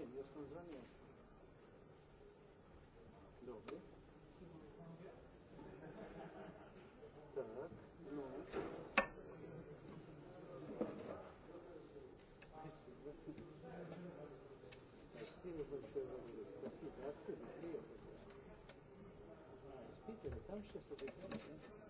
Wiem, jest pan zraniony. Dobry. Так, ну. Спасибо большое вам. Спасибо. Откуда приехали? Из Питера. Там сейчас объясняют.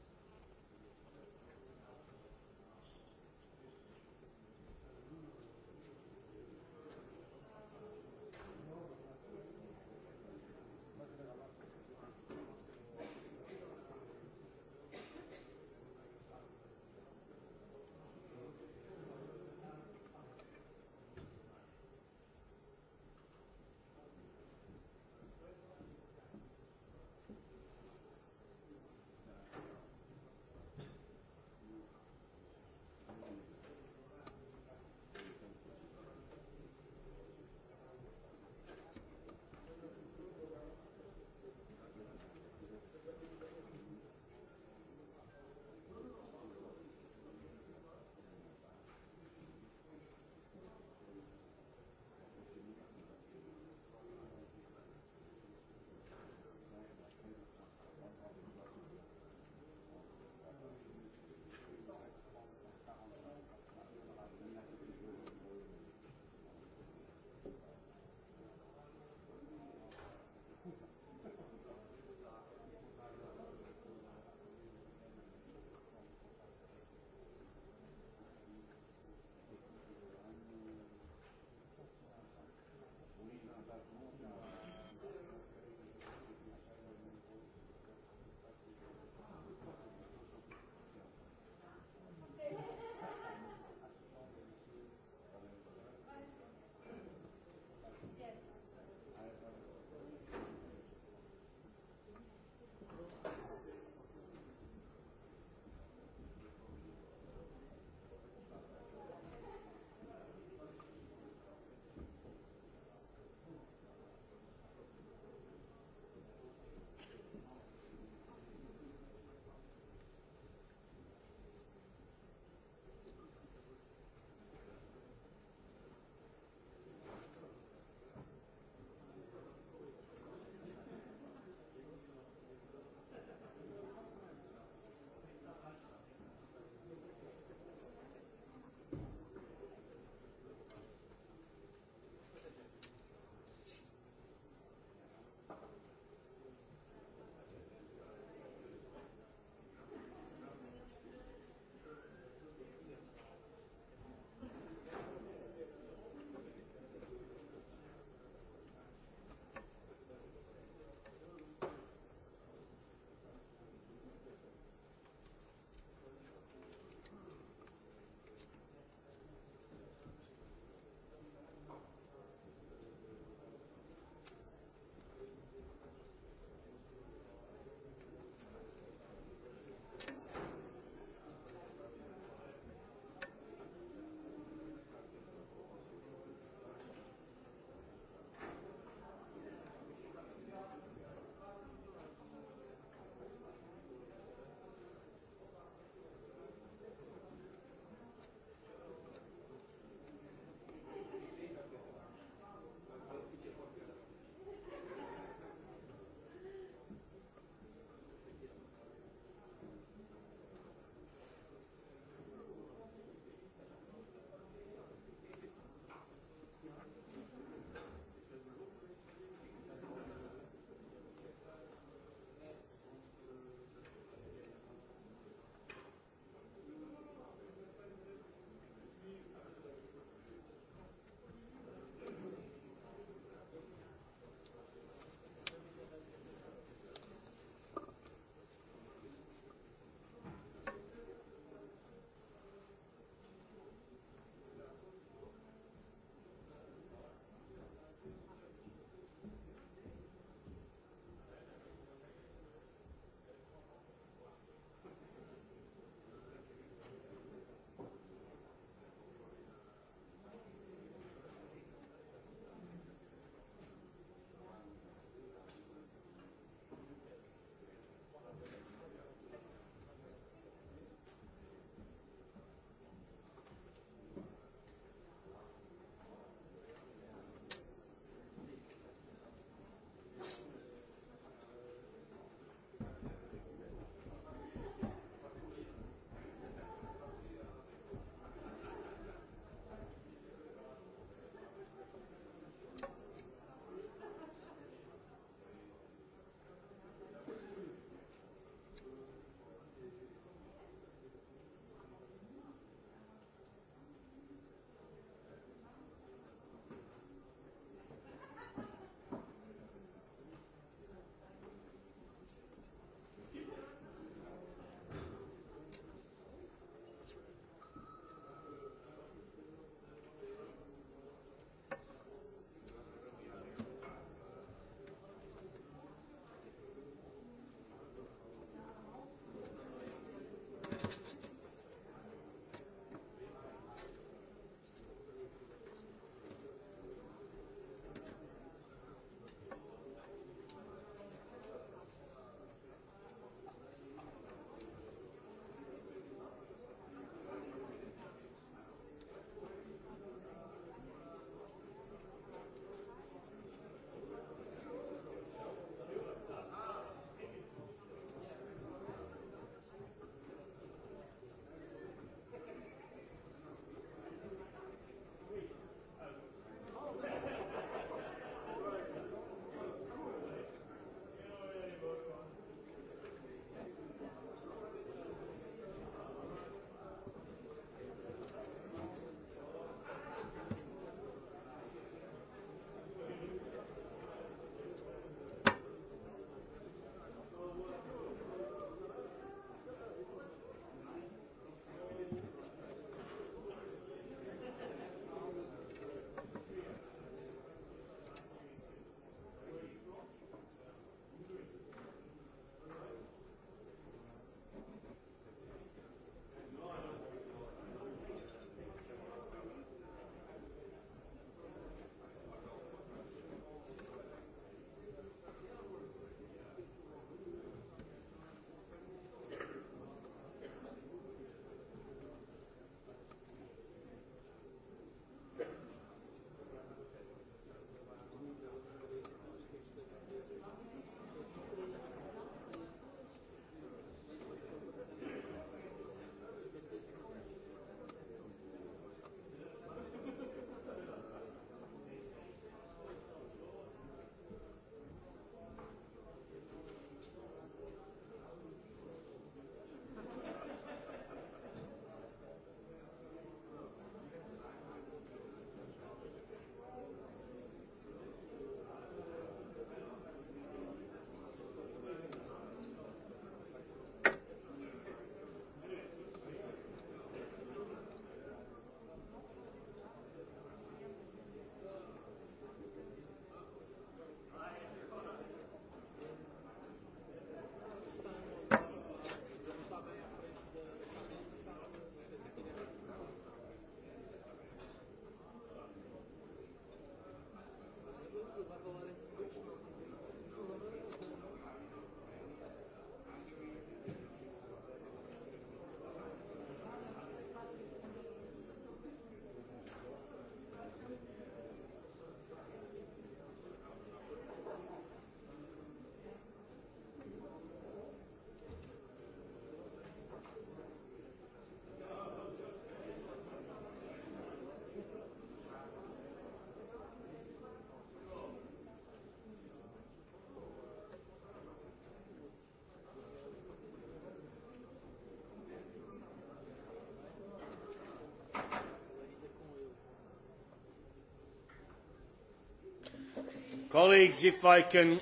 Colleagues, if I can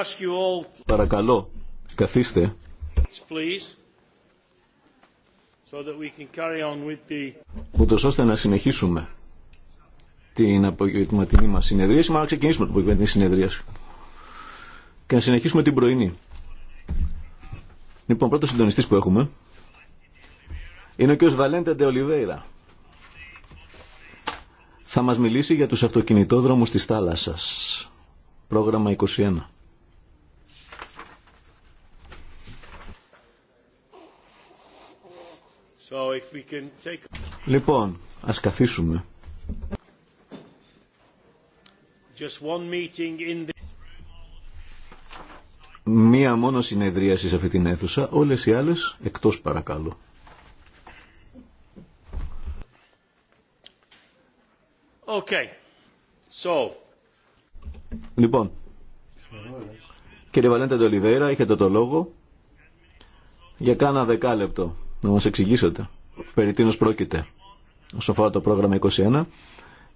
ask you all... Παρακαλώ, καθίστε. Ούτω ώστε να συνεχίσουμε την απογευματινή μα συνεδρίαση, Σήμερα να ξεκινήσουμε την απογευματινή συνεδρίαση και να συνεχίσουμε την πρωινή. Λοιπόν, πρώτος συντονιστής που έχουμε είναι ο κ. Βαλέντε Ντε θα μας μιλήσει για τους αυτοκινητόδρομους της θάλασσας. Πρόγραμμα 21. Λοιπόν, ας καθίσουμε. Μία μόνο συνεδρίαση σε αυτή την αίθουσα, όλες οι άλλες εκτός παρακαλώ. Okay. So. Λοιπόν, κύριε Βαλέντα Ντολιβέρα, είχατε το λόγο για κάνα δεκάλεπτο να μας εξηγήσετε περί τίνος πρόκειται όσο αφορά το πρόγραμμα 21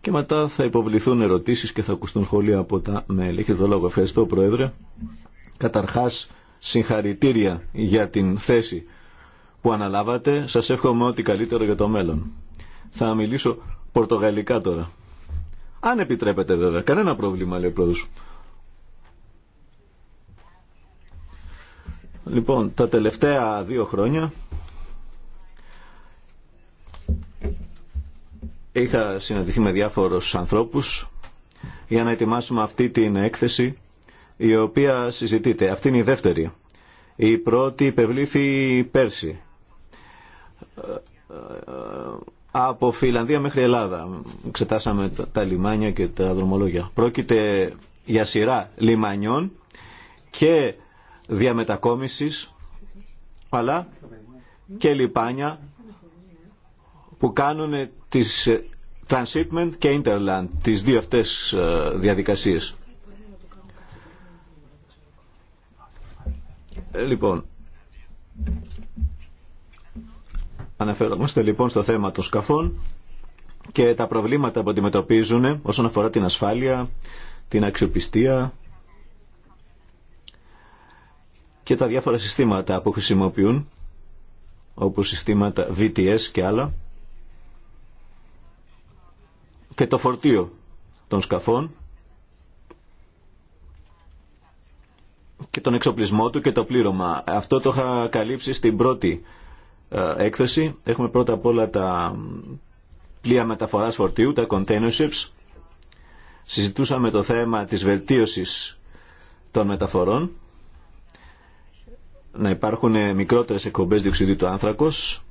και μετά θα υποβληθούν ερωτήσεις και θα ακουστούν σχόλια από τα μέλη. Έχετε το λόγο. Ευχαριστώ Πρόεδρε. Καταρχάς συγχαρητήρια για την θέση που αναλάβατε. Σας εύχομαι ό,τι καλύτερο για το μέλλον. Θα μιλήσω πορτογαλικά τώρα. Αν επιτρέπετε βέβαια. Κανένα πρόβλημα λέει ο πρόεδρος. Λοιπόν, τα τελευταία δύο χρόνια είχα συναντηθεί με διάφορους ανθρώπους για να ετοιμάσουμε αυτή την έκθεση η οποία συζητείται. Αυτή είναι η δεύτερη. Η πρώτη υπευλήθη πέρσι από Φιλανδία μέχρι Ελλάδα. Ξετάσαμε τα λιμάνια και τα δρομολόγια. Πρόκειται για σειρά λιμανιών και διαμετακόμισης, αλλά και λιπάνια που κάνουν τις ε, transshipment και interland, τις δύο αυτές ε, διαδικασίες. Ε, λοιπόν, Αναφερόμαστε λοιπόν στο θέμα των σκαφών και τα προβλήματα που αντιμετωπίζουν όσον αφορά την ασφάλεια, την αξιοπιστία και τα διάφορα συστήματα που χρησιμοποιούν όπως συστήματα VTS και άλλα και το φορτίο των σκαφών και τον εξοπλισμό του και το πλήρωμα. Αυτό το είχα καλύψει στην πρώτη ε, έκθεση. Έχουμε πρώτα απ' όλα τα πλοία μεταφοράς φορτίου, τα container ships. Συζητούσαμε το θέμα της βελτίωσης των μεταφορών. Να υπάρχουν μικρότερες εκπομπές διοξιδίου του άνθρακος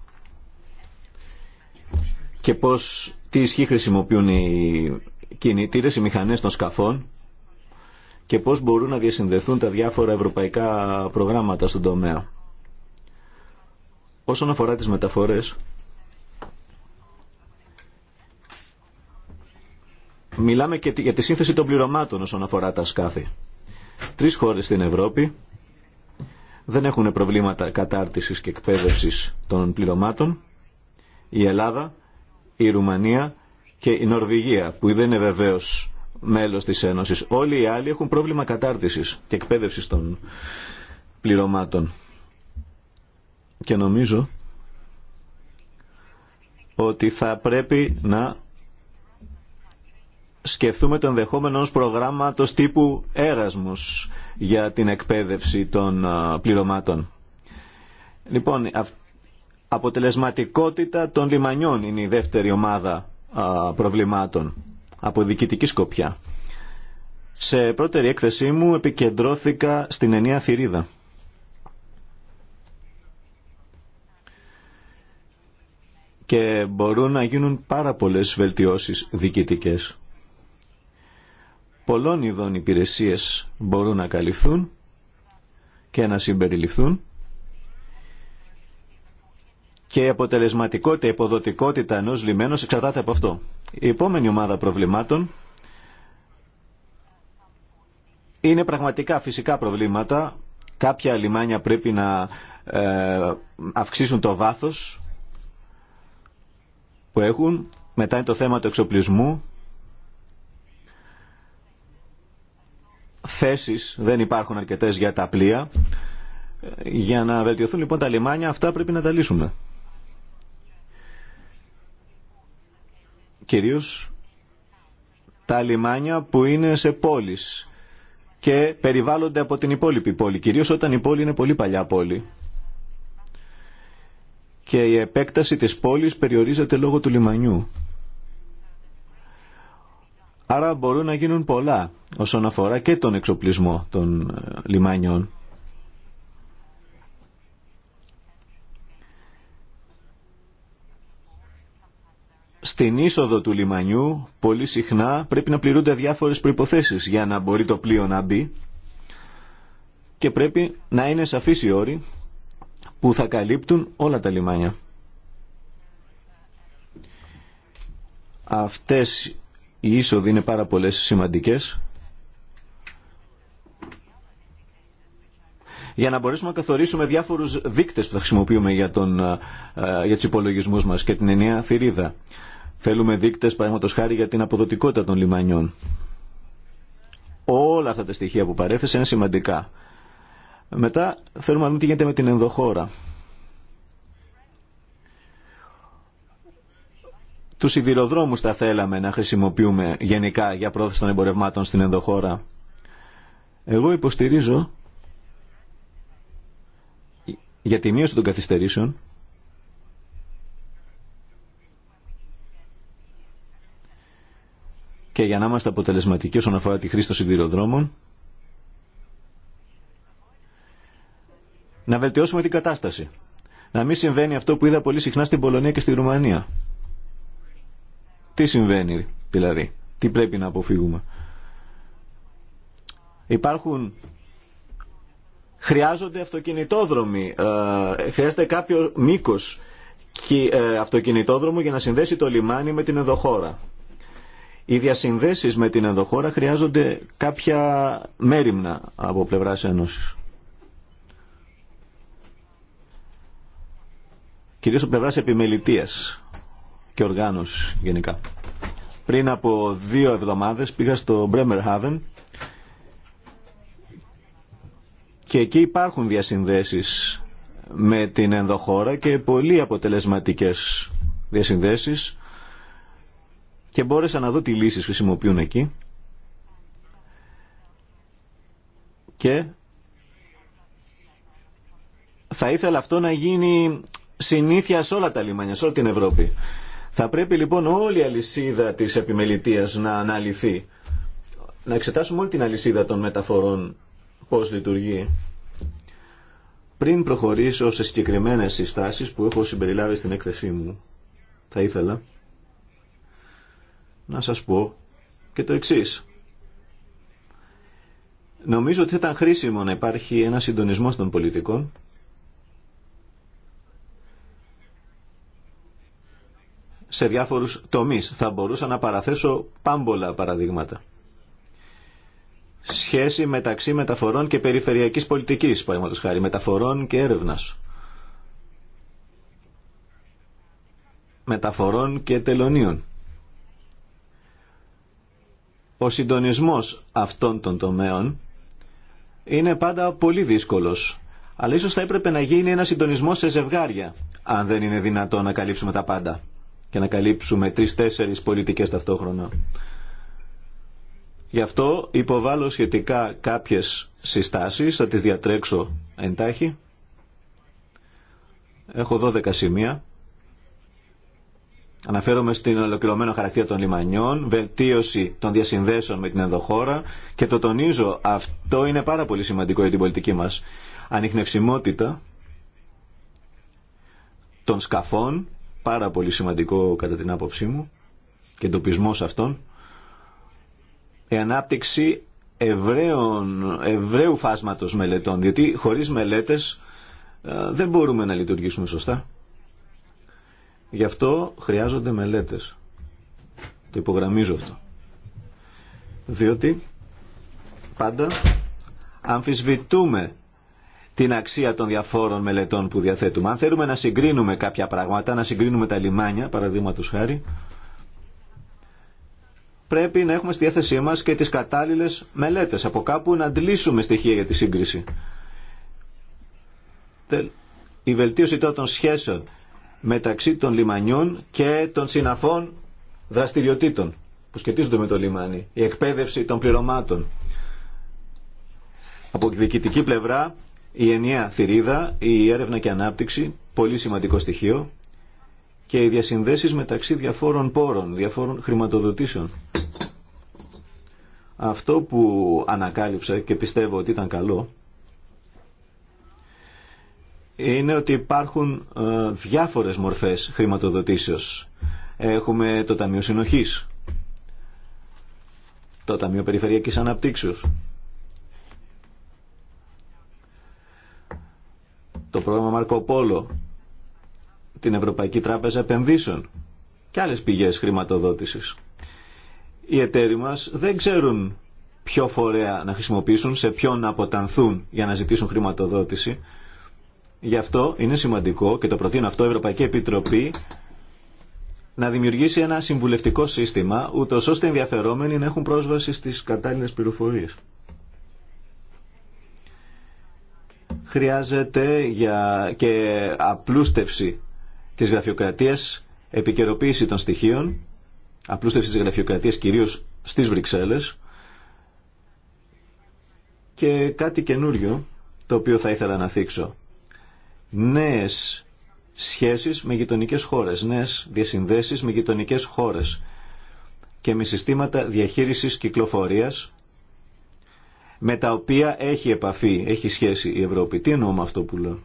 και πώς, τι ισχύ χρησιμοποιούν οι κινητήρες, οι μηχανές των σκαφών και πώς μπορούν να διασυνδεθούν τα διάφορα ευρωπαϊκά προγράμματα στον τομέα. Όσον αφορά τις μεταφορές, μιλάμε και για τη σύνθεση των πληρωμάτων όσον αφορά τα σκάφη. Τρεις χώρες στην Ευρώπη δεν έχουν προβλήματα κατάρτισης και εκπαίδευσης των πληρωμάτων. Η Ελλάδα, η Ρουμανία και η Νορβηγία, που δεν είναι βεβαίως μέλος της Ένωσης. Όλοι οι άλλοι έχουν πρόβλημα κατάρτισης και εκπαίδευσης των πληρωμάτων και νομίζω ότι θα πρέπει να σκεφτούμε τον ενδεχόμενο ως προγράμματος τύπου έρασμους για την εκπαίδευση των πληρωμάτων. Λοιπόν, αποτελεσματικότητα των λιμανιών είναι η δεύτερη ομάδα προβλημάτων από διοικητική σκοπιά. Σε πρώτερη έκθεσή μου επικεντρώθηκα στην ενία θηρίδα. και μπορούν να γίνουν πάρα πολλές βελτιώσεις διοικητικές. Πολλών ειδών υπηρεσίες μπορούν να καλυφθούν και να συμπεριληφθούν και η αποτελεσματικότητα, η υποδοτικότητα ενός λιμένος εξαρτάται από αυτό. Η επόμενη ομάδα προβλημάτων είναι πραγματικά φυσικά προβλήματα. Κάποια λιμάνια πρέπει να ε, αυξήσουν το βάθος που έχουν. Μετά είναι το θέμα του εξοπλισμού. Θέσεις δεν υπάρχουν αρκετές για τα πλοία. Για να βελτιωθούν λοιπόν τα λιμάνια αυτά πρέπει να τα λύσουμε. Κυρίως τα λιμάνια που είναι σε πόλεις και περιβάλλονται από την υπόλοιπη πόλη, κυρίως όταν η πόλη είναι πολύ παλιά πόλη και η επέκταση της πόλης περιορίζεται λόγω του λιμανιού. Άρα μπορούν να γίνουν πολλά όσον αφορά και τον εξοπλισμό των ε, λιμάνιων. Στην είσοδο του λιμανιού πολύ συχνά πρέπει να πληρούνται διάφορες προϋποθέσεις για να μπορεί το πλοίο να μπει και πρέπει να είναι σαφής η όρη που θα καλύπτουν όλα τα λιμάνια. Αυτές οι είσοδοι είναι πάρα πολλές σημαντικές. για να μπορέσουμε να καθορίσουμε διάφορους δείκτες που θα χρησιμοποιούμε για, τον, ε, για τους υπολογισμούς μας και την ενιαία θηρίδα. Θέλουμε δείκτες, παραδείγματος χάρη, για την αποδοτικότητα των λιμανιών. Όλα αυτά τα στοιχεία που παρέθεσε είναι σημαντικά. Μετά θέλουμε να δούμε τι γίνεται με την ενδοχώρα. Τους σιδηροδρόμους θα θέλαμε να χρησιμοποιούμε γενικά για πρόθεση των εμπορευμάτων στην ενδοχώρα. Εγώ υποστηρίζω για τη μείωση των καθυστερήσεων και για να είμαστε αποτελεσματικοί όσον αφορά τη χρήση των σιδηροδρόμων να βελτιώσουμε την κατάσταση. Να μην συμβαίνει αυτό που είδα πολύ συχνά στην Πολωνία και στη Ρουμανία. Τι συμβαίνει δηλαδή, τι πρέπει να αποφύγουμε. Υπάρχουν χρειάζονται αυτοκινητόδρομοι, ε, χρειάζεται κάποιο μήκος και, ε, αυτοκινητόδρομο για να συνδέσει το λιμάνι με την ενδοχώρα. Οι διασυνδέσεις με την ενδοχώρα χρειάζονται κάποια μέρημνα από πλευράς Ένωσης. κυρίως από πλευράς επιμελητίας και οργάνωση γενικά. Πριν από δύο εβδομάδες πήγα στο Bremerhaven και εκεί υπάρχουν διασυνδέσεις με την ενδοχώρα και πολύ αποτελεσματικές διασυνδέσεις και μπόρεσα να δω τι λύσεις χρησιμοποιούν εκεί και θα ήθελα αυτό να γίνει συνήθεια σε όλα τα λιμάνια, σε όλη την Ευρώπη. Θα πρέπει λοιπόν όλη η αλυσίδα της επιμελητίας να αναλυθεί. Να εξετάσουμε όλη την αλυσίδα των μεταφορών, πώς λειτουργεί. Πριν προχωρήσω σε συγκεκριμένες συστάσεις που έχω συμπεριλάβει στην έκθεσή μου, θα ήθελα να σας πω και το εξής. Νομίζω ότι θα ήταν χρήσιμο να υπάρχει ένα συντονισμό των πολιτικών σε διάφορους τομείς. Θα μπορούσα να παραθέσω πάμπολα παραδείγματα. Σχέση μεταξύ μεταφορών και περιφερειακής πολιτικής, παραδείγματος χάρη, μεταφορών και έρευνας. Μεταφορών και τελωνίων. Ο συντονισμός αυτών των τομέων είναι πάντα πολύ δύσκολος. Αλλά ίσως θα έπρεπε να γίνει ένα συντονισμό σε ζευγάρια, αν δεν είναι δυνατό να καλύψουμε τα πάντα και να καλύψουμε τρεις-τέσσερις πολιτικές ταυτόχρονα. Γι' αυτό υποβάλλω σχετικά κάποιες συστάσεις, θα τις διατρέξω εντάχει. Έχω 12 σημεία. Αναφέρομαι στην ολοκληρωμένο χαρακτήρα των λιμανιών, βελτίωση των διασυνδέσεων με την ενδοχώρα και το τονίζω, αυτό είναι πάρα πολύ σημαντικό για την πολιτική μας. Ανοιχνευσιμότητα των σκαφών πάρα πολύ σημαντικό κατά την άποψή μου και πισμός αυτών η ανάπτυξη ευραίων, ευραίου φάσματος μελετών διότι χωρίς μελέτες ε, δεν μπορούμε να λειτουργήσουμε σωστά γι' αυτό χρειάζονται μελέτες το υπογραμμίζω αυτό διότι πάντα αμφισβητούμε την αξία των διαφόρων μελετών που διαθέτουμε. Αν θέλουμε να συγκρίνουμε κάποια πράγματα, να συγκρίνουμε τα λιμάνια, παραδείγματο χάρη, πρέπει να έχουμε στη διάθεσή μα και τις κατάλληλε μελέτες από κάπου να αντλήσουμε στοιχεία για τη σύγκριση. Η βελτίωση τώρα των σχέσεων μεταξύ των λιμανιών και των συναφών δραστηριοτήτων που σχετίζονται με το λιμάνι. Η εκπαίδευση των πληρωμάτων. Από διοικητική πλευρά η ενιαία θηρίδα, η έρευνα και ανάπτυξη, πολύ σημαντικό στοιχείο και οι διασυνδέσεις μεταξύ διαφόρων πόρων, διαφόρων χρηματοδοτήσεων. Αυτό που ανακάλυψα και πιστεύω ότι ήταν καλό είναι ότι υπάρχουν ε, διάφορες μορφές χρηματοδοτήσεως. Έχουμε το Ταμείο Συνοχής, το Ταμείο Περιφερειακής Αναπτύξεως, το πρόγραμμα Μάρκο Πόλο, την Ευρωπαϊκή Τράπεζα Επενδύσεων και άλλες πηγές χρηματοδότησης. Οι εταίροι μας δεν ξέρουν ποιο φορέα να χρησιμοποιήσουν, σε ποιον να αποτανθούν για να ζητήσουν χρηματοδότηση. Γι' αυτό είναι σημαντικό και το προτείνω αυτό η Ευρωπαϊκή Επιτροπή να δημιουργήσει ένα συμβουλευτικό σύστημα, ούτως ώστε ενδιαφερόμενοι να έχουν πρόσβαση στις κατάλληλες πληροφορίες. χρειάζεται για και απλούστευση της γραφειοκρατίας, επικαιροποίηση των στοιχείων, απλούστευση της γραφειοκρατίας κυρίως στις Βρυξέλλες και κάτι καινούριο το οποίο θα ήθελα να θίξω. Νέες σχέσεις με γειτονικές χώρες, νέες διασυνδέσεις με γειτονικές χώρες και με συστήματα διαχείρισης κυκλοφορίας με τα οποία έχει επαφή, έχει σχέση η Ευρώπη. Τι εννοώ με αυτό που λέω.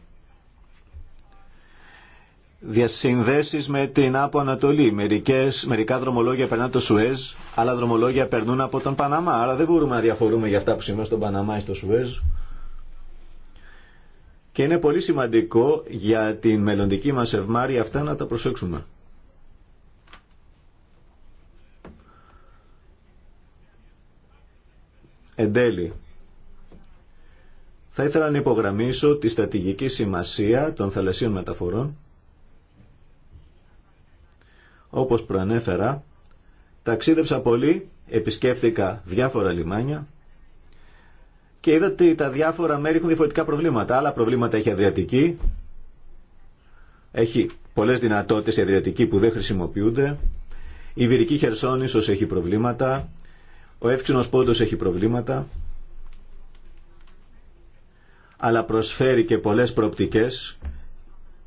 Διασυνδέσεις με την Άπο Ανατολή. Μερικές, μερικά δρομολόγια περνάνε το Σουέζ, άλλα δρομολόγια περνούν από τον Παναμά. Άρα δεν μπορούμε να διαφορούμε για αυτά που σημαίνει στον Παναμά ή στο Σουέζ. Και είναι πολύ σημαντικό για την μελλοντική μας ευμάρεια αυτά να τα προσέξουμε. Εν τέλει, θα ήθελα να υπογραμμίσω τη στατηγική σημασία των θαλασσίων μεταφορών. Όπως προανέφερα, ταξίδεψα πολύ, επισκέφθηκα διάφορα λιμάνια και είδα ότι τα διάφορα μέρη έχουν διαφορετικά προβλήματα. Άλλα προβλήματα έχει η Αδριατική, έχει πολλές δυνατότητες η Αδριατική που δεν χρησιμοποιούνται, η Βυρική Χερσόνησος έχει προβλήματα, ο Εύξηνος Πόντος έχει προβλήματα αλλά προσφέρει και πολλές προοπτικές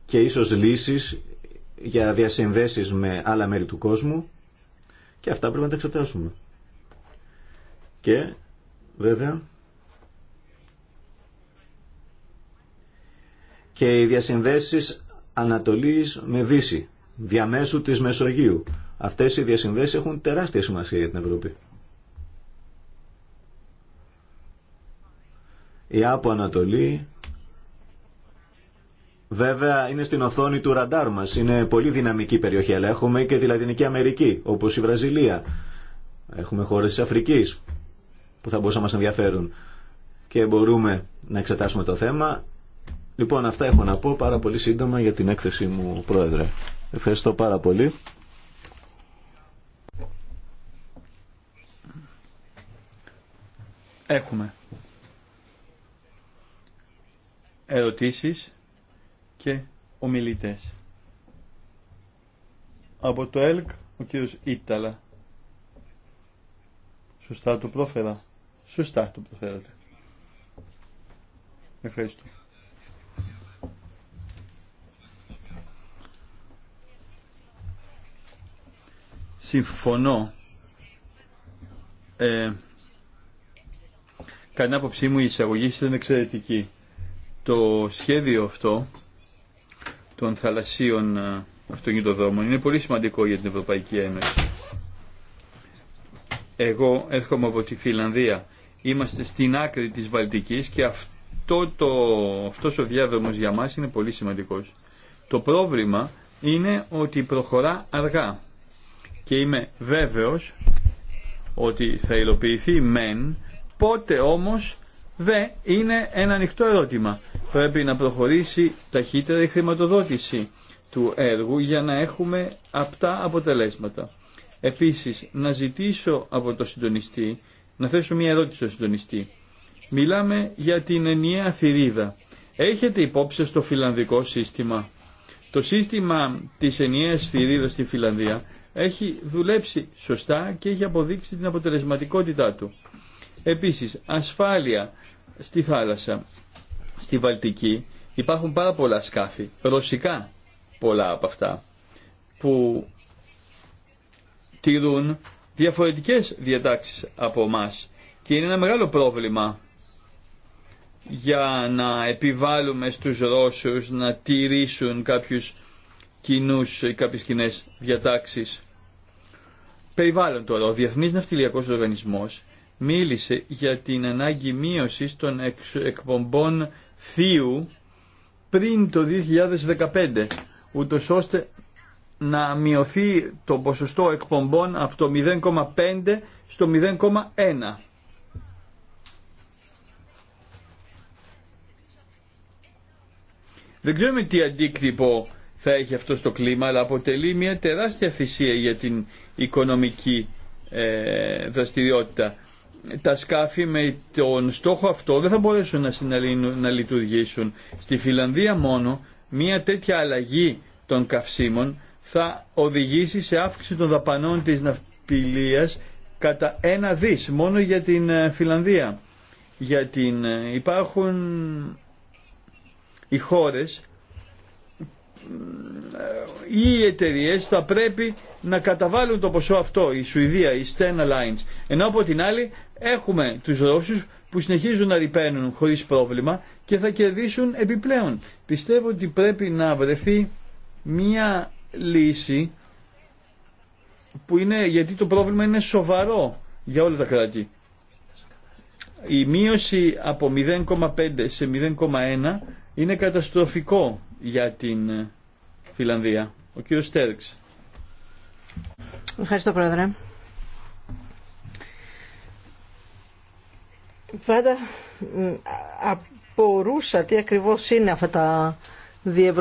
και ίσως λύσεις για διασυνδέσεις με άλλα μέρη του κόσμου και αυτά πρέπει να τα εξετάσουμε. Και βέβαια και οι διασυνδέσεις Ανατολής με Δύση, διαμέσου της Μεσογείου. Αυτές οι διασυνδέσεις έχουν τεράστια σημασία για την Ευρώπη. Η Άπο Ανατολή βέβαια είναι στην οθόνη του ραντάρ μας. Είναι πολύ δυναμική περιοχή, αλλά έχουμε και τη Λατινική Αμερική, όπως η Βραζιλία. Έχουμε χώρες της Αφρικής που θα μπορούσαν να μας ενδιαφέρουν και μπορούμε να εξετάσουμε το θέμα. Λοιπόν, αυτά έχω να πω πάρα πολύ σύντομα για την έκθεση μου, Πρόεδρε. Ευχαριστώ πάρα πολύ. Έχουμε ερωτήσεις και ομιλητές. Από το ΕΛΚ ο κύριος Ήταλα. Σωστά το πρόφερα. Σωστά το προφέρατε. Ευχαριστώ. Συμφωνώ. Ε, άποψή μου η εισαγωγή ήταν εξαιρετική. Το σχέδιο αυτό των θαλασσίων ε, αυτοκινητοδρόμων είναι πολύ σημαντικό για την Ευρωπαϊκή Ένωση. Εγώ έρχομαι από τη Φιλανδία. Είμαστε στην άκρη της Βαλτικής και αυτό το, αυτός ο διάδρομος για μας είναι πολύ σημαντικός. Το πρόβλημα είναι ότι προχωρά αργά και είμαι βέβαιος ότι θα υλοποιηθεί μεν, πότε όμως δεν είναι ένα ανοιχτό ερώτημα πρέπει να προχωρήσει ταχύτερα η χρηματοδότηση του έργου για να έχουμε απτά αποτελέσματα. Επίσης, να ζητήσω από το συντονιστή, να θέσω μια ερώτηση στον συντονιστή. Μιλάμε για την ενιαία θηρίδα. Έχετε υπόψη στο φιλανδικό σύστημα. Το σύστημα της ενιαίας θηρίδας στη Φιλανδία έχει δουλέψει σωστά και έχει αποδείξει την αποτελεσματικότητά του. Επίσης, ασφάλεια στη θάλασσα στη Βαλτική υπάρχουν πάρα πολλά σκάφη, ρωσικά πολλά από αυτά, που τηρούν διαφορετικές διατάξεις από εμά και είναι ένα μεγάλο πρόβλημα για να επιβάλλουμε στους Ρώσους να τηρήσουν κάποιους κοινούς, κάποιες κοινέ διατάξεις. Περιβάλλον τώρα, ο Διεθνής Ναυτιλιακός Οργανισμός μίλησε για την ανάγκη μείωσης των εκπομπών θείου πριν το 2015, ούτω ώστε να μειωθεί το ποσοστό εκπομπών από το 0,5 στο 0,1. Δεν ξέρουμε τι αντίκτυπο θα έχει αυτό στο κλίμα, αλλά αποτελεί μια τεράστια θυσία για την οικονομική ε, δραστηριότητα τα σκάφη με τον στόχο αυτό δεν θα μπορέσουν να, να λειτουργήσουν. Στη Φιλανδία μόνο μια τέτοια αλλαγή των καυσίμων θα οδηγήσει σε αύξηση των δαπανών της ναυπηλίας κατά ένα δις μόνο για την ε, Φιλανδία. Για την, ε, υπάρχουν οι χώρες ε, οι εταιρείε θα πρέπει να καταβάλουν το ποσό αυτό, η Σουηδία, η Stena Lines, ενώ από την άλλη Έχουμε τους Ρώσους που συνεχίζουν να ρηπαίνουν χωρίς πρόβλημα και θα κερδίσουν επιπλέον. Πιστεύω ότι πρέπει να βρεθεί μία λύση που είναι, γιατί το πρόβλημα είναι σοβαρό για όλα τα κράτη. Η μείωση από 0,5 σε 0,1 είναι καταστροφικό για την Φιλανδία. Ο κύριος Στέρξ. Ευχαριστώ πρόεδρε. πάντα απορούσα τι ακριβώς είναι αυτά τα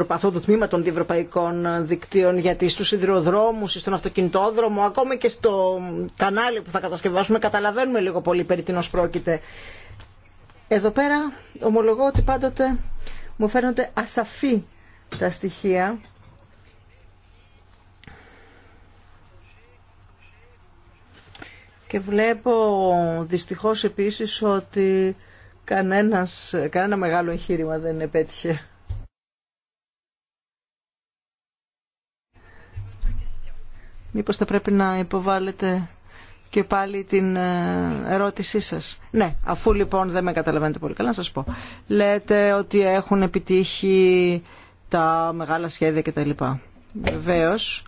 αυτό το τμήμα των διευρωπαϊκών δικτύων γιατί στους σιδηροδρόμους, στον αυτοκινητόδρομο, ακόμη και στο κανάλι που θα κατασκευάσουμε καταλαβαίνουμε λίγο πολύ περί τίνος πρόκειται. Εδώ πέρα ομολογώ ότι πάντοτε μου φαίνονται ασαφή τα στοιχεία Και βλέπω δυστυχώς επίσης ότι κανένας, κανένα μεγάλο εγχείρημα δεν επέτυχε. Μήπως θα πρέπει να υποβάλλετε και πάλι την ε, ερώτησή σας. Ναι, αφού λοιπόν δεν με καταλαβαίνετε πολύ καλά, να σας πω. Λέτε ότι έχουν επιτύχει τα μεγάλα σχέδια κτλ. Βεβαίως,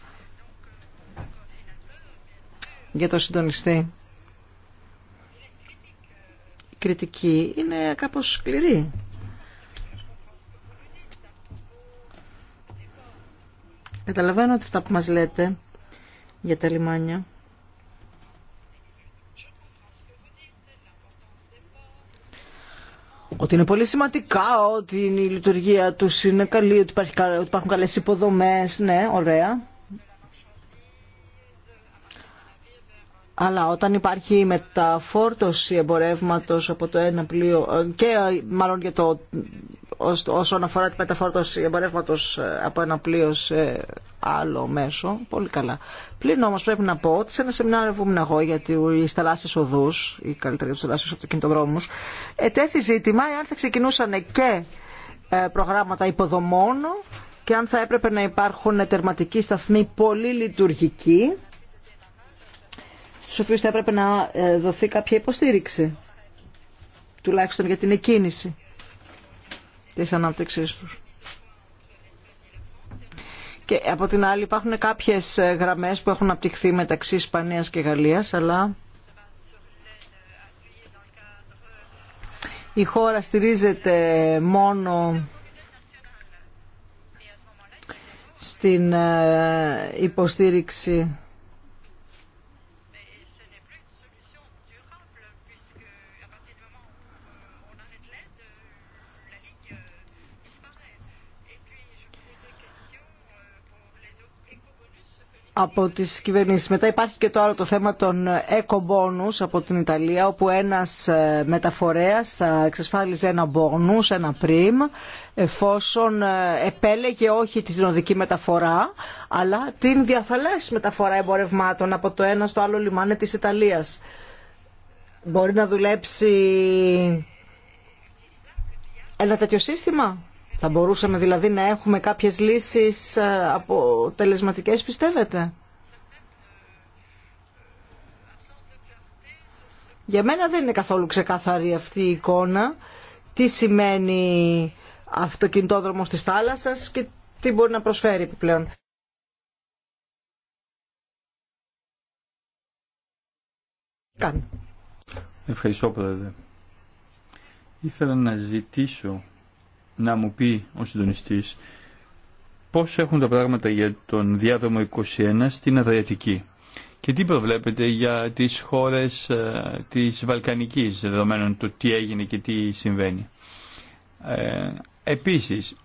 για το συντονιστή. Η κριτική είναι κάπως σκληρή. Καταλαβαίνω ότι αυτά που μας λέτε για τα λιμάνια ότι είναι πολύ σημαντικά, ότι η λειτουργία τους είναι καλή, ότι υπάρχουν καλές υποδομές, ναι, ωραία. Αλλά όταν υπάρχει μεταφόρτωση εμπορεύματος από το ένα πλοίο ε, και ε, μάλλον για το, όσον αφορά τη μεταφόρτωση εμπορεύματος ε, από ένα πλοίο σε άλλο μέσο, πολύ καλά. Πλην όμως πρέπει να πω ότι σε ένα σεμινάριο που ήμουν εγώ για τις θαλάσσιες οδούς, ή καλύτερα για από το αυτοκινητοδρόμους, ετέθη ζήτημα εάν θα ξεκινούσαν και προγράμματα υποδομών και αν θα έπρεπε να υπάρχουν τερματικοί σταθμοί πολύ λειτουργικοί στους οποίους θα έπρεπε να ε, δοθεί κάποια υποστήριξη, τουλάχιστον για την εκκίνηση της ανάπτυξής τους. Και από την άλλη υπάρχουν κάποιες ε, γραμμές που έχουν απτυχθεί μεταξύ Ισπανίας και Γαλλίας, αλλά η χώρα στηρίζεται μόνο στην ε, υποστήριξη από τις κυβερνήσεις. Μετά υπάρχει και το άλλο το θέμα των eco-bonus από την Ιταλία, όπου ένας ε, μεταφορέας θα εξασφάλιζε ένα bonus, ένα πριμ, εφόσον ε, επέλεγε όχι τη συνοδική μεταφορά, αλλά την διαφαλές μεταφορά εμπορευμάτων την διαφαλέ μεταφορα εμπορευματων απο το ένα στο άλλο λιμάνι της Ιταλίας. Μπορεί να δουλέψει ένα τέτοιο σύστημα θα μπορούσαμε δηλαδή να έχουμε κάποιες λύσεις ε, αποτελεσματικές πιστεύετε. Για μένα δεν είναι καθόλου ξεκάθαρη αυτή η εικόνα. Τι σημαίνει αυτοκινητόδρομος της θάλασσας και τι μπορεί να προσφέρει επιπλέον. Ευχαριστώ πρόεδρε. Ήθελα να ζητήσω να μου πει ο συντονιστής πώς έχουν τα πράγματα για τον διάδρομο 21 στην Αδριατική και τι προβλέπετε για τις χώρες ε, της Βαλκανικής δεδομένων του τι έγινε και τι συμβαίνει. Ε, επίσης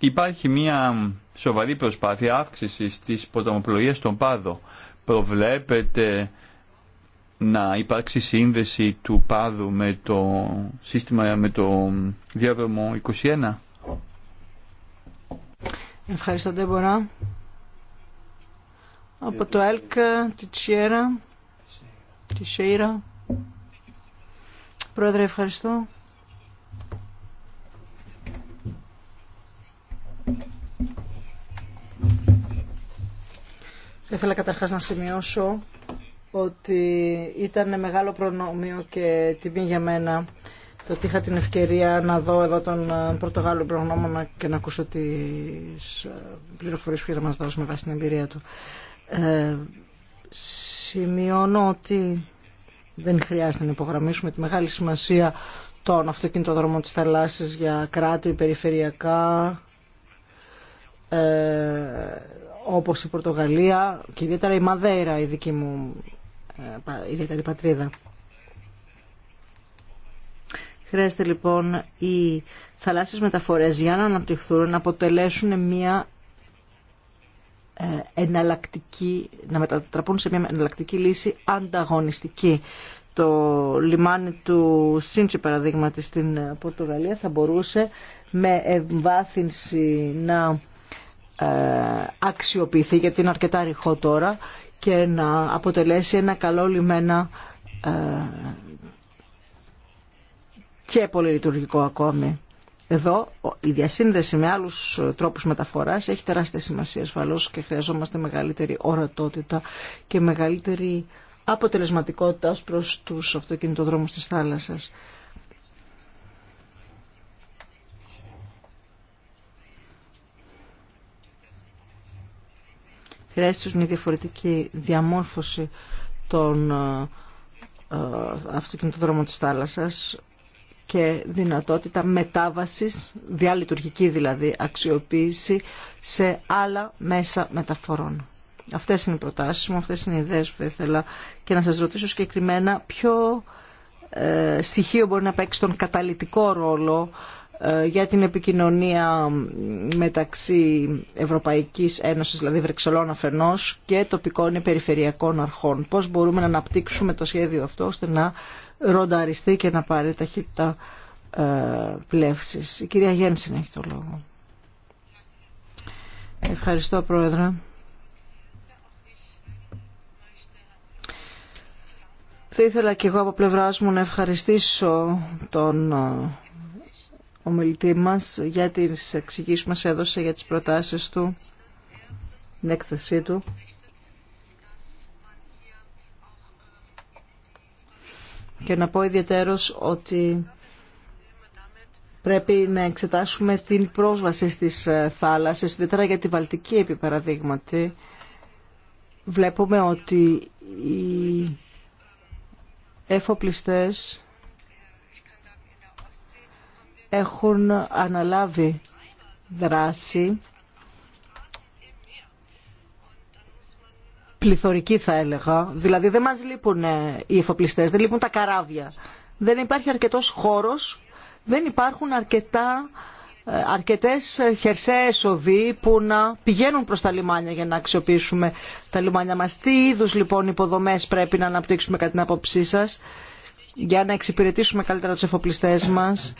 υπάρχει μια σοβαρή προσπάθεια αύξησης της ποταμοπλοείας στον Πάδο. Προβλέπετε να υπάρξει σύνδεση του πάδου με το σύστημα, με το διάδρομο 21. Ευχαριστώ, Τέμπορα. Από το ΕΛΚ, τη Τσιέρα, τη Σέιρα. Πρόεδρε, ευχαριστώ. Θα ήθελα καταρχάς να σημειώσω ότι ήταν μεγάλο προνόμιο και τιμή για μένα το ότι είχα την ευκαιρία να δω εδώ τον ε, Πορτογάλο προγνώμονα και να ακούσω τις ε, πληροφορίες που είχε να μας δώσει με βάση την εμπειρία του. Ε, σημειώνω ότι δεν χρειάζεται να υπογραμμίσουμε τη μεγάλη σημασία των δρομών της θαλάσσης για κράτη, περιφερειακά, ε, όπως η Πορτογαλία και ιδιαίτερα η Μαδέρα, η δική μου ε, ιδιαίτερη πατρίδα. Χρειάζεται λοιπόν οι θαλάσσιες μεταφορές για να αναπτυχθούν, να αποτελέσουν μια ε, εναλλακτική, να μετατραπούν σε μια εναλλακτική λύση ανταγωνιστική. Το λιμάνι του Σίντσι παραδείγματι στην Πορτογαλία θα μπορούσε με εμβάθυνση να ε, αξιοποιηθεί γιατί είναι αρκετά ρηχό τώρα και να αποτελέσει ένα καλό λιμένα ε, και πολυλειτουργικό ακόμη. Εδώ η διασύνδεση με άλλους τρόπους μεταφοράς έχει τεράστια σημασία ασφαλώς και χρειαζόμαστε μεγαλύτερη ορατότητα και μεγαλύτερη αποτελεσματικότητα ως προς τους αυτοκινητοδρόμους της θάλασσας. χρειάζεται μια διαφορετική διαμόρφωση των ε, ε, αυτοκινητοδρόμων της θάλασσας και δυνατότητα μετάβασης, διαλειτουργική δηλαδή αξιοποίηση σε άλλα μέσα μεταφορών. Αυτές είναι οι προτάσεις μου, αυτές είναι οι ιδέες που θα ήθελα και να σας ρωτήσω συγκεκριμένα ποιο ε, στοιχείο μπορεί να παίξει τον καταλητικό ρόλο ε, για την επικοινωνία μεταξύ Ευρωπαϊκής Ένωσης, δηλαδή Βρεξελών αφενός και τοπικών περιφερειακών αρχών. Πώς μπορούμε να αναπτύξουμε το σχέδιο αυτό ώστε να ρονταριστεί και να πάρει ταχύτητα ε, πλεύσης. Η κυρία να έχει το λόγο. Ευχαριστώ Πρόεδρε. Θα ήθελα και εγώ από πλευράς μου να ευχαριστήσω τον ε, ομιλητή μας για τις εξηγήσεις μας έδωσε για τις προτάσεις του, την έκθεσή του. Και να πω ιδιαίτερος ότι πρέπει να εξετάσουμε την πρόσβαση στις ε, θάλασσες, ιδιαίτερα για τη Βαλτική επί παραδείγματι. Βλέπουμε ότι οι εφοπλιστές έχουν αναλάβει δράση πληθωρική θα έλεγα. Δηλαδή δεν μας λείπουν ε, οι εφοπλιστές, δεν λείπουν τα καράβια. Δεν υπάρχει αρκετός χώρος, δεν υπάρχουν αρκετά, ε, αρκετές χερσαίες οδοί που να πηγαίνουν προς τα λιμάνια για να αξιοποιήσουμε τα λιμάνια μας. Τι είδους λοιπόν υποδομές πρέπει να αναπτύξουμε κατά την άποψή σας για να εξυπηρετήσουμε καλύτερα τους εφοπλιστές μας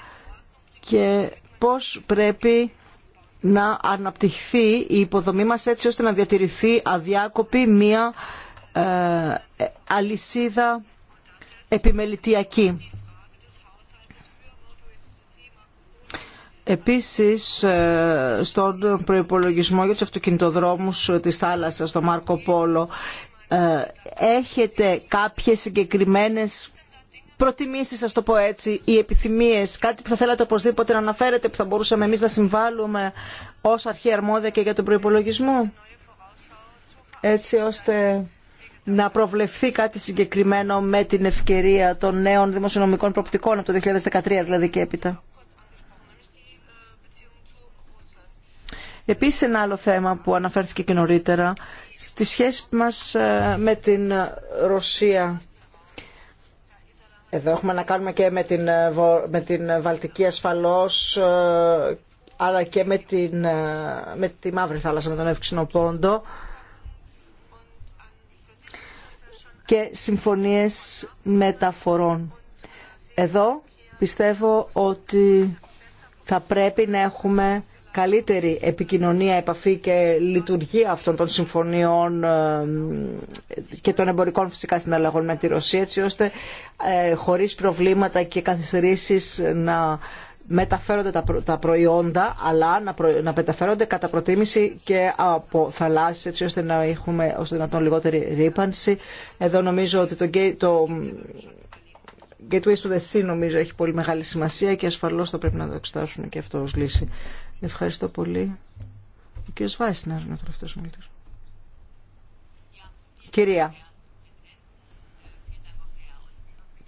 και πώς πρέπει να αναπτυχθεί η υποδομή μας έτσι ώστε να διατηρηθεί αδιάκοπη μία ε, αλυσίδα επιμελητιακή. Επίσης, ε, στον προϋπολογισμό για τους αυτοκινητοδρόμους της θάλασσας, στο Μάρκο Πόλο, ε, έχετε κάποιες συγκεκριμένες προτιμήσεις, α το πω έτσι, οι επιθυμίες, κάτι που θα θέλατε οπωσδήποτε να αναφέρετε, που θα μπορούσαμε εμείς να συμβάλλουμε ως αρχή αρμόδια και για τον προπολογισμό, έτσι ώστε να προβλεφθεί κάτι συγκεκριμένο με την ευκαιρία των νέων δημοσιονομικών προπτικών από το 2013 δηλαδή και έπειτα. Επίσης ένα άλλο θέμα που αναφέρθηκε και νωρίτερα, στη σχέση μας ε, με την Ρωσία εδώ έχουμε να κάνουμε και με την, ε, με την ε, Βαλτική ασφαλώς, ε, αλλά και με, την, με τη Μαύρη Θάλασσα, με τον Εύξηνο Πόντο. και συμφωνίες μεταφορών. Εδώ πιστεύω ότι θα πρέπει να έχουμε καλύτερη επικοινωνία, επαφή και λειτουργία αυτών των συμφωνιών ε, και των εμπορικών φυσικά συναλλαγών με τη Ρωσία, έτσι ώστε ε, χωρίς προβλήματα και καθυστερήσεις να μεταφέρονται τα προϊόντα, αλλά να μεταφέρονται κατά προτίμηση και από θαλάσσιες, έτσι ώστε να έχουμε ώστε δυνατόν λιγότερη ρήπανση. Εδώ νομίζω ότι το, το Gateway to the Sea νομίζω έχει πολύ μεγάλη σημασία και ασφαλώς θα πρέπει να το εξετάσουμε και αυτό ως λύση Ευχαριστώ πολύ. Ο κ. Βάισνερ είναι ο τελευταίος Κυρία.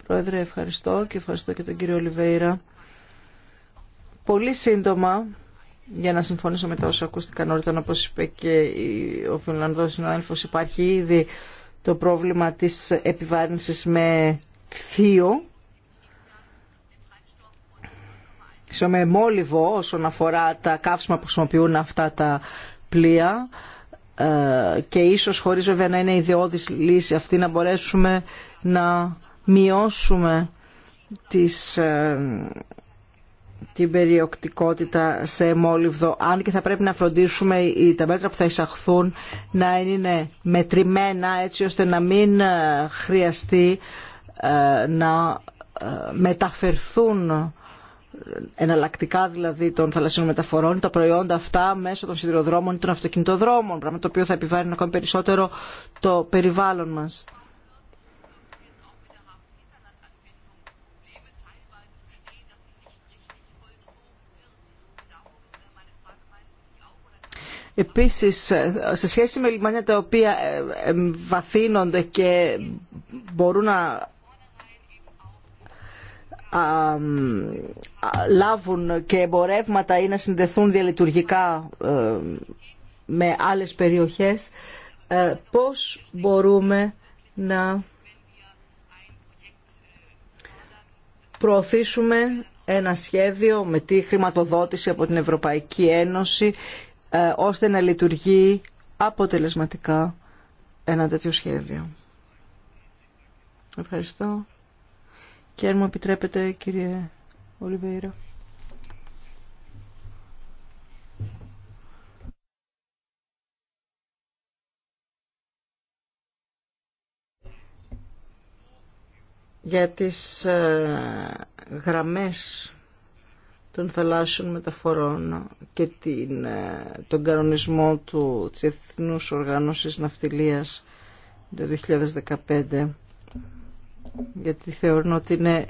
Πρόεδρε, ευχαριστώ και ευχαριστώ και τον κύριο Ολιβέηρα. Πολύ σύντομα, για να συμφωνήσω με τα όσα ακούστηκαν νωρίτερα, όπως είπε και ο Φινλανδός συνάδελφος, υπάρχει ήδη το πρόβλημα της επιβάρυνσης με θείο με μόλιβο όσον αφορά τα καύσιμα που χρησιμοποιούν αυτά τα πλοία ε, και ίσως χωρίς βέβαια να είναι ιδεώδης λύση αυτή να μπορέσουμε να μειώσουμε τις, ε, την περιοκτικότητα σε μόλιβδο αν και θα πρέπει να φροντίσουμε τα μέτρα που θα εισαχθούν να είναι μετρημένα έτσι ώστε να μην ε, χρειαστεί να μεταφερθούν εναλλακτικά δηλαδή των θαλασσινών μεταφορών, τα προϊόντα αυτά μέσω των σιδηροδρόμων ή των αυτοκινητοδρόμων, πράγμα το οποίο θα επιβάρει ακόμη περισσότερο το περιβάλλον μας. Επίσης, σε σχέση με λιμάνια τα οποία ε, ε, βαθύνονται και μπορούν να λάβουν και εμπορεύματα ή να συνδεθούν διαλειτουργικά ε, με άλλες περιοχές, ε, πώς μπορούμε να προωθήσουμε ένα σχέδιο με τη χρηματοδότηση από την Ευρωπαϊκή Ένωση ε, ώστε να λειτουργεί αποτελεσματικά ένα τέτοιο σχέδιο. Ευχαριστώ. Και αν μου επιτρέπετε κύριε Ολιβέηρα. για τις ε, γραμμές των θαλάσσιων μεταφορών και την, ε, τον κανονισμό του της Εθνούς Οργάνωσης Ναυτιλίας το 2015 γιατί θεωρούν ότι είναι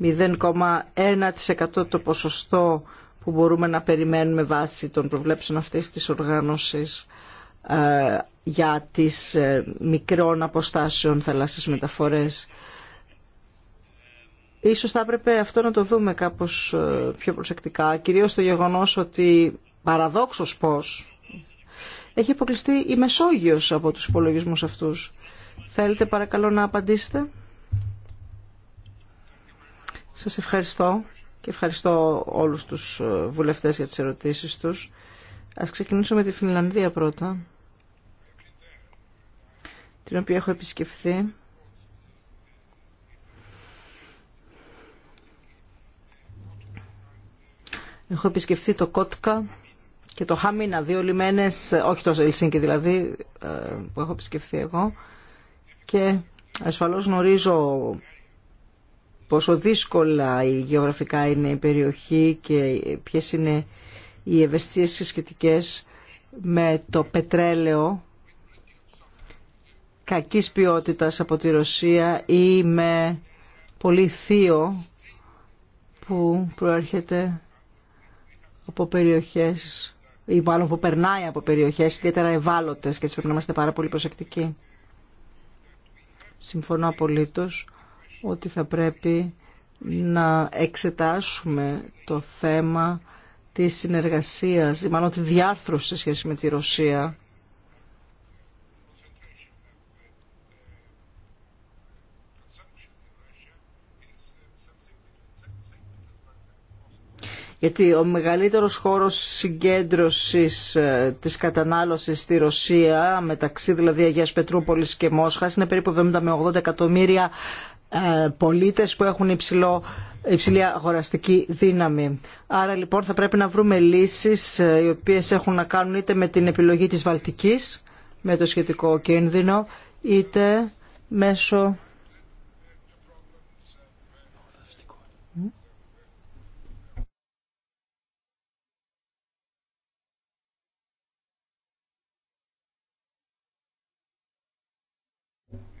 0,1% το ποσοστό που μπορούμε να περιμένουμε βάσει των προβλέψεων αυτής της οργάνωσης ε, για τις ε, μικρών αποστάσεων θαλάσσιες μεταφορές. Ίσως θα έπρεπε αυτό να το δούμε κάπως ε, πιο προσεκτικά, κυρίως το γεγονός ότι παραδόξως πώς έχει αποκλειστεί η Μεσόγειος από τους υπολογισμούς αυτούς. Θέλετε παρακαλώ να απαντήσετε. Σας ευχαριστώ και ευχαριστώ όλους τους ε, βουλευτές για τις ερωτήσεις τους. Ας ξεκινήσω με τη Φινλανδία πρώτα, την οποία έχω επισκεφθεί. Έχω επισκεφθεί το Κότκα και το Χάμινα, δύο λιμένες, όχι το Ελσίνκι δηλαδή, ε, που έχω επισκεφθεί εγώ και ασφαλώς γνωρίζω πόσο δύσκολα η γεωγραφικά είναι η περιοχή και ποιες είναι οι ευαισθησίες σχετικές με το πετρέλαιο κακής ποιότητας από τη Ρωσία ή με πολύ θείο που προέρχεται από περιοχές ή μάλλον που περνάει από περιοχές ιδιαίτερα ευάλωτες και έτσι πρέπει να είμαστε πάρα πολύ προσεκτικοί συμφωνώ απολύτως ότι θα πρέπει να εξετάσουμε το θέμα της συνεργασίας, μάλλον τη διάρθρωση σε σχέση με τη Ρωσία γιατί ο μεγαλύτερος χώρος συγκέντρωσης ε, της κατανάλωσης στη Ρωσία, μεταξύ δηλαδή Αγίας Πετρούπολης και Μόσχας, είναι περίπου 70 με 80 εκατομμύρια ε, πολίτες που έχουν υψηλό υψηλή αγοραστική δύναμη. Άρα λοιπόν θα πρέπει να βρούμε λύσεις ε, οι οποίες έχουν να κάνουν είτε με την επιλογή της Βαλτικής, με το σχετικό κίνδυνο, είτε μέσω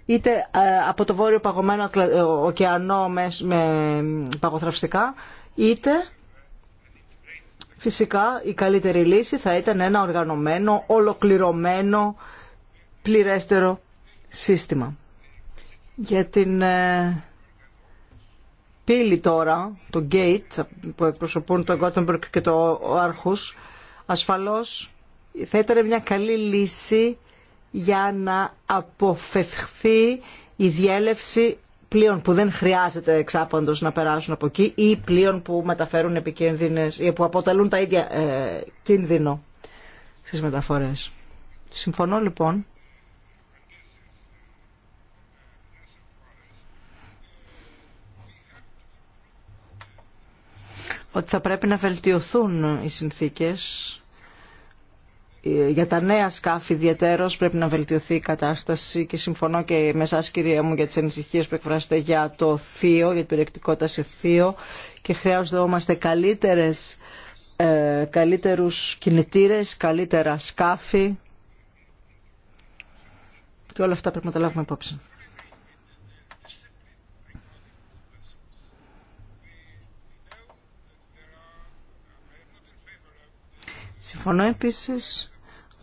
είτε ε, από το βόρειο παγωμένο ε, ωκεανό με, παγοθραυστικά, είτε φυσικά η καλύτερη λύση θα ήταν ένα οργανωμένο, ολοκληρωμένο, πληρέστερο σύστημα. Για την ε, πύλη τώρα, το gate που εκπροσωπούν το Gothenburg και το Άρχους, ασφαλώς θα ήταν μια καλή λύση για να αποφευχθεί η διέλευση πλοίων που δεν χρειάζεται εξάπαντος να περάσουν από εκεί ή πλοίων που μεταφέρουν επικίνδυνες ή που αποτελούν τα ίδια ε, κίνδυνο στις μεταφορές. Συμφωνώ λοιπόν ότι θα πρέπει να βελτιωθούν οι συνθήκες για τα νέα σκάφη ιδιαίτερω πρέπει να βελτιωθεί η κατάσταση και συμφωνώ και με εσά κυρία μου για τις ανησυχίε που εκφράσετε για το θείο, για την περιεκτικότητα σε θείο και χρειάζομαστε καλύτερες, ε, καλύτερους κινητήρες, καλύτερα σκάφη και όλα αυτά πρέπει να τα λάβουμε υπόψη. Συμφωνώ επίσης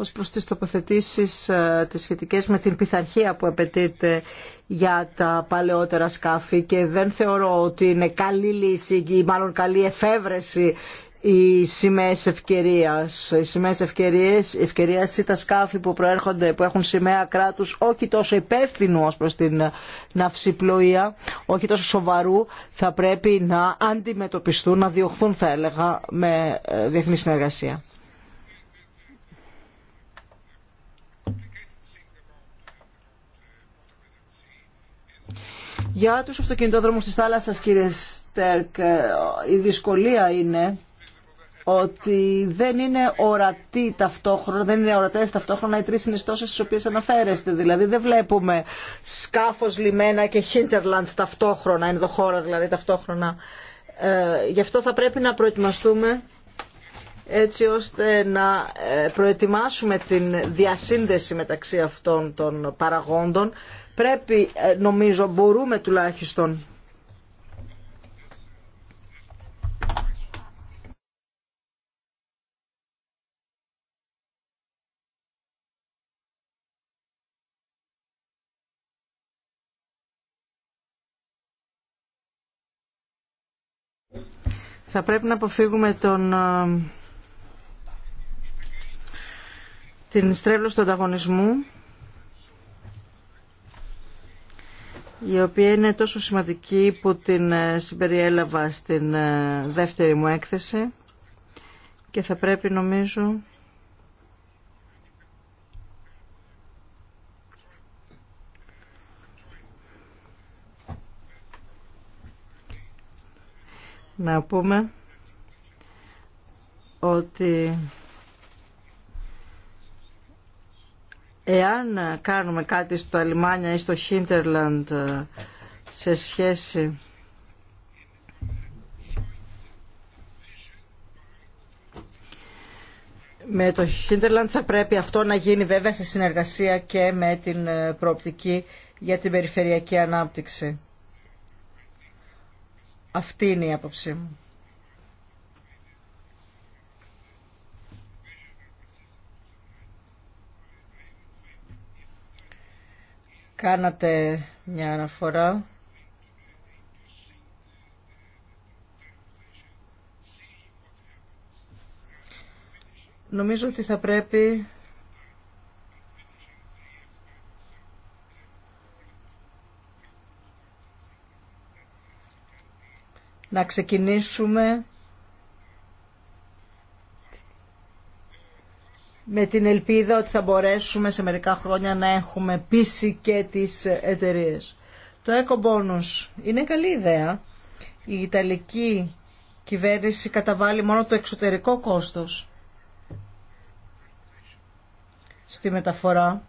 ως προς τις τοποθετήσεις ε, τις σχετικές με την πειθαρχία που απαιτείται για τα παλαιότερα σκάφη και δεν θεωρώ ότι είναι καλή λύση ή μάλλον καλή εφεύρεση οι σημαίες ευκαιρίας. Οι σημαίες ευκαιρίες, ευκαιρίες ή τα σκάφη που προέρχονται, που έχουν σημαία κράτους, όχι τόσο υπεύθυνου ως προς την ναυσιπλοεία, όχι τόσο σοβαρού, θα πρέπει να αντιμετωπιστούν, να διωχθούν θα έλεγα, με ε, διεθνή συνεργασία. Για τους αυτοκινητόδρομους της θάλασσας, κύριε Στέρκ, ε, η δυσκολία είναι ότι δεν είναι ορατή ταυτόχρονα, δεν είναι ορατές ταυτόχρονα οι τρεις συνιστώσεις στις οποίες αναφέρεστε. Δηλαδή δεν βλέπουμε σκάφος, λιμένα και hinterland ταυτόχρονα, ενδοχώρα δηλαδή ταυτόχρονα. Ε, γι' αυτό θα πρέπει να προετοιμαστούμε έτσι ώστε να ε, προετοιμάσουμε την διασύνδεση μεταξύ αυτών των παραγόντων πρέπει, ε, νομίζω, μπορούμε τουλάχιστον θα πρέπει να αποφύγουμε τον, ε, την στρέβλωση του ανταγωνισμού η οποία είναι τόσο σημαντική που την ε, συμπεριέλαβα στην ε, δεύτερη μου έκθεση και θα πρέπει νομίζω να πούμε ότι εάν κάνουμε κάτι στο Αλμάνια ή στο Χίντερλαντ ε, σε σχέση με το Χίντερλαντ θα πρέπει αυτό να γίνει βέβαια σε συνεργασία και με την ε, προοπτική για την περιφερειακή ανάπτυξη. Αυτή είναι η άποψή μου. Κάνατε μια αναφορά Νομίζω ότι θα πρέπει να ξεκινήσουμε με την ελπίδα ότι θα μπορέσουμε σε μερικά χρόνια να έχουμε πείσει και τις εταιρείε. Το ECO-Bonus είναι καλή ιδέα. Η Ιταλική κυβέρνηση καταβάλει μόνο το εξωτερικό κόστος στη μεταφορά.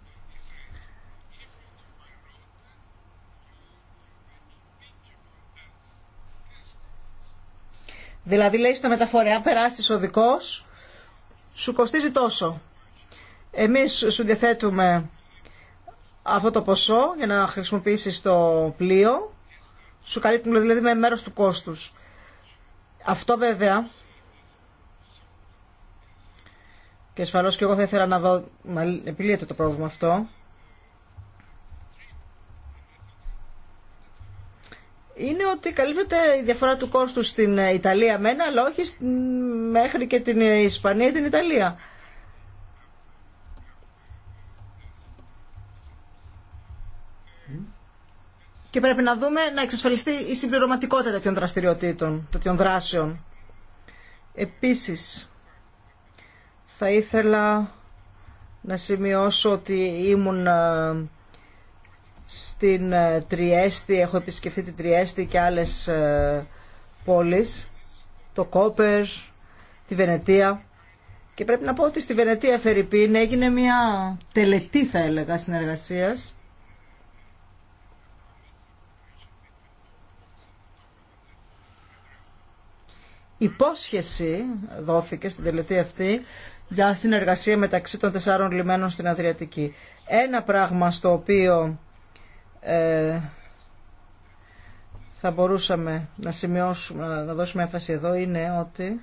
Δηλαδή λέει στο μεταφορέα περάσεις οδικός, σου κοστίζει τόσο. Εμείς σου διαθέτουμε αυτό το ποσό για να χρησιμοποιήσεις το πλοίο. Σου καλύπτουμε δηλαδή με μέρος του κόστους. Αυτό βέβαια και ασφαλώ και εγώ θα ήθελα να δω να επιλύεται το πρόβλημα αυτό είναι ότι καλύπτεται η διαφορά του κόστου στην Ιταλία μένα αλλά όχι μέχρι και την Ισπανία ή την Ιταλία. Και πρέπει να δούμε να εξασφαλιστεί η συμπληρωματικότητα των δραστηριοτήτων, τέτοιων δράσεων. Επίσης, θα ήθελα να σημειώσω ότι ήμουν ε, στην ε, Τριέστη, έχω επισκεφθεί τη Τριέστη και άλλες ε, πόλεις, το Κόπερ, τη Βενετία. Και πρέπει να πω ότι στη Βενετία Φερρυπίν έγινε μια τελετή θα έλεγα συνεργασίας υπόσχεση δόθηκε στην τελετή αυτή για συνεργασία μεταξύ των τεσσάρων λιμένων στην Αδριατική. Ένα πράγμα στο οποίο ε, θα μπορούσαμε να σημειώσουμε, να δώσουμε έμφαση εδώ είναι ότι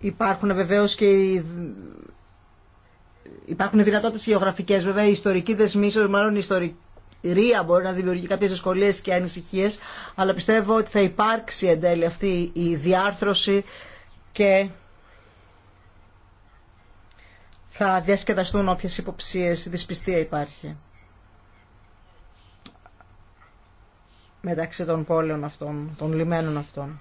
Υπάρχουν βεβαίως και υπάρχουν δυνατότητε γεωγραφικέ. Βέβαια, η ιστορική δεσμίσεω, μάλλον η ιστορία μπορεί να δημιουργεί κάποιε δυσκολίε και ανησυχίε. Αλλά πιστεύω ότι θα υπάρξει εν τέλει αυτή η διάρθρωση και θα διασκεδαστούν όποιες υποψίες δυσπιστία υπάρχει μεταξύ των πόλεων αυτών, των λιμένων αυτών.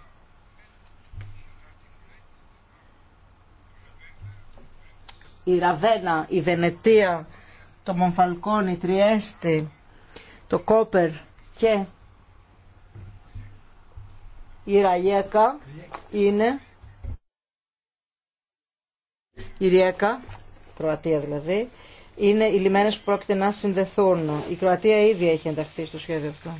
η Ραβένα, η Βενετία, το Μομφαλκόν, η Τριέστη, το Κόπερ και η Ραγέκα είναι η Ριέκα, Κροατία δηλαδή, είναι οι λιμένες που πρόκειται να συνδεθούν. Η Κροατία ήδη έχει ενταχθεί στο σχέδιο αυτό.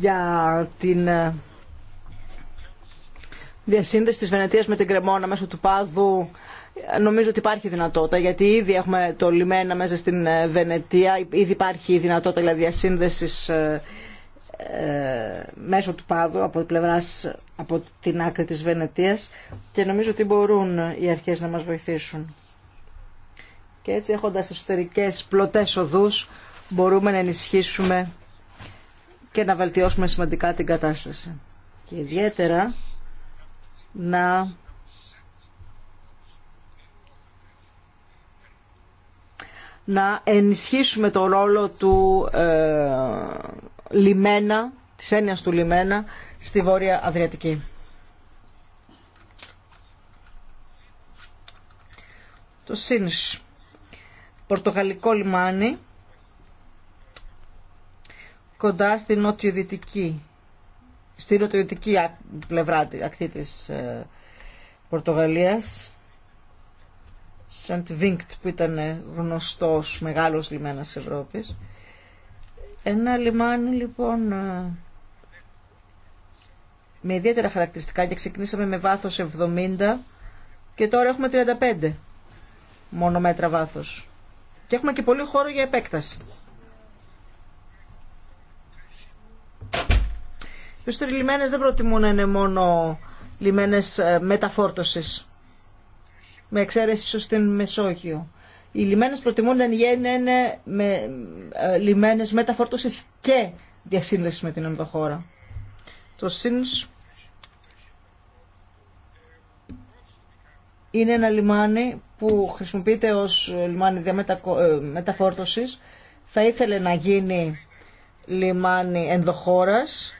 για την ε, διασύνδεση της Βενετίας με την Κρεμόνα μέσω του Πάδου ε, νομίζω ότι υπάρχει δυνατότητα γιατί ήδη έχουμε το λιμένα μέσα στην ε, Βενετία ήδη υπάρχει η δυνατότητα δηλαδή, διασύνδεσης μέσω του Πάδου από, πλευράς, από την άκρη της Βενετίας και νομίζω ότι μπορούν οι αρχές να μας βοηθήσουν. Και έτσι έχοντας εσωτερικές πλωτές οδούς μπορούμε να ενισχύσουμε και να βελτιώσουμε σημαντικά την κατάσταση. Και ιδιαίτερα να να ενισχύσουμε το ρόλο του ε, λιμένα, της έννοιας του λιμένα, στη Βόρεια Αδριατική. Το ΣΥΝΣ, πορτογαλικό λιμάνι, κοντά στη νοτιο στη νοτιοδυτική πλευρά, ακτή της ε, Πορτογαλίας. Σαντ Βίνκτ που ήταν γνωστός μεγάλος λιμένας Ευρώπης. Ένα λιμάνι λοιπόν ε, με ιδιαίτερα χαρακτηριστικά και ξεκινήσαμε με βάθος 70 και τώρα έχουμε 35 μόνο μέτρα βάθος. Και έχουμε και πολύ χώρο για επέκταση. Οι λιμένες δεν προτιμούν να είναι μόνο λιμένες ε, μεταφόρτωσης. Με εξαίρεση στον στην Μεσόγειο. Οι λιμένες προτιμούν εν είναι με, ε, λιμένες μεταφόρτωσης και διασύνδεσης με την ενδοχώρα. Το ΣΥΝΣ είναι ένα λιμάνι που χρησιμοποιείται ως ε, λιμάνι μεταφόρτωσης. Θα ήθελε να γίνει λιμάνι ενδοχώρας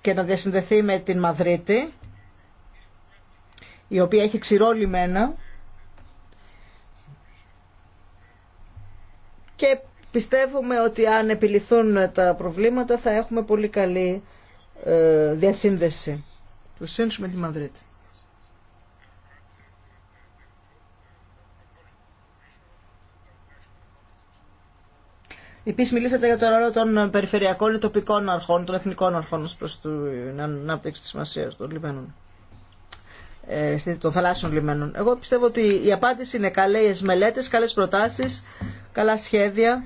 και να διασυνδεθεί με την Μαδρίτη, η οποία έχει ξηρό λιμένα και πιστεύουμε ότι αν επιληθούν τα προβλήματα θα έχουμε πολύ καλή ε, διασύνδεση του Σύνους με τη Μαδρίτη. Επίσης μιλήσατε για το ρόλο των περιφερειακών ή τοπικών αρχών, των εθνικών αρχών ω προς την ανάπτυξη της σημασία των λιμένων ε, των θαλάσσιων λιμένων. Εγώ πιστεύω ότι η απάντηση είναι καλές μελέτε, καλές προτάσεις, καλά σχέδια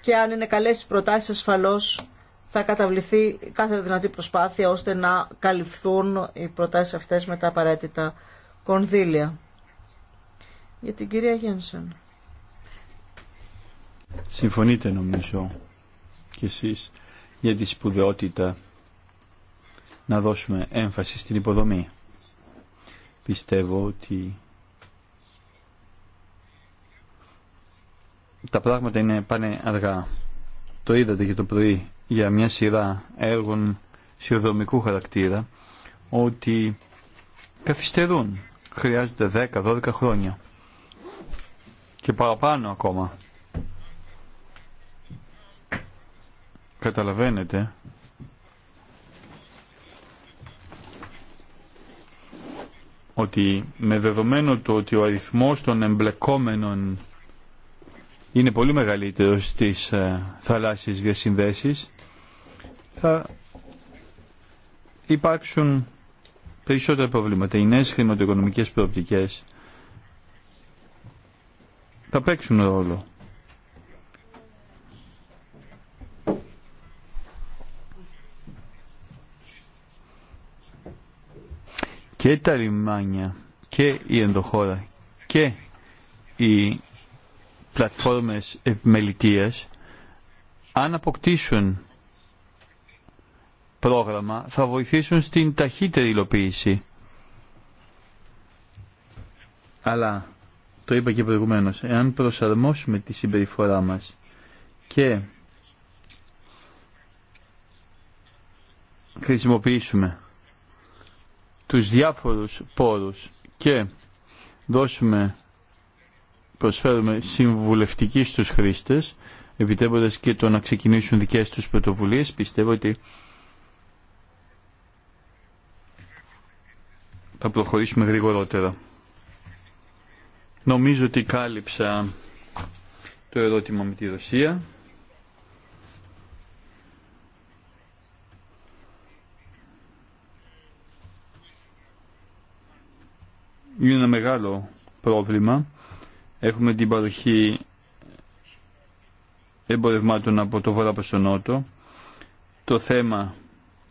και αν είναι καλές οι προτάσεις ασφαλώ, θα καταβληθεί κάθε δυνατή προσπάθεια ώστε να καλυφθούν οι προτάσει αυτέ με τα απαραίτητα κονδύλια. Για την κυρία Γένσεν. Συμφωνείτε νομίζω κι εσείς για τη σπουδαιότητα να δώσουμε έμφαση στην υποδομή. Πιστεύω ότι τα πράγματα είναι, πάνε αργά. Το είδατε και το πρωί για μια σειρά έργων σιωδρομικού χαρακτήρα ότι καθυστερούν. Χρειάζεται 10-12 χρόνια και παραπάνω ακόμα. καταλαβαίνετε ότι με δεδομένο το ότι ο αριθμός των εμπλεκόμενων είναι πολύ μεγαλύτερο στις ε, θαλάσσιες διασυνδέσεις θα υπάρξουν περισσότερα προβλήματα. Οι νέες χρηματοοικονομικές προοπτικές θα παίξουν ρόλο. και τα λιμάνια και η ενδοχώρα και οι πλατφόρμες επιμελητίας αν αποκτήσουν πρόγραμμα θα βοηθήσουν στην ταχύτερη υλοποίηση. Αλλά, το είπα και προηγουμένως, εάν προσαρμόσουμε τη συμπεριφορά μας και χρησιμοποιήσουμε τους διάφορους πόρους και δώσουμε, προσφέρουμε συμβουλευτική στους χρήστες, επιτρέποντας και το να ξεκινήσουν δικές τους πρωτοβουλίες, πιστεύω ότι θα προχωρήσουμε γρηγορότερα. Νομίζω ότι κάλυψα το ερώτημα με τη Ρωσία. είναι ένα μεγάλο πρόβλημα. Έχουμε την παροχή εμπορευμάτων από το βορρά προς νότο. Το θέμα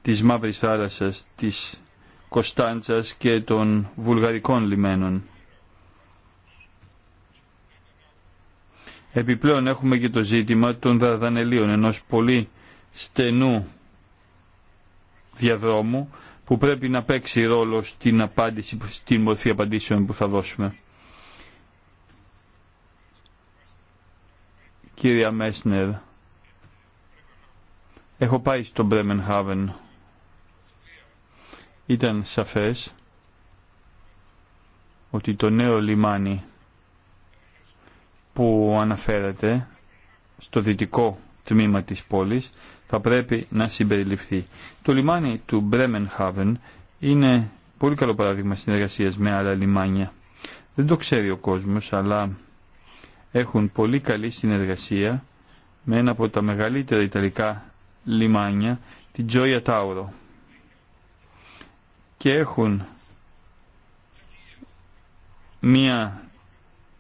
της Μαύρης Θάλασσας, της Κωνσταντζας και των βουλγαρικών λιμένων. Επιπλέον έχουμε και το ζήτημα των δαρδανελίων, ενός πολύ στενού διαδρόμου που πρέπει να παίξει ρόλο στην, απάντηση, στην μορφή απαντήσεων που θα δώσουμε. Κύρια Μέσνερ, έχω πάει στο Χάβεν. Ήταν σαφές ότι το νέο λιμάνι που αναφέρεται στο δυτικό τμήμα της πόλης θα πρέπει να συμπεριληφθεί. Το λιμάνι του Bremenhaven είναι πολύ καλό παράδειγμα συνεργασία με άλλα λιμάνια. Δεν το ξέρει ο κόσμος, αλλά έχουν πολύ καλή συνεργασία με ένα από τα μεγαλύτερα ιταλικά λιμάνια, την Gioia Tauro. Και έχουν μία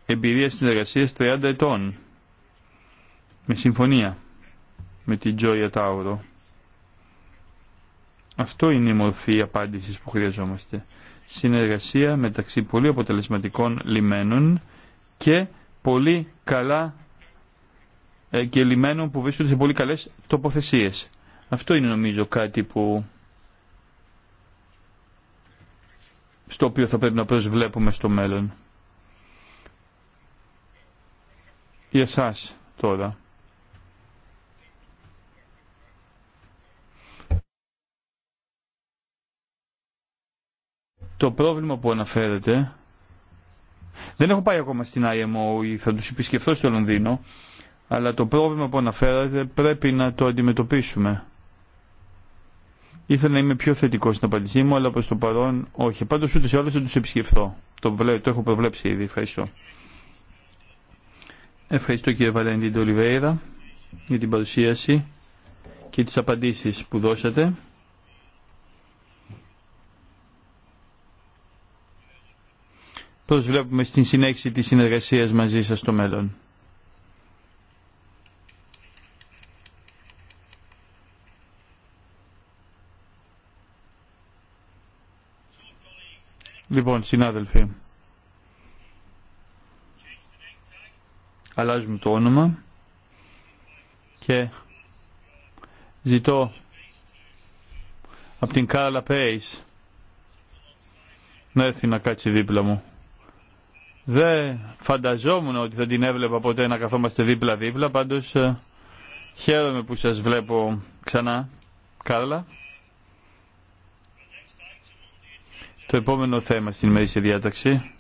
εμπειρία συνεργασίας 30 ετών με συμφωνία με την Τζόια Τάουρο. Αυτό είναι η μορφή απάντησης που χρειαζόμαστε. Συνεργασία μεταξύ πολύ αποτελεσματικών λιμένων και πολύ καλά ε, και λιμένων που βρίσκονται σε πολύ καλές τοποθεσίες. Αυτό είναι νομίζω κάτι που στο οποίο θα πρέπει να προσβλέπουμε στο μέλλον. Για σας τώρα. το πρόβλημα που αναφέρετε, δεν έχω πάει ακόμα στην IMO ή θα τους επισκεφθώ στο Λονδίνο αλλά το πρόβλημα που αναφέρατε πρέπει να το αντιμετωπίσουμε. Ήθελα να είμαι πιο θετικό στην απάντησή μου, αλλά προ το παρόν όχι. Πάντω ούτε σε όλε θα του επισκεφθώ. Το, το έχω προβλέψει ήδη. Ευχαριστώ. Ευχαριστώ κύριε Βαλέντιντ Ολιβέηρα για την παρουσίαση και τι απαντήσει που δώσατε. Πώς βλέπουμε στην συνέχιση της συνεργασίας μαζί σας στο μέλλον. Λοιπόν, συνάδελφοι, αλλάζουμε το όνομα και ζητώ από την Κάλα Πέις να έρθει να κάτσει δίπλα μου. Δεν φανταζόμουν ότι θα την έβλεπα ποτέ να καθόμαστε δίπλα-δίπλα, πάντως ε, χαίρομαι που σας βλέπω ξανά. Κάρλα. Το επόμενο θέμα στην ημερήσια διάταξη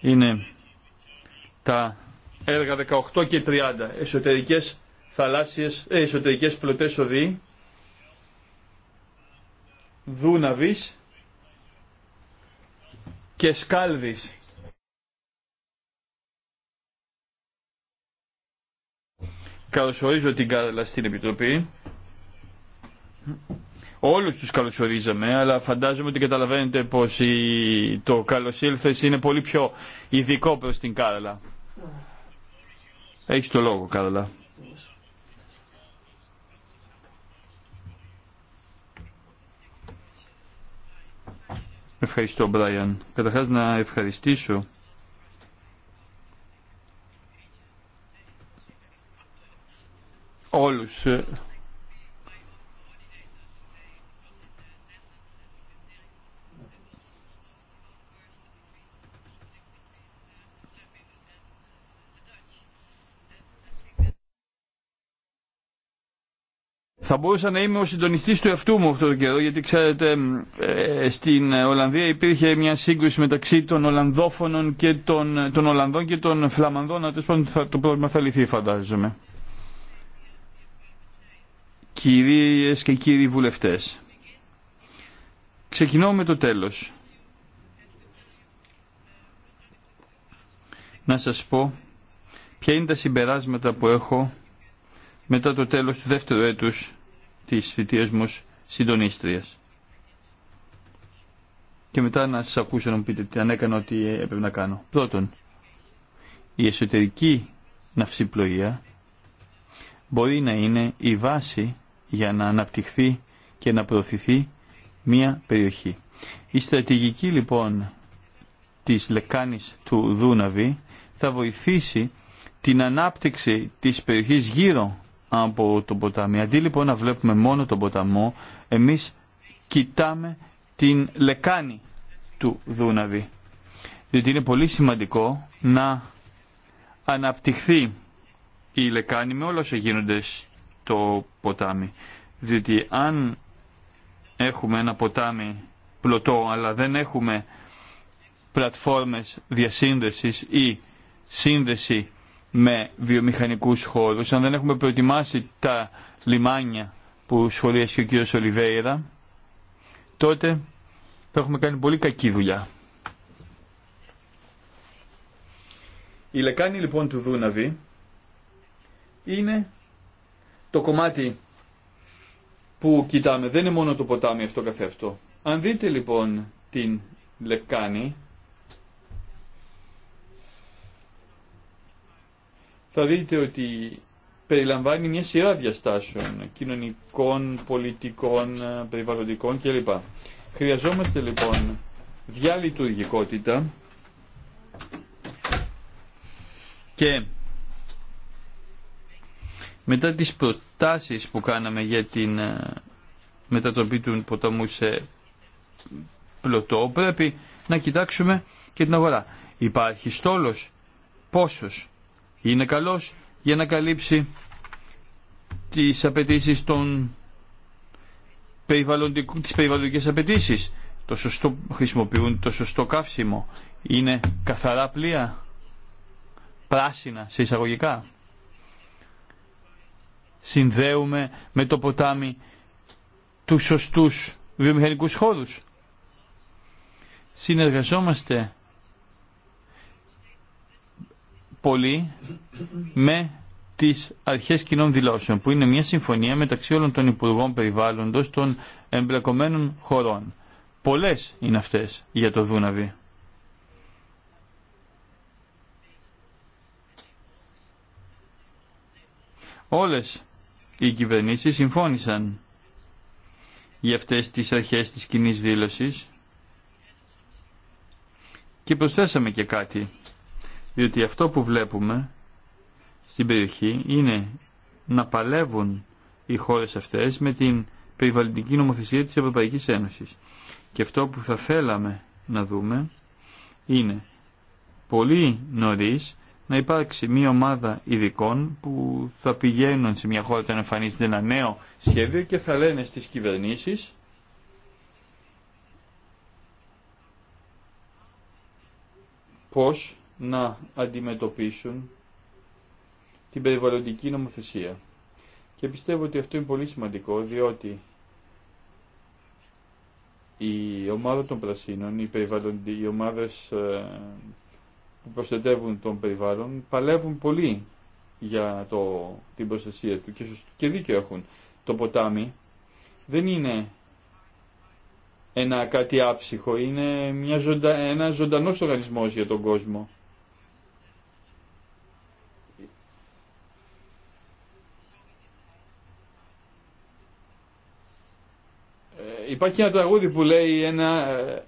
είναι τα έργα 18 και 30 εσωτερικές, θαλάσσιες, ε, εσωτερικές πλωτές οδοί Δούναβης και Σκάλδης Καλωσορίζω την Κάρελα στην Επιτροπή. Όλους τους καλωσορίζαμε, αλλά φαντάζομαι ότι καταλαβαίνετε πως η... το καλώς είναι πολύ πιο ειδικό προς την Κάρελα. Έχεις το λόγο, Κάρλα. Ευχαριστώ, Μπράιαν. Καταρχάς να ευχαριστήσω Θα μπορούσα να είμαι ο συντονιστής του εαυτού μου αυτό το καιρό, γιατί ξέρετε ε, στην Ολλανδία υπήρχε μια σύγκρουση μεταξύ των Ολλανδόφωνων και των, των Ολλανδών και των Φλαμανδών, αλλά το πρόβλημα θα λυθεί φαντάζομαι κυρίες και κύριοι βουλευτές. Ξεκινώ με το τέλος. Να σας πω ποια είναι τα συμπεράσματα που έχω μετά το τέλος του δεύτερου έτους της θητείας μου συντονίστριας. Και μετά να σας ακούσω να μου πείτε αν έκανα ό,τι έπρεπε να κάνω. Πρώτον, η εσωτερική ναυσιπλοεία μπορεί να είναι η βάση για να αναπτυχθεί και να προωθηθεί μία περιοχή. Η στρατηγική λοιπόν της λεκάνης του Δούναβη θα βοηθήσει την ανάπτυξη της περιοχής γύρω από το ποτάμι. Αντί λοιπόν να βλέπουμε μόνο τον ποταμό, εμείς κοιτάμε την λεκάνη του Δούναβη. Διότι είναι πολύ σημαντικό να αναπτυχθεί η λεκάνη με όλα όσα γίνονται το ποτάμι. Διότι αν έχουμε ένα ποτάμι πλωτό αλλά δεν έχουμε πλατφόρμες διασύνδεσης ή σύνδεση με βιομηχανικούς χώρους, αν δεν έχουμε προετοιμάσει τα λιμάνια που σχολίασε ο κύριος Ολιβέηρα, τότε θα έχουμε κάνει πολύ κακή δουλειά. Η λεκάνη λοιπόν του Δούναβη είναι το κομμάτι που κοιτάμε δεν είναι μόνο το ποτάμι αυτό αυτό. Αν δείτε λοιπόν την λεκάνη, θα δείτε ότι περιλαμβάνει μια σειρά διαστάσεων κοινωνικών, πολιτικών, περιβαλλοντικών κλπ. Χρειαζόμαστε λοιπόν διαλειτουργικότητα και μετά τις προτάσεις που κάναμε για την ε, μετατροπή του ποταμού σε πλωτό, πρέπει να κοιτάξουμε και την αγορά. Υπάρχει στόλος, πόσος είναι καλός για να καλύψει τις απαιτήσει των τις περιβαλλοντικές απαιτήσει. Το σωστό χρησιμοποιούν, το σωστό καύσιμο. Είναι καθαρά πλοία, πράσινα σε εισαγωγικά συνδέουμε με το ποτάμι του σωστούς βιομηχανικούς χώρους. Συνεργαζόμαστε πολύ με τις αρχές κοινών δηλώσεων, που είναι μια συμφωνία μεταξύ όλων των Υπουργών Περιβάλλοντος των εμπλεκομένων χωρών. Πολλές είναι αυτές για το Δούναβι. Όλες οι κυβερνήσεις συμφώνησαν για αυτές τις αρχές της κοινή δήλωσης και προσθέσαμε και κάτι, διότι αυτό που βλέπουμε στην περιοχή είναι να παλεύουν οι χώρες αυτές με την περιβαλλοντική νομοθεσία της Ευρωπαϊκής Ένωσης. Και αυτό που θα θέλαμε να δούμε είναι πολύ νωρίς να υπάρξει μια ομάδα ειδικών που θα πηγαίνουν σε μια χώρα όταν εμφανίζεται ένα νέο σχέδιο και θα λένε στις κυβερνήσεις πώς να αντιμετωπίσουν την περιβαλλοντική νομοθεσία. Και πιστεύω ότι αυτό είναι πολύ σημαντικό, διότι η ομάδα των Πρασίνων, οι, οι ομάδες ε, που προστατεύουν τον περιβάλλον παλεύουν πολύ για το, την προστασία του και, και δίκιο έχουν. Το ποτάμι δεν είναι ένα κάτι άψυχο, είναι μια ζωντα, ένα ζωντανός οργανισμός για τον κόσμο. Ε, υπάρχει ένα τραγούδι που λέει ένα, ε,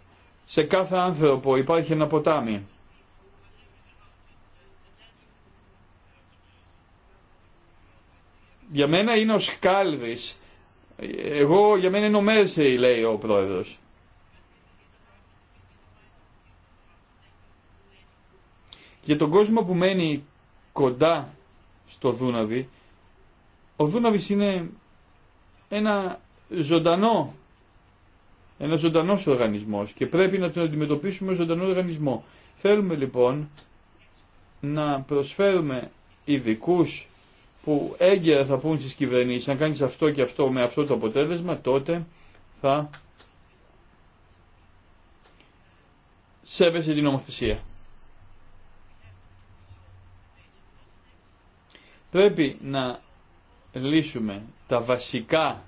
σε κάθε άνθρωπο υπάρχει ένα ποτάμι. για μένα είναι ο Σκάλβης. Εγώ, για μένα είναι ο Μέρσεϊ, λέει ο πρόεδρος. Για τον κόσμο που μένει κοντά στο Δούναβη, ο Δούναβης είναι ένα ζωντανό, ένα ζωντανός οργανισμός και πρέπει να τον αντιμετωπίσουμε ως ζωντανό οργανισμό. Θέλουμε λοιπόν να προσφέρουμε ειδικού που έγκαιρα θα πούν στις κυβερνήσεις αν κάνεις αυτό και αυτό με αυτό το αποτέλεσμα, τότε θα σέβεσαι την νομοθεσία. Πρέπει να λύσουμε τα βασικά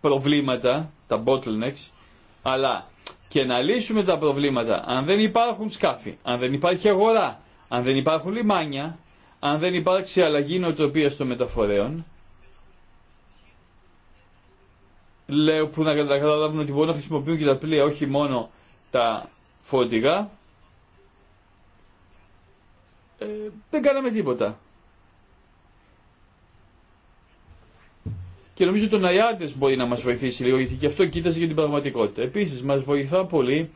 προβλήματα, τα bottlenecks, αλλά και να λύσουμε τα προβλήματα αν δεν υπάρχουν σκάφη, αν δεν υπάρχει αγορά, αν δεν υπάρχουν λιμάνια, αν δεν υπάρξει αλλαγή νοοτροπίας των μεταφορέων, λέω που να καταλάβουν ότι μπορούν να χρησιμοποιούν και τα πλοία, όχι μόνο τα φώτιγα, ε, δεν κάναμε τίποτα. Και νομίζω ότι ο Ναϊάντε μπορεί να μα βοηθήσει λίγο, γιατί και αυτό κοίταζε για την πραγματικότητα. Επίση, μα βοηθά πολύ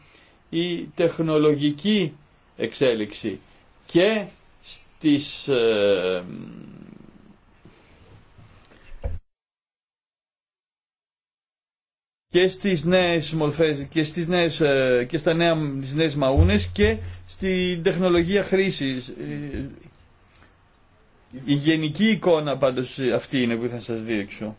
η τεχνολογική εξέλιξη και στις ε, και στις νέες μορφές και, στις νέες, ε, και στα νέα, στις μαούνες και στην τεχνολογία χρήσης. Η γενική εικόνα πάντως αυτή είναι που θα σας δείξω.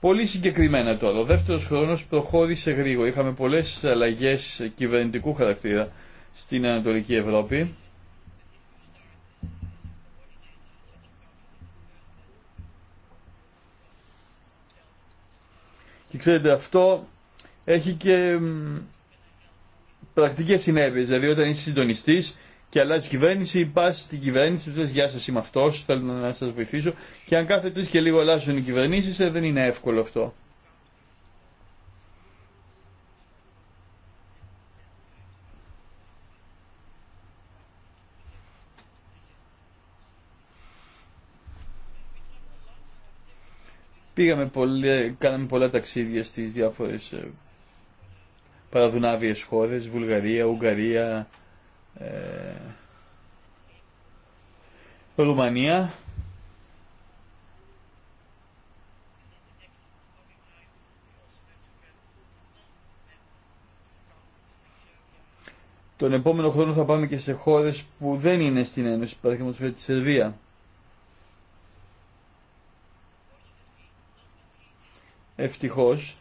Πολύ συγκεκριμένα τώρα. Ο δεύτερο χρόνο προχώρησε γρήγορα. Είχαμε πολλέ αλλαγέ κυβερνητικού χαρακτήρα στην Ανατολική Ευρώπη. Και ξέρετε αυτό έχει και πρακτικές συνέπειες. Δηλαδή όταν είσαι συντονιστής και αλλάζει η κυβέρνηση, πα στην κυβέρνηση, του λε: Γεια σα, είμαι αυτό, θέλω να σα βοηθήσω. Και αν κάθε τρει και λίγο αλλάζουν οι κυβερνήσει, ε, δεν είναι εύκολο αυτό. Πήγαμε πολλέ, κάναμε πολλά ταξίδια στις διάφορες ε, παραδουνάβιες χώρες, Βουλγαρία, Ουγγαρία, ε, Ρουμανία. Τον επόμενο χρόνο θα πάμε και σε χώρες που δεν είναι στην Ένωση, παραδείγματος χάρη τη Σερβία. Ευτυχώς,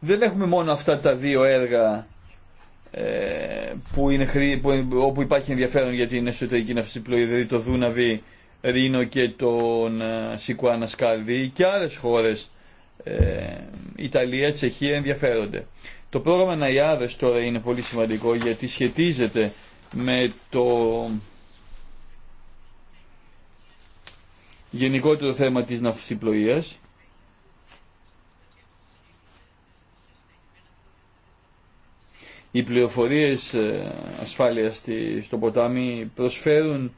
δεν έχουμε μόνο αυτά τα δύο έργα ε, που είναι, που, όπου υπάρχει ενδιαφέρον για την εσωτερική ναυσιπλοεία δηλαδή το Δούναβι, Ρίνο και τον ε, Σικουάνα Σκάλδη και άλλες χώρες, ε, Ιταλία, Τσεχία ενδιαφέρονται. Το πρόγραμμα Ναϊάδες τώρα είναι πολύ σημαντικό γιατί σχετίζεται με το γενικότερο θέμα της ναυσιπλοείας οι πληροφορίες ε, ασφάλειας στο ποτάμι προσφέρουν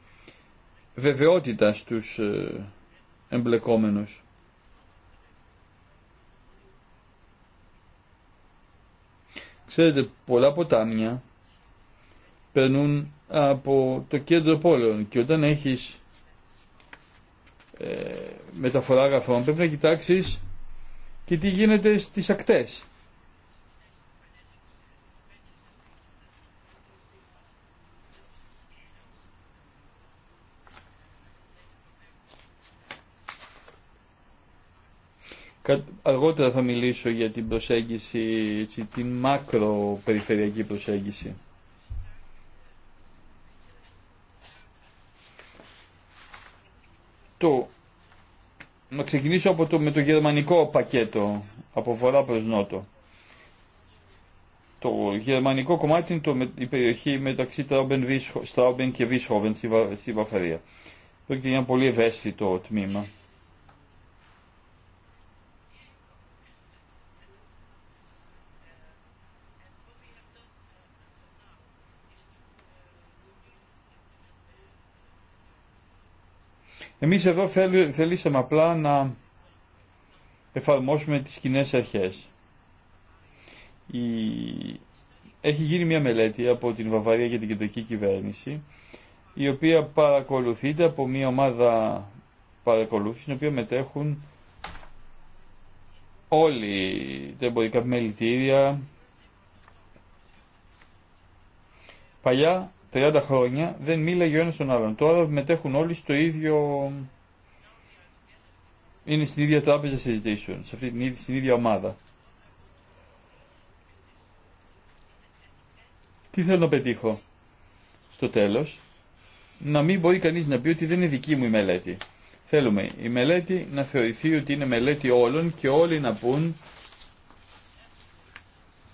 βεβαιότητα στους ε, εμπλεκόμενους. Ξέρετε, πολλά ποτάμια περνούν από το κέντρο πόλεων και όταν έχεις ε, μεταφορά αγαθών πρέπει να κοιτάξεις και τι γίνεται στις ακτές. Αργότερα θα μιλήσω για την προσέγγιση, έτσι, την μακροπεριφερειακή προσέγγιση. Το, να ξεκινήσω από το, με το γερμανικό πακέτο από βορρά προς νότο. Το γερμανικό κομμάτι είναι το, η περιοχή μεταξύ Στράουμπεν και Βίσχοβεν στη Βαφαρία. Πρόκειται για ένα πολύ ευαίσθητο τμήμα Εμείς εδώ θελήσαμε απλά να εφαρμόσουμε τις κοινέ αρχές. Η... Έχει γίνει μια μελέτη από την Βαβαρία και την κεντρική κυβέρνηση, η οποία παρακολουθείται από μια ομάδα παρακολούθησης, στην οποία μετέχουν όλοι τα εμπορικά μελητήρια. Παλιά 30 χρόνια δεν μίλαγε ο ένας τον άλλον. Τώρα μετέχουν όλοι στο ίδιο... Είναι στην ίδια τράπεζα συζητήσεων, σε αυτή ίδια, στην ίδια ομάδα. Τι θέλω να πετύχω στο τέλος, να μην μπορεί κανείς να πει ότι δεν είναι δική μου η μελέτη. Θέλουμε η μελέτη να θεωρηθεί ότι είναι μελέτη όλων και όλοι να πούν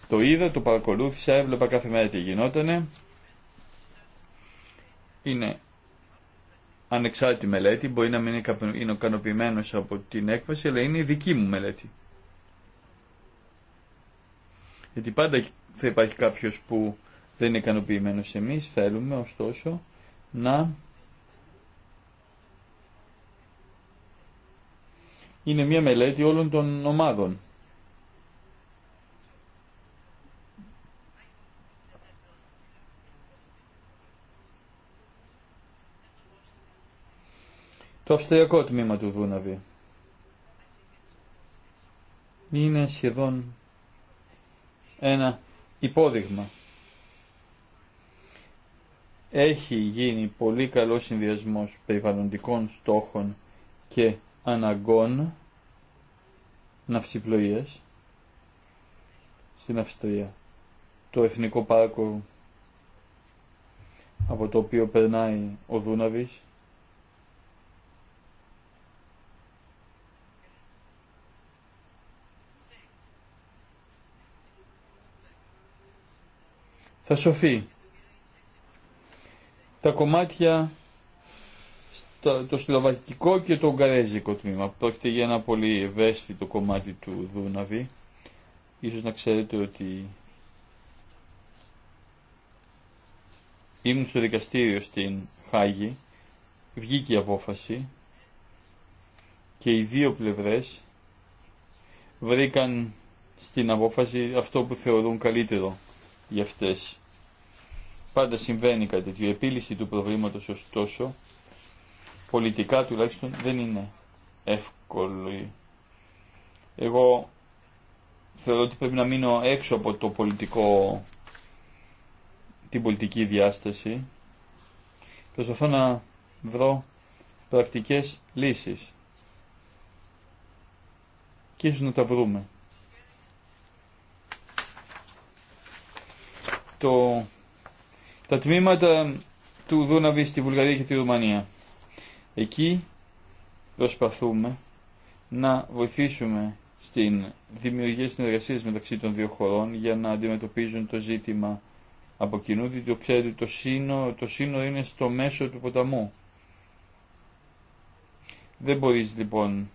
το είδα, το παρακολούθησα, έβλεπα κάθε μέρα τι γινότανε, είναι ανεξάρτητη μελέτη, μπορεί να μην είναι ικανοποιημένο από την έκβαση, αλλά είναι η δική μου μελέτη. Γιατί πάντα θα υπάρχει κάποιος που δεν είναι ικανοποιημένο εμείς, θέλουμε ωστόσο να είναι μια μελέτη όλων των ομάδων. το αυστριακό τμήμα του Δούναβη. Είναι σχεδόν ένα υπόδειγμα. Έχει γίνει πολύ καλό συνδυασμός περιβαλλοντικών στόχων και αναγκών ναυσιπλοείας στην Αυστρία. Το Εθνικό Πάρκο από το οποίο περνάει ο Δούναβης θα σωθεί. Τα κομμάτια, το σλοβακικό και το ουγγαρέζικο τμήμα, πρόκειται για ένα πολύ ευαίσθητο κομμάτι του Δούναβη. Ίσως να ξέρετε ότι ήμουν στο δικαστήριο στην Χάγη, βγήκε η απόφαση και οι δύο πλευρές βρήκαν στην απόφαση αυτό που θεωρούν καλύτερο για αυτές. Πάντα συμβαίνει κάτι τέτοιο. Η επίλυση του προβλήματος ωστόσο, πολιτικά τουλάχιστον, δεν είναι εύκολη. Εγώ θεωρώ ότι πρέπει να μείνω έξω από το πολιτικό, την πολιτική διάσταση. Προσπαθώ να βρω πρακτικές λύσεις. Και ίσως να τα βρούμε. Το τα τμήματα του Δούναβη στη Βουλγαρία και τη Ρουμανία. Εκεί προσπαθούμε να βοηθήσουμε στην δημιουργία συνεργασίας μεταξύ των δύο χωρών για να αντιμετωπίζουν το ζήτημα από κοινού, διότι το το σύνορο, το είναι στο μέσο του ποταμού. Δεν μπορείς λοιπόν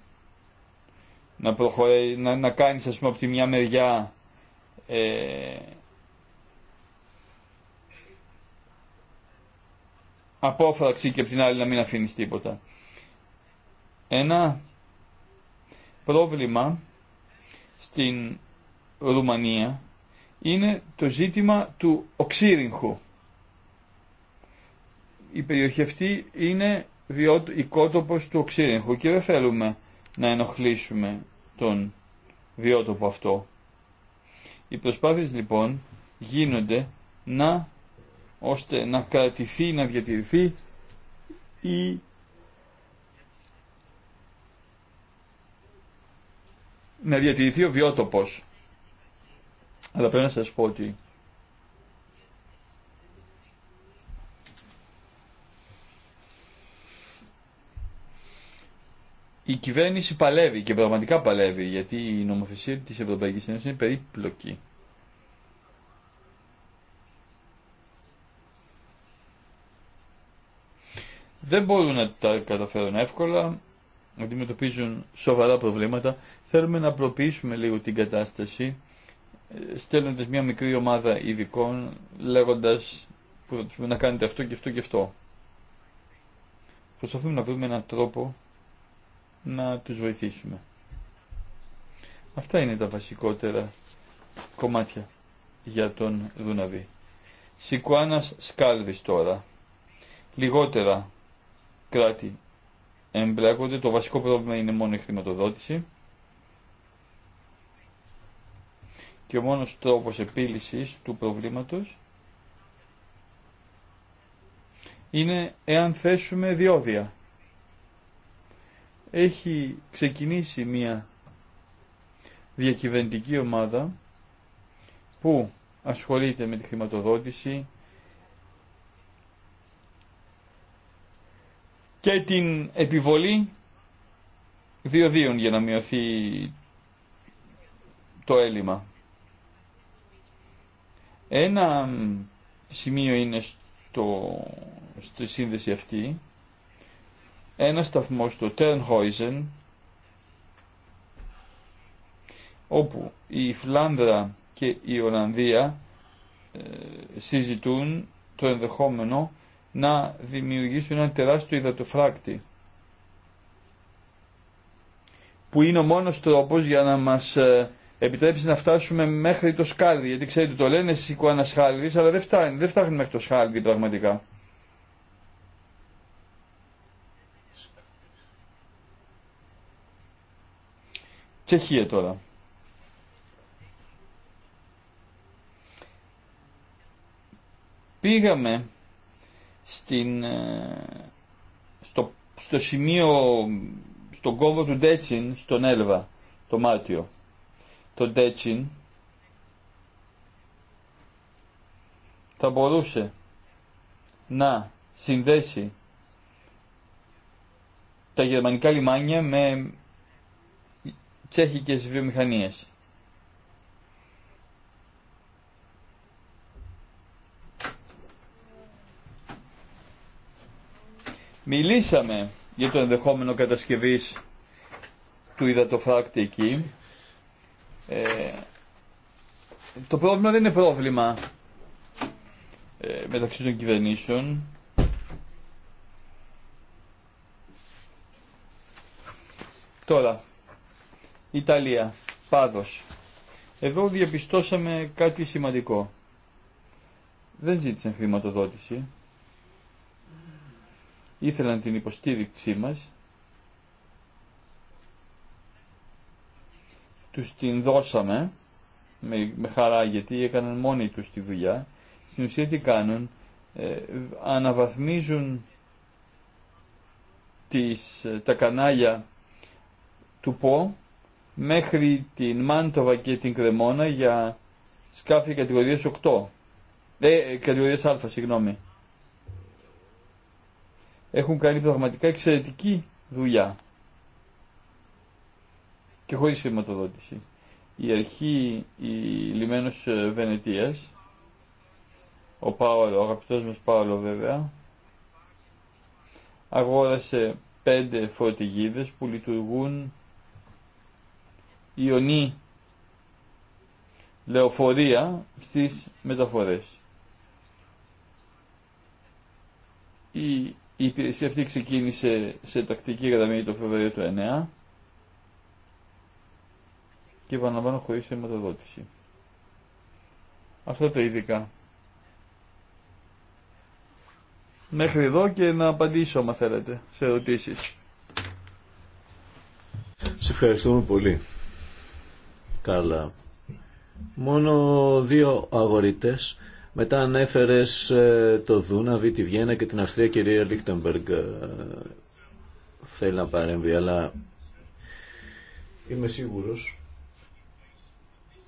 να, προχωρεί, να, να κάνεις ας πούμε από τη μια μεριά ε, απόφραξη και από την άλλη να μην αφήνει τίποτα. Ένα πρόβλημα στην Ρουμανία είναι το ζήτημα του οξύριγχου. Η περιοχή αυτή είναι οικότοπος του οξύριγχου και δεν θέλουμε να ενοχλήσουμε τον βιότοπο αυτό. Οι προσπάθειες λοιπόν γίνονται να ώστε να κρατηθεί, να διατηρηθεί η να διατηρηθεί ο βιότοπος. Αλλά πρέπει να σας πω ότι η κυβέρνηση παλεύει και πραγματικά παλεύει γιατί η νομοθεσία της Ευρωπαϊκής Ένωσης είναι περίπλοκη. δεν μπορούν να τα καταφέρουν εύκολα, αντιμετωπίζουν σοβαρά προβλήματα. Θέλουμε να απλοποιήσουμε λίγο την κατάσταση, ε, στέλνοντας μια μικρή ομάδα ειδικών, λέγοντας που να κάνετε αυτό και αυτό και αυτό. Προσπαθούμε να βρούμε έναν τρόπο να τους βοηθήσουμε. Αυτά είναι τα βασικότερα κομμάτια για τον Δουναβή. Σικουάνας Σκάλβης τώρα. Λιγότερα κράτη εμπλέκονται. Το βασικό πρόβλημα είναι μόνο η χρηματοδότηση. Και ο μόνος τρόπος επίλυσης του προβλήματος είναι εάν θέσουμε διόδια. Έχει ξεκινήσει μία διακυβερνητική ομάδα που ασχολείται με τη χρηματοδότηση, και την επιβολή διοδίων για να μειωθεί το έλλειμμα. Ένα σημείο είναι στο, στη σύνδεση αυτή, ένα σταθμό στο Τέρνχόιζεν, όπου η Φλάνδρα και η Ολλανδία ε, συζητούν το ενδεχόμενο να δημιουργήσουν ένα τεράστιο υδατοφράκτη που είναι ο μόνος τρόπος για να μας ε, επιτρέψει να φτάσουμε μέχρι το σκάλι, γιατί ξέρετε το λένε εσείς οικοανασχάλιδες αλλά δεν φτάνει, δεν φτάνει μέχρι το σκάλι, πραγματικά. Τσεχία τώρα. Πήγαμε στην, ε, στο, στο σημείο, στον κόβο του Ντέτσιν στον Έλβα το Μάτιο Το Ντέτσιν θα μπορούσε να συνδέσει τα γερμανικά λιμάνια με τσέχικες βιομηχανίες. Μιλήσαμε για το ενδεχόμενο κατασκευής του υδατοφράκτη εκεί. Ε, το πρόβλημα δεν είναι πρόβλημα ε, μεταξύ των κυβερνήσεων. Τώρα, Ιταλία, Πάδος. Εδώ διαπιστώσαμε κάτι σημαντικό. Δεν ζήτησαν χρηματοδότηση ήθελαν την υποστήριξή μας, τους την δώσαμε με, χαρά γιατί έκαναν μόνοι τους τη δουλειά. Στην ουσία τι κάνουν, ε, αναβαθμίζουν τις, ε, τα κανάλια του ΠΟ μέχρι την Μάντοβα και την Κρεμόνα για σκάφη κατηγορίας 8. Ε, κατηγορίας Α, συγγνώμη έχουν κάνει πραγματικά εξαιρετική δουλειά και χωρίς χρηματοδότηση. Η αρχή, η λιμένος ε, Βενετίας, ο Πάολο, ο αγαπητός μας Πάολο βέβαια, αγόρασε πέντε φωτιγίδες που λειτουργούν ιονή λεωφορεία στις μεταφορές. Η η υπηρεσία αυτή ξεκίνησε σε τακτική γραμμή το Φεβρουάριο του 2009 και επαναλαμβάνω χωρίς χρηματοδότηση. Αυτά τα ειδικά. Μέχρι εδώ και να απαντήσω, αν θέλετε, σε ερωτήσεις. Σε ευχαριστούμε πολύ. Καλά. Μόνο δύο αγορητές μετά ανέφερε ε, το Δούναβι, τη Βιέννα και την Αυστρία κυρία Λίχτεμπεργκ. Ε, θέλει να παρέμβει, αλλά είμαι σίγουρος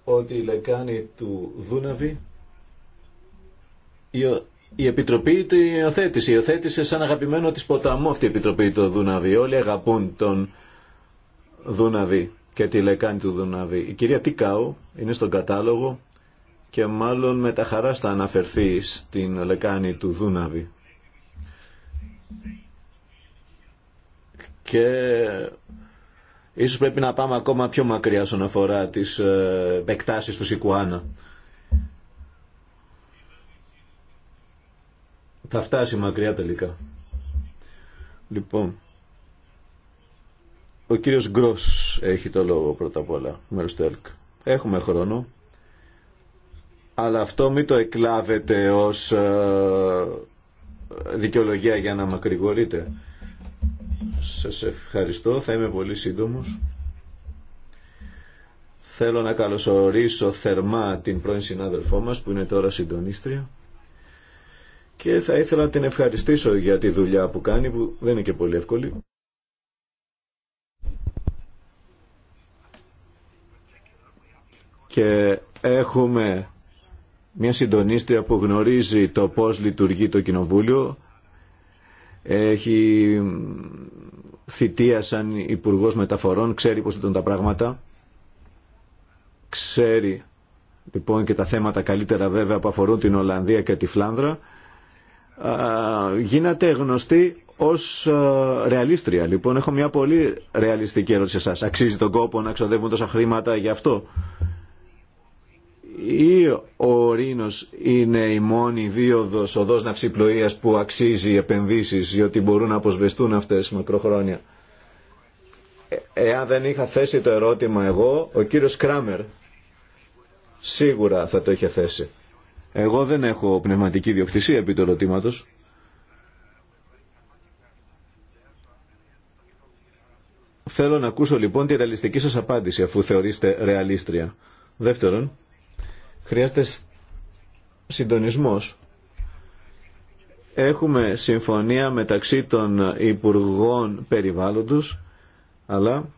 ότι η λεκάνη του Δούναβι η Επιτροπή τη υιοθέτησε. Υιοθέτησε σαν αγαπημένο της ποταμό. αυτή η Επιτροπή του Δούναβι. Όλοι αγαπούν τον Δούναβι και τη λεκάνη του Δούναβι. Η κυρία Τικάου είναι στον κατάλογο και μάλλον με τα χαρά θα αναφερθεί στην λεκάνη του Δούναβη. Και ίσως πρέπει να πάμε ακόμα πιο μακριά στον αφορά τις ε, εκτάσεις του Σικουάνα. Θα φτάσει μακριά τελικά. Λοιπόν, ο κύριος Γκρός έχει το λόγο πρώτα απ' όλα, μέρος του ΕΛΚ. Έχουμε χρόνο αλλά αυτό μην το εκλάβετε ως ε, δικαιολογία για να μακρηγορείτε. Σας ευχαριστώ, θα είμαι πολύ σύντομος. Θέλω να καλωσορίσω θερμά την πρώην συνάδελφό μας που είναι τώρα συντονίστρια και θα ήθελα να την ευχαριστήσω για τη δουλειά που κάνει που δεν είναι και πολύ εύκολη. Και έχουμε μια συντονίστρια που γνωρίζει το πώς λειτουργεί το Κοινοβούλιο, έχει θητεία σαν Υπουργός Μεταφορών, ξέρει πώς ήταν τα πράγματα, ξέρει λοιπόν και τα θέματα καλύτερα βέβαια που αφορούν την Ολλανδία και τη Φλάνδρα, γίνατε γνωστή ως ρεαλίστρια. Λοιπόν, έχω μια πολύ ρεαλιστική ερώτηση σας. Αξίζει τον κόπο να ξοδεύουν τόσα χρήματα για αυτό ή ο Ρήνος είναι η μόνη δίωδος οδός ναυσιπλοείας που αξίζει επενδύσεις διότι μπορούν να αποσβεστούν αυτές μακροχρόνια. Ε, εάν δεν είχα θέσει το ερώτημα εγώ, ο κύριος διοτι μπορουν να αποσβεστουν αυτες μακροχρονια εαν δεν σίγουρα θα το είχε θέσει. Εγώ δεν έχω πνευματική διοκτησία επί του ερωτήματος. Θέλω να ακούσω λοιπόν τη ρεαλιστική σας απάντηση αφού θεωρείστε ρεαλίστρια. Δεύτερον, Χρειάζεται συντονισμός. Έχουμε συμφωνία μεταξύ των Υπουργών Περιβάλλοντος, αλλά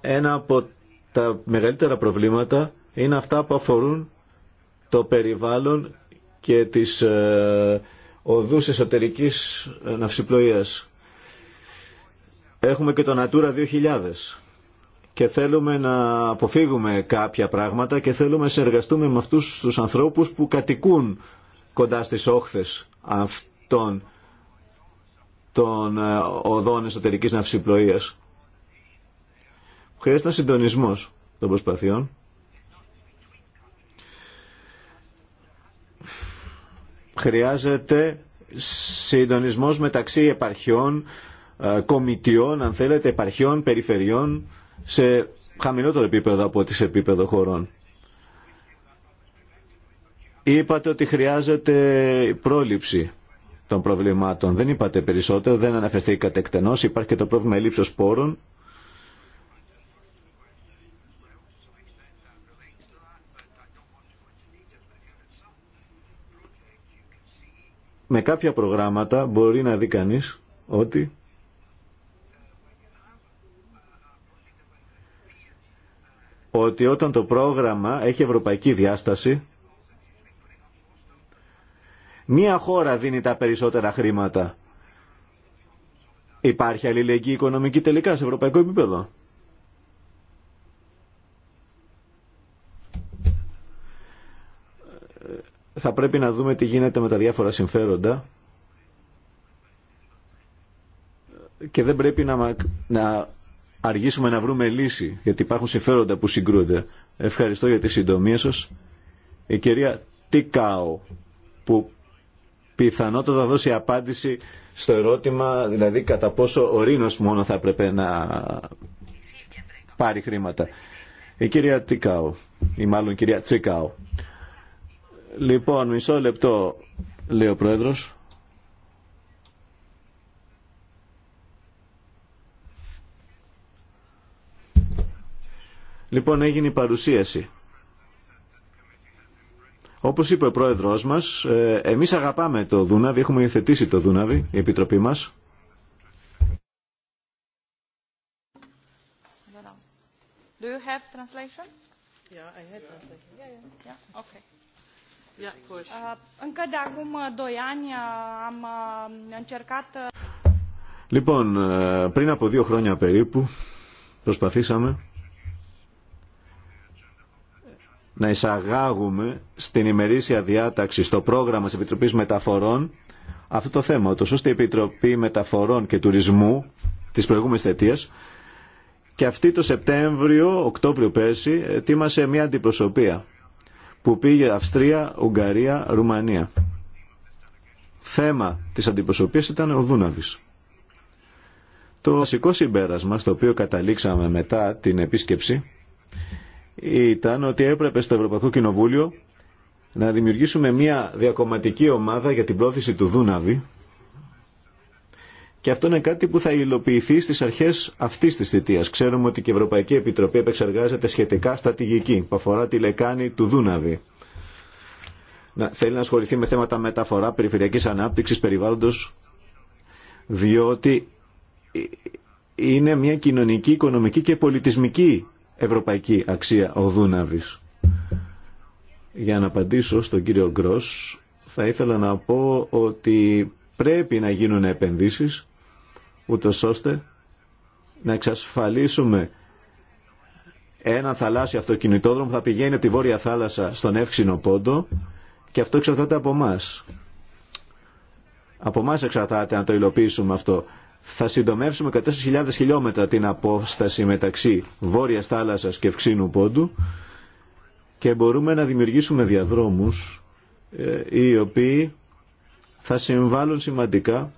ένα από τα μεγαλύτερα προβλήματα είναι αυτά που αφορούν το περιβάλλον και τις ε, οδούς εσωτερικής ε, ναυσιπλοείας. Έχουμε και το Natura 2000 και θέλουμε να αποφύγουμε κάποια πράγματα και θέλουμε να συνεργαστούμε με αυτούς τους ανθρώπους που κατοικούν κοντά στις όχθες αυτών των ε, οδών εσωτερικής ναυσιπλοείας. Χρειάζεται συντονισμός των προσπαθειών. Χρειάζεται συντονισμός μεταξύ επαρχιών, ε, κομιτιών, αν θέλετε, επαρχιών, περιφερειών, σε χαμηλότερο επίπεδο από σε επίπεδο χωρών. Είπατε ότι χρειάζεται πρόληψη των προβλημάτων. Δεν είπατε περισσότερο, δεν αναφερθήκατε εκτενώς. Υπάρχει και το πρόβλημα ελλείψεως πόρων. Με κάποια προγράμματα μπορεί να δει κανείς ότι ότι όταν το πρόγραμμα έχει ευρωπαϊκή διάσταση, μία χώρα δίνει τα περισσότερα χρήματα. Υπάρχει αλληλεγγύη οικονομική τελικά σε ευρωπαϊκό επίπεδο. Θα πρέπει να δούμε τι γίνεται με τα διάφορα συμφέροντα και δεν πρέπει να, να αργήσουμε να βρούμε λύση, γιατί υπάρχουν συμφέροντα που συγκρούνται. Ευχαριστώ για τη συντομία σας. Η κυρία Τικάο, που πιθανότατα θα δώσει απάντηση στο ερώτημα, δηλαδή κατά πόσο ο Ρήνος μόνο θα έπρεπε να πάρει χρήματα. Η κυρία Τικάο, ή μάλλον η κυρία Τσίκαο. Λοιπόν, μισό λεπτό, λέει ο Πρόεδρος. Λοιπόν, έγινε η παρουσίαση. Όπως είπε ο πρόεδρος μας, ε, εμείς αγαπάμε το Δούναβι, έχουμε υιοθετήσει το Δούναβι, η Επιτροπή μας. Do you have translation? Yeah, I had translation. Yeah, yeah, yeah. Okay. Yeah, course. Uh, încă de acum 2 ani uh, am uh, încercat... Λοιπόν, πριν από δύο χρόνια περίπου προσπαθήσαμε να εισαγάγουμε στην ημερήσια διάταξη, στο πρόγραμμα της Επιτροπής Μεταφορών, αυτό το θέμα, το ώστε η Επιτροπή Μεταφορών και Τουρισμού της προηγούμενης θετίας και αυτή το Σεπτέμβριο, Οκτώβριο πέρσι, ετοίμασε μια αντιπροσωπεία που πήγε Αυστρία, Ουγγαρία, Ρουμανία. Θέμα της αντιπροσωπείας ήταν ο Δούναβης. Το βασικό συμπέρασμα στο οποίο καταλήξαμε μετά την επίσκεψη ήταν ότι έπρεπε στο Ευρωπαϊκό Κοινοβούλιο να δημιουργήσουμε μια διακομματική ομάδα για την πρόθεση του Δούναβη και αυτό είναι κάτι που θα υλοποιηθεί στις αρχές αυτής της θητείας. Ξέρουμε ότι και η Ευρωπαϊκή Επιτροπή επεξεργάζεται σχετικά στρατηγική που αφορά τη λεκάνη του Δούναβη. Να, θέλει να ασχοληθεί με θέματα μεταφορά, περιφερειακής ανάπτυξης, περιβάλλοντος, διότι ε, ε, είναι μια κοινωνική, οικονομική και πολιτισμική ευρωπαϊκή αξία ο Δούναβης. Για να απαντήσω στον κύριο Γκρός, θα ήθελα να πω ότι πρέπει να γίνουν επενδύσεις, ούτω ώστε να εξασφαλίσουμε ένα θαλάσσιο αυτοκινητόδρομο που θα πηγαίνει από τη Βόρεια Θάλασσα στον Εύξηνο Πόντο και αυτό εξαρτάται από εμά. Από εμά εξαρτάται να το υλοποιήσουμε αυτό θα συντομεύσουμε κατά χιλιόμετρα την απόσταση μεταξύ βόρειας θάλασσας και ευξήνου πόντου και μπορούμε να δημιουργήσουμε διαδρόμους ε, οι οποίοι θα συμβάλλουν σημαντικά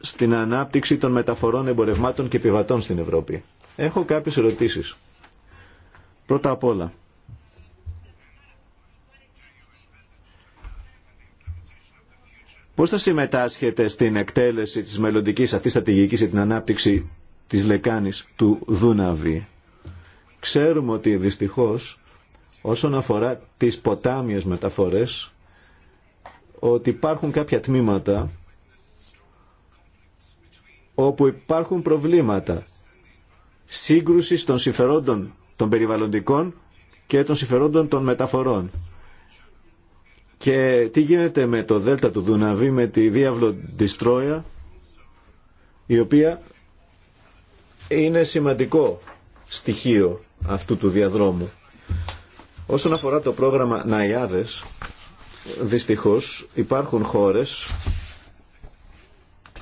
στην ανάπτυξη των μεταφορών εμπορευμάτων και επιβατών στην Ευρώπη. Έχω κάποιες ερωτήσεις. Πρώτα απ' όλα, Πώς θα συμμετάσχετε στην εκτέλεση της μελλοντικής αυτής στρατηγικής για την ανάπτυξη της λεκάνης του Δούναβη. Ξέρουμε ότι δυστυχώς όσον αφορά τις ποτάμιες μεταφορές ότι υπάρχουν κάποια τμήματα όπου υπάρχουν προβλήματα σύγκρουσης των συμφερόντων των περιβαλλοντικών και των συμφερόντων των μεταφορών. Και τι γίνεται με το δέλτα του Δουναβή, με τη διάβλο Διστροΐα η οποία είναι σημαντικό στοιχείο αυτού του διαδρόμου. Όσον αφορά το πρόγραμμα Ναϊάδες, δυστυχώς υπάρχουν χώρες,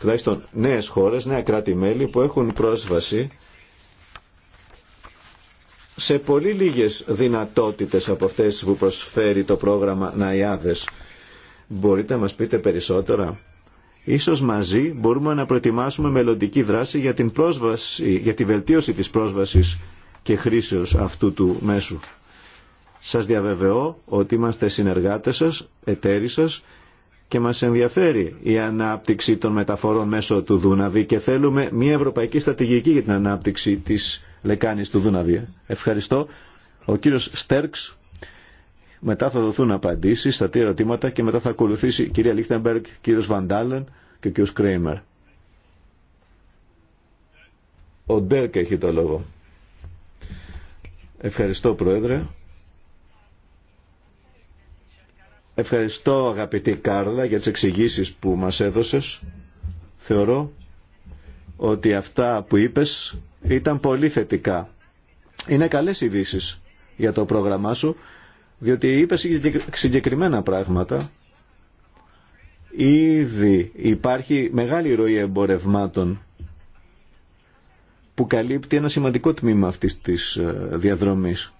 τουλάχιστον νέες χώρες, νέα κράτη-μέλη που έχουν πρόσβαση σε πολύ λίγες δυνατότητες από αυτές που προσφέρει το πρόγραμμα Ναϊάδες. Μπορείτε να μας πείτε περισσότερα. Ίσως μαζί μπορούμε να προετοιμάσουμε μελλοντική δράση για, την πρόσβαση, για τη βελτίωση της πρόσβασης και χρήσεως αυτού του μέσου. Σας διαβεβαιώ ότι είμαστε συνεργάτες σας, εταίροι σας και μας ενδιαφέρει η ανάπτυξη των μεταφορών μέσω του Δούναβη και θέλουμε μια ευρωπαϊκή στρατηγική για την ανάπτυξη της λεκάνης του Δουναβία. Ε. Ευχαριστώ. Ο κύριος Στέρξ. Μετά θα δοθούν απαντήσεις στα τρία ερωτήματα και μετά θα ακολουθήσει η κυρία Λίχτεμπεργκ, κύριος Βαντάλεν και ο κύριος Κρέιμερ. Ο Ντέρκ έχει το λόγο. Ευχαριστώ Πρόεδρε. Ευχαριστώ αγαπητή Κάρλα για τις εξηγήσεις που μας έδωσες. Θεωρώ ότι αυτά που είπες ήταν πολύ θετικά. Είναι καλές ειδήσει για το πρόγραμμά σου, διότι είπε συγκεκριμένα πράγματα. Ήδη υπάρχει μεγάλη ροή εμπορευμάτων που καλύπτει ένα σημαντικό τμήμα αυτής της ε, διαδρομής.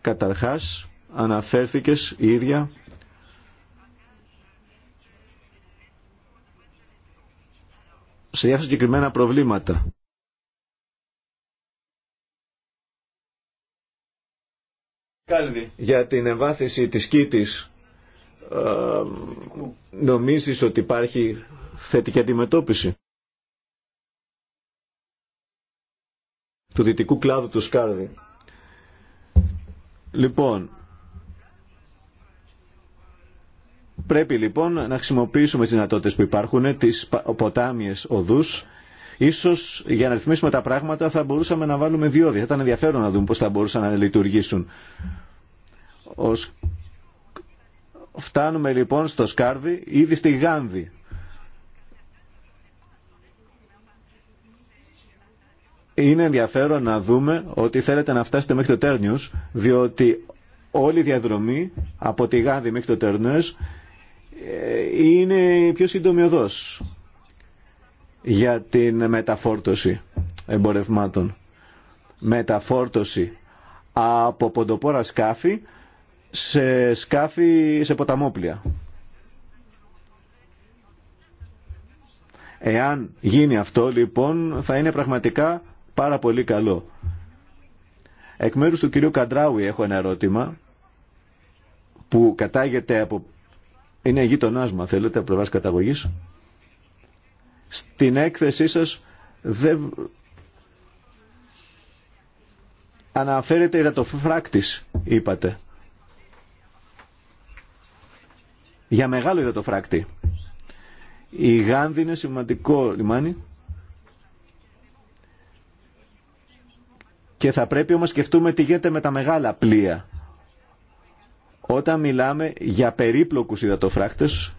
Καταρχάς, αναφέρθηκες η ίδια σε συγκεκριμένα προβλήματα. Για την εμβάθυνση της ΚΙΤΙΣ ε, νομίζεις ότι υπάρχει θετική αντιμετώπιση του δυτικού κλάδου του Σκάρδη. Λοιπόν, Πρέπει λοιπόν να χρησιμοποιήσουμε τις δυνατότητες που υπάρχουν, τι ποτάμιες οδούς. Ίσως για να ρυθμίσουμε τα πράγματα θα μπορούσαμε να βάλουμε διόδια. Θα ήταν ενδιαφέρον να δούμε πώς θα μπορούσαν να λειτουργήσουν. Ως... Φτάνουμε λοιπόν στο Σκάρβι, ήδη στη Γάνδη. Είναι ενδιαφέρον να δούμε ότι θέλετε να φτάσετε μέχρι το Τέρνιους, διότι όλη η διαδρομή από τη Γάνδη μέχρι το Τέρνιους ε, είναι πιο σύντομη οδός για την μεταφόρτωση εμπορευμάτων. Μεταφόρτωση από ποντοπόρα σκάφη σε σκάφη σε ποταμόπλια. Εάν γίνει αυτό λοιπόν θα είναι πραγματικά πάρα πολύ καλό. Εκ μέρους του κυρίου Καντράουι έχω ένα ερώτημα που κατάγεται από είναι γείτονά θέλετε, από πλευρά καταγωγή. Στην έκθεσή σα δεν αναφέρεται φράκτη, είπατε. Για μεγάλο υδατοφράκτη. Η Γάνδη είναι σημαντικό λιμάνι. Και θα πρέπει όμως σκεφτούμε τι γίνεται με τα μεγάλα πλοία όταν μιλάμε για περίπλοκους υδατοφράκτες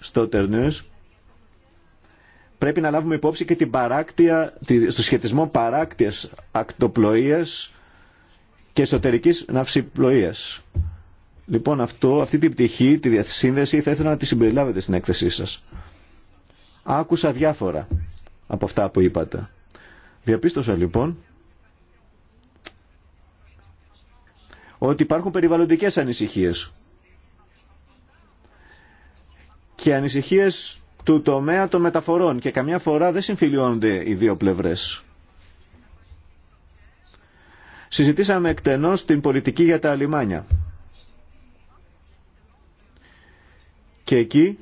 στο Τερνούς, πρέπει να λάβουμε υπόψη και την παράκτεια, στο σχετισμό παράκτειας ακτοπλοείας και εσωτερικής ναυσιπλοείας. Λοιπόν, αυτό, αυτή την πτυχή, τη διασύνδεση, θα ήθελα να τη συμπεριλάβετε στην έκθεσή σας. Άκουσα διάφορα από αυτά που είπατε. Διαπίστωσα λοιπόν ότι υπάρχουν περιβαλλοντικές ανησυχίες και ανησυχίες του τομέα των μεταφορών και καμιά φορά δεν συμφιλιώνονται οι δύο πλευρές. Συζητήσαμε εκτενώς την πολιτική για τα λιμάνια. Και εκεί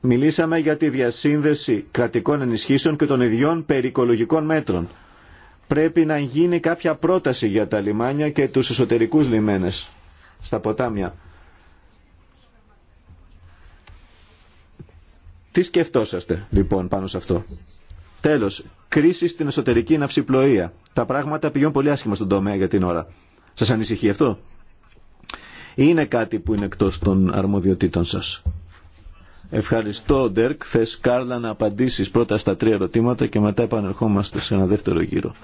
μιλήσαμε για τη διασύνδεση κρατικών ενισχύσεων και των ιδιών περικολογικών μέτρων πρέπει να γίνει κάποια πρόταση για τα λιμάνια και τους εσωτερικούς λιμένες στα ποτάμια. Τι σκεφτόσαστε λοιπόν πάνω σε αυτό. Τέλος, κρίση στην εσωτερική ναυσιπλοεία. Τα πράγματα πηγαίνουν πολύ άσχημα στον τομέα για την ώρα. Σας ανησυχεί αυτό. Είναι κάτι που είναι εκτός των αρμοδιοτήτων σας. Ευχαριστώ, Ντέρκ. Θε Κάρλα να απαντήσει πρώτα στα τρία ερωτήματα και μετά επανερχόμαστε σε ένα δεύτερο γύρο.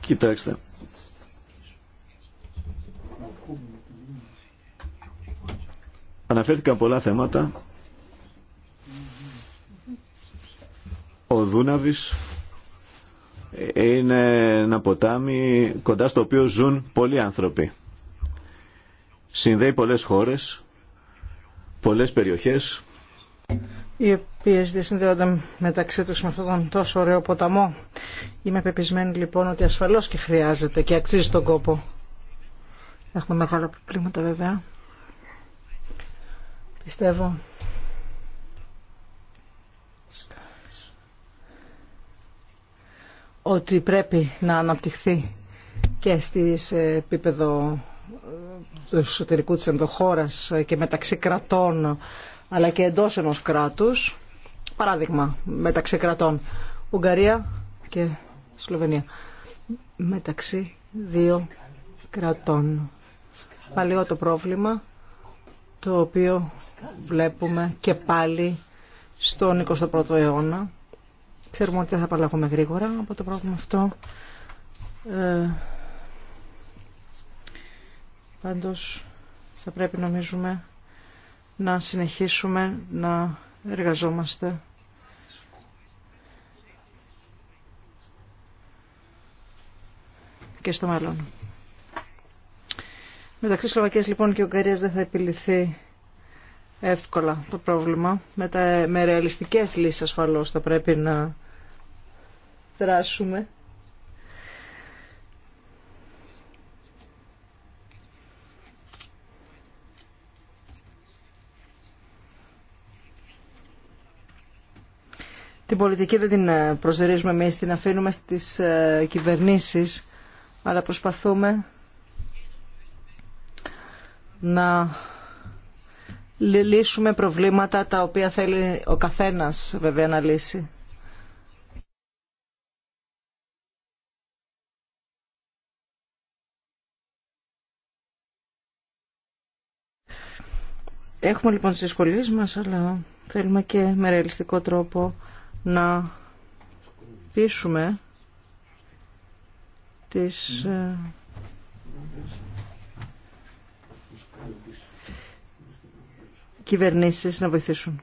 Κοιτάξτε. Αναφέρθηκαν πολλά θέματα. Ο Δούναβης είναι ένα ποτάμι κοντά στο οποίο ζουν πολλοί άνθρωποι. Συνδέει πολλές χώρες, πολλές περιοχές. Οι οποίε διασυνδέονται μεταξύ τους με αυτόν τον τόσο ωραίο ποταμό. Είμαι πεπισμένη λοιπόν ότι ασφαλώς και χρειάζεται και αξίζει τον κόπο. Έχουμε μεγάλα προβλήματα βέβαια. Πιστεύω ότι πρέπει να αναπτυχθεί και στις ε, επίπεδο ε, του εσωτερικού της ενδοχώρας ε, και μεταξύ κρατών αλλά και εντός ενός κράτους παράδειγμα μεταξύ κρατών Ουγγαρία και Σλοβενία μεταξύ δύο κρατών παλιό το πρόβλημα το οποίο βλέπουμε και πάλι στον 21ο αιώνα Ξέρουμε ότι δεν θα απαλλαγούμε γρήγορα από το πρόβλημα αυτό. Ε, πάντως θα πρέπει νομίζουμε να συνεχίσουμε να εργαζόμαστε και στο μέλλον. Μεταξύ Σλοβακίας λοιπόν και Ουγγαρίας δεν θα επιληθεί εύκολα το πρόβλημα. Με, τα, με ρεαλιστικές λύσεις ασφαλώς θα πρέπει να δράσουμε. Την πολιτική δεν την ε, προσδιορίζουμε εμείς, την αφήνουμε στις ε, κυβερνήσεις, αλλά προσπαθούμε να λύσουμε προβλήματα τα οποία θέλει ο καθένας βέβαια να λύσει. Έχουμε λοιπόν τις δυσκολίες μας, αλλά θέλουμε και με ρεαλιστικό τρόπο να πείσουμε τις ε, κυβερνήσεις να βοηθήσουν.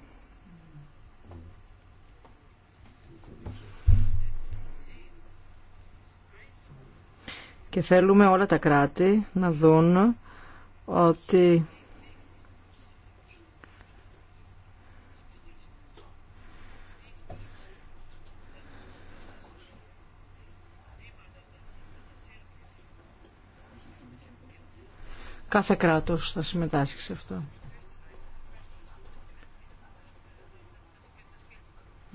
Και θέλουμε όλα τα κράτη να δουν ότι κάθε κράτος θα συμμετάσχει σε αυτό.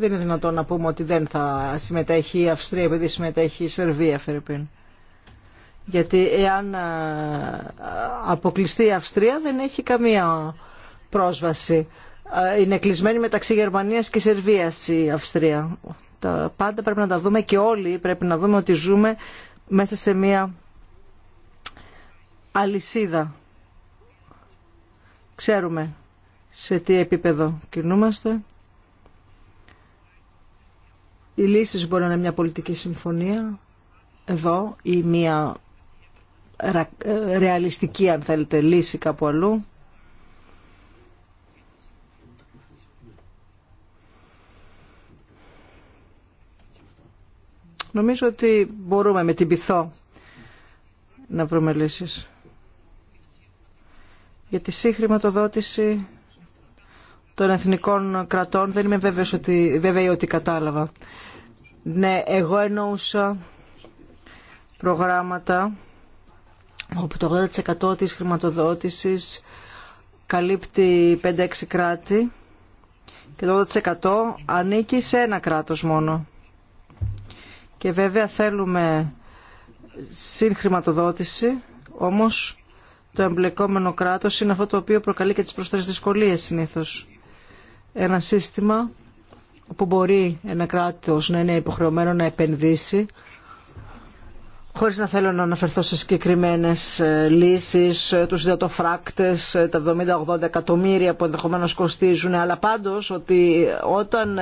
Δεν είναι δυνατόν να πούμε ότι δεν θα συμμετέχει η Αυστρία επειδή συμμετέχει η Σερβία, Φερρυπίν. Γιατί εάν ε, αποκλειστεί η Αυστρία δεν έχει καμία πρόσβαση. Ε, είναι κλεισμένη μεταξύ Γερμανίας και Σερβίας η Αυστρία. Τα πάντα πρέπει να τα δούμε και όλοι πρέπει να δούμε ότι ζούμε μέσα σε μία αλυσίδα. Ξέρουμε σε τι επίπεδο κινούμαστε οι λύσει μπορεί να είναι μια πολιτική συμφωνία εδώ ή μια ε, ρεαλιστική αν θέλετε λύση κάπου αλλού. Νομίζω ότι μπορούμε με την πυθό να βρούμε λύσεις. Για τη σύγχρηματοδότηση των εθνικών κρατών. Δεν είμαι βέβαιος ότι, βέβαιη ότι κατάλαβα. Ναι, εγώ εννοούσα προγράμματα όπου το 80% της χρηματοδότησης καλύπτει 5-6 κράτη και το 80% ανήκει σε ένα κράτος μόνο. Και βέβαια θέλουμε συγχρηματοδότηση, όμως το εμπλεκόμενο κράτος είναι αυτό το οποίο προκαλεί και τις προσθέσεις δυσκολίες συνήθως ένα σύστημα που μπορεί ένα κράτος να είναι υποχρεωμένο να επενδύσει χωρίς να θέλω να αναφερθώ σε συγκεκριμένες ε, λύσεις, ε, τους ιδιωτοφράκτες, ε, τα 70-80 εκατομμύρια που ενδεχομένω κοστίζουν, αλλά πάντως ότι όταν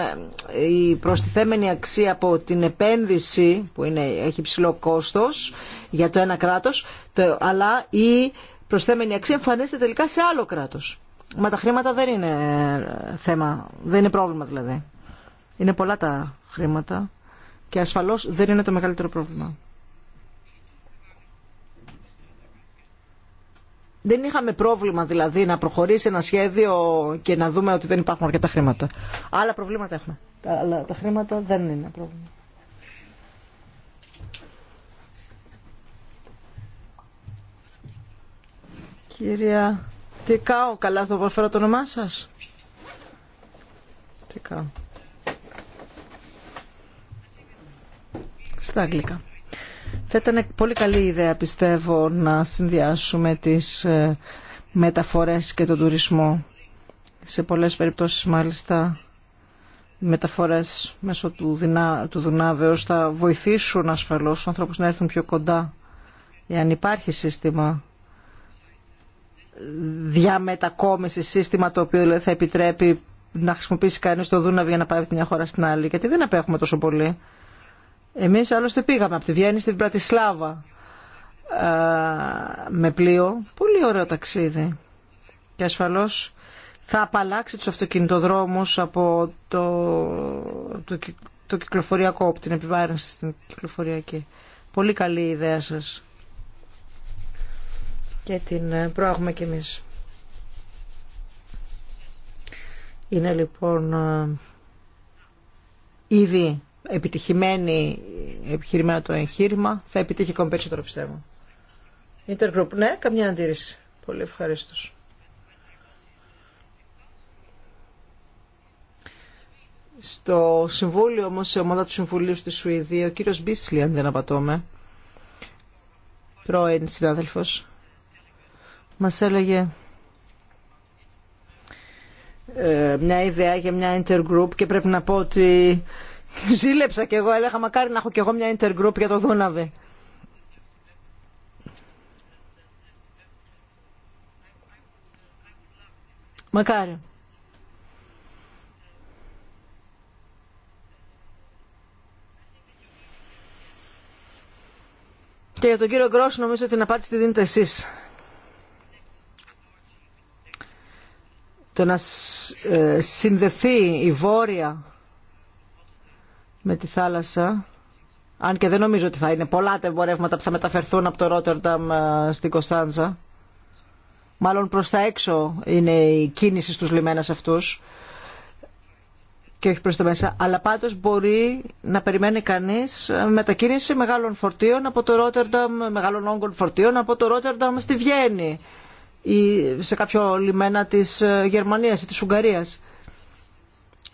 η προστιθέμενη αξία από την επένδυση, που είναι, έχει ψηλό κόστος για το ένα κράτος, αλλά η προστιθέμενη αξία εμφανίζεται τελικά σε άλλο κράτος. Μα τα χρήματα δεν είναι ε, θέμα, δεν είναι πρόβλημα δηλαδή. Είναι πολλά τα χρήματα και ασφαλώς δεν είναι το μεγαλύτερο πρόβλημα. Δεν είχαμε πρόβλημα δηλαδή να προχωρήσει ένα σχέδιο και να δούμε ότι δεν υπάρχουν αρκετά χρήματα. Άλλα προβλήματα έχουμε. Αλλά τα χρήματα δεν είναι πρόβλημα. Κυρία κάω, καλά θα προφέρω το όνομά σας. κάω. Στα αγγλικά. Θα ήταν πολύ καλή ιδέα, πιστεύω, να συνδυάσουμε τις ε, μεταφορές και τον τουρισμό. Σε πολλές περιπτώσεις, μάλιστα, μεταφορές μέσω του, δυνα... του θα βοηθήσουν ασφαλώς τους ανθρώπους να έρθουν πιο κοντά. Εάν υπάρχει σύστημα διαμετακόμιση σύστημα το οποίο θα επιτρέπει να χρησιμοποιήσει κανεί το Δούναβι για να πάει από τη μια χώρα στην άλλη. Γιατί δεν απέχουμε τόσο πολύ. Εμείς άλλωστε πήγαμε από τη Βιέννη στην Πρατισλάβα ε, με πλοίο. Πολύ ωραίο ταξίδι. Και ασφαλώς θα απαλλάξει τους αυτοκινητοδρόμους από το, το, κυκλοφοριακό, από την επιβάρυνση στην κυκλοφοριακή. Πολύ καλή ιδέα σας και την ε, προάγουμε κι εμείς. Είναι λοιπόν ε, ήδη επιτυχημένη επιχειρημένο το εγχείρημα. Θα επιτύχει ακόμη περισσότερο πιστεύω. Intergroup, ναι, καμιά αντίρρηση. Πολύ ευχαρίστω. Στο Συμβούλιο όμως, σε ομάδα του Συμβουλίου στη Σουηδία, ο κύριος Μπίσλι, αν δεν απατώμε, πρώην συνάδελφος, μας έλεγε ε, μια ιδέα για μια intergroup και πρέπει να πω ότι ζήλεψα κι εγώ, έλεγα μακάρι να έχω κι εγώ μια intergroup για το Δούναβε. Μακάρι. Και για τον κύριο Γκρός νομίζω ότι την απάντηση τη δίνετε εσείς. το να ε, συνδεθεί η βόρεια με τη θάλασσα, αν και δεν νομίζω ότι θα είναι πολλά τα εμπορεύματα που θα μεταφερθούν από το Ρότερνταμ ε, στην Κωνσταντζα, μάλλον προς τα έξω είναι η κίνηση στους λιμένες αυτούς και όχι προς τα μέσα. Αλλά πάντως μπορεί να περιμένει κανείς ε, μετακίνηση μεγάλων φορτίων από το Ρότερνταμ, μεγάλων όγκων φορτίων από το Ρότερνταμ στη Βιέννη ή σε κάποιο λιμένα της ε, Γερμανίας ή της Ουγγαρίας.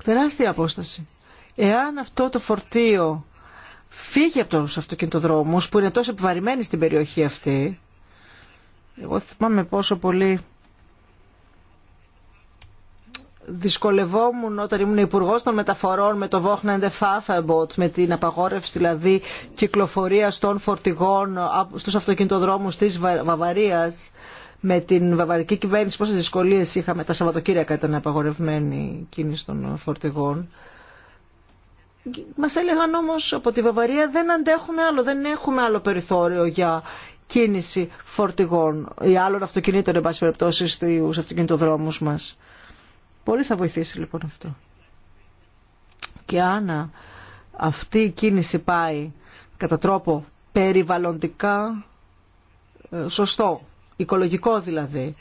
Τεράστια απόσταση. Εάν αυτό το φορτίο φύγει από τους αυτοκινητοδρόμους που είναι τόσο επιβαρημένοι στην περιοχή αυτή, εγώ θυμάμαι πόσο πολύ δυσκολευόμουν όταν ήμουν υπουργό των μεταφορών με το Wochenende με την απαγόρευση δηλαδή κυκλοφορία των φορτηγών στους αυτοκινητοδρόμους της Βαβαρίας με την βαβαρική κυβέρνηση πόσες δυσκολίες είχαμε τα Σαββατοκύριακα ήταν απαγορευμένη κίνηση των φορτηγών μας έλεγαν όμως από τη Βαβαρία δεν αντέχουμε άλλο, δεν έχουμε άλλο περιθώριο για κίνηση φορτηγών ή άλλων αυτοκινήτων, εν πάση περιπτώσει, στους αυτοκινητοδρόμους μας. Πολύ θα βοηθήσει λοιπόν αυτό. Και αν αυτή η κίνηση πάει κατά τρόπο περιβαλλοντικά ε, σωστό οικολογικό δηλαδή,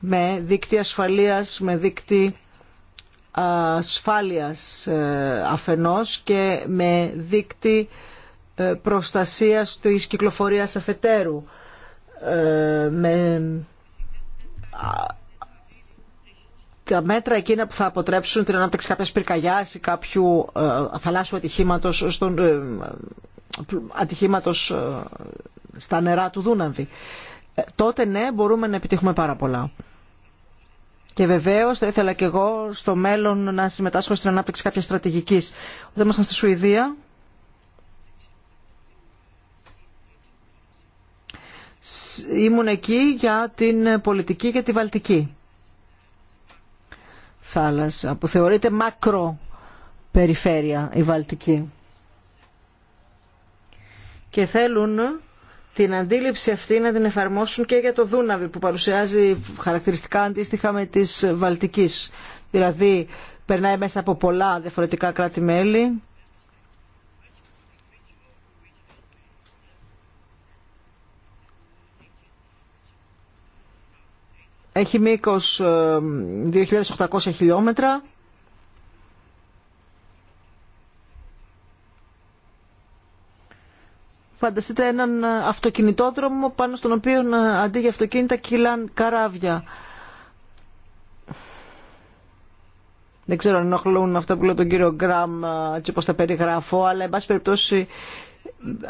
με δίκτυα ασφαλείας, με δίκτυ ασφάλειας ε, αφενός και με δίκτυ ε, προστασίας της κυκλοφορίας αφετέρου ε, με τα μέτρα εκείνα που θα αποτρέψουν την ανάπτυξη κάποιας πυρκαγιάς ή κάποιου θαλάσσιου ατυχήματος, στον, ατυχήματος στα νερά του Δούναβη. Ε, τότε ναι μπορούμε να επιτύχουμε πάρα πολλά. Και βεβαίω θα ήθελα και εγώ στο μέλλον να συμμετάσχω στην ανάπτυξη κάποια στρατηγική. Όταν ήμασταν στη Σουηδία, ήμουν εκεί για την πολιτική και τη βαλτική θάλασσα, που θεωρείται μακρό η βαλτική. Και θέλουν την αντίληψη αυτή να την εφαρμόσουν και για το Δούναβι που παρουσιάζει χαρακτηριστικά αντίστοιχα με τις Βαλτική. δηλαδη Δηλαδή περνάει μέσα από πολλά διαφορετικά κράτη-μέλη. Έχει μήκος 2.800 ε, χιλιόμετρα. Φανταστείτε έναν ε, αυτοκινητόδρομο πάνω στον οποίο ε, αντί για αυτοκίνητα κυλάν καράβια. Δεν ξέρω αν ενοχλούν αυτά που λέω τον κύριο Γκραμ ε, έτσι όπως τα περιγράφω, αλλά εν πάση περιπτώσει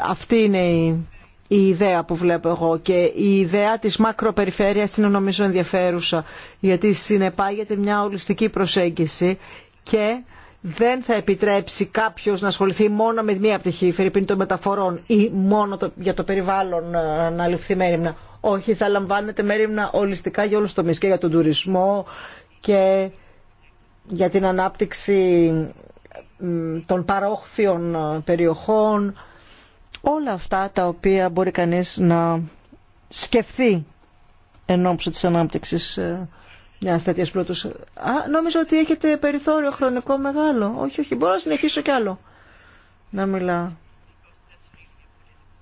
αυτή είναι η, η ιδέα που βλέπω εγώ και η ιδέα της μακροπεριφέρειας είναι νομίζω ενδιαφέρουσα γιατί συνεπάγεται μια ολιστική προσέγγιση και δεν θα επιτρέψει κάποιο να ασχοληθεί μόνο με μία πτυχή φερρυπίνη των μεταφορών ή μόνο το, για το περιβάλλον ε, να ληφθεί μέρημνα. Όχι, θα λαμβάνεται μέρημνα ολιστικά για όλου του τομεί και για τον τουρισμό και για την ανάπτυξη των παρόχθιων ε, περιοχών. Όλα αυτά τα οποία μπορεί κανείς να σκεφτεί εν ώψη της ανάπτυξης ε, μια τέτοια πλούτου. Α, νόμιζα ότι έχετε περιθώριο χρονικό μεγάλο. Όχι, όχι, μπορώ να συνεχίσω κι άλλο να μιλάω.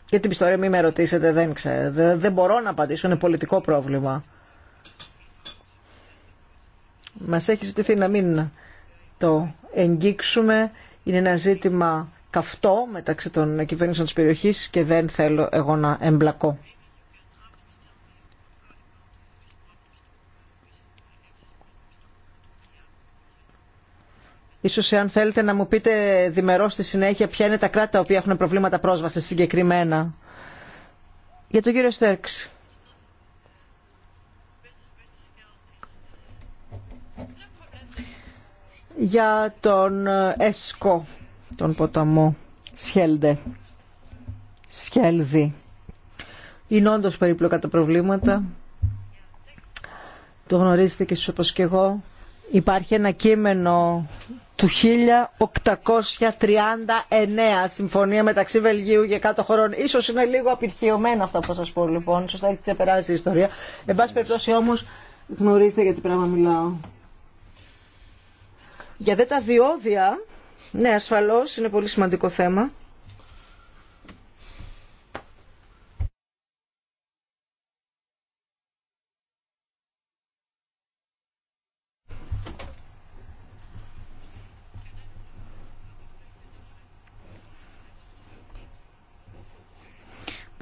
Για την πιστορία μην με ρωτήσετε, δεν ξέρω. Δεν, μπορώ να απαντήσω, είναι πολιτικό πρόβλημα. Μας έχει ζητηθεί να μην το εγγύξουμε. Είναι ένα ζήτημα καυτό μεταξύ των κυβέρνησεων τη περιοχή και δεν θέλω εγώ να εμπλακώ. Ίσως εάν θέλετε να μου πείτε διμερώς στη συνέχεια ποια είναι τα κράτη τα οποία έχουν προβλήματα πρόσβασης συγκεκριμένα. Για τον κύριο Στέρξ. Για τον Έσκο, ε, τον ποταμό Σχέλντε. Σχέλδη. Είναι όντω περίπλοκα τα προβλήματα. Το γνωρίζετε και εσείς όπως και εγώ. Υπάρχει ένα κείμενο του 1839 συμφωνία μεταξύ Βελγίου και κάτω χωρών. Ίσως είναι λίγο απειρχιωμένα αυτά που θα σας πω λοιπόν, σωστά έχει ξεπεράσει η ιστορία. Εν πάση περιπτώσει όμως γνωρίζετε για τι πράγμα μιλάω. Για δε τα διόδια, ναι ασφαλώς είναι πολύ σημαντικό θέμα.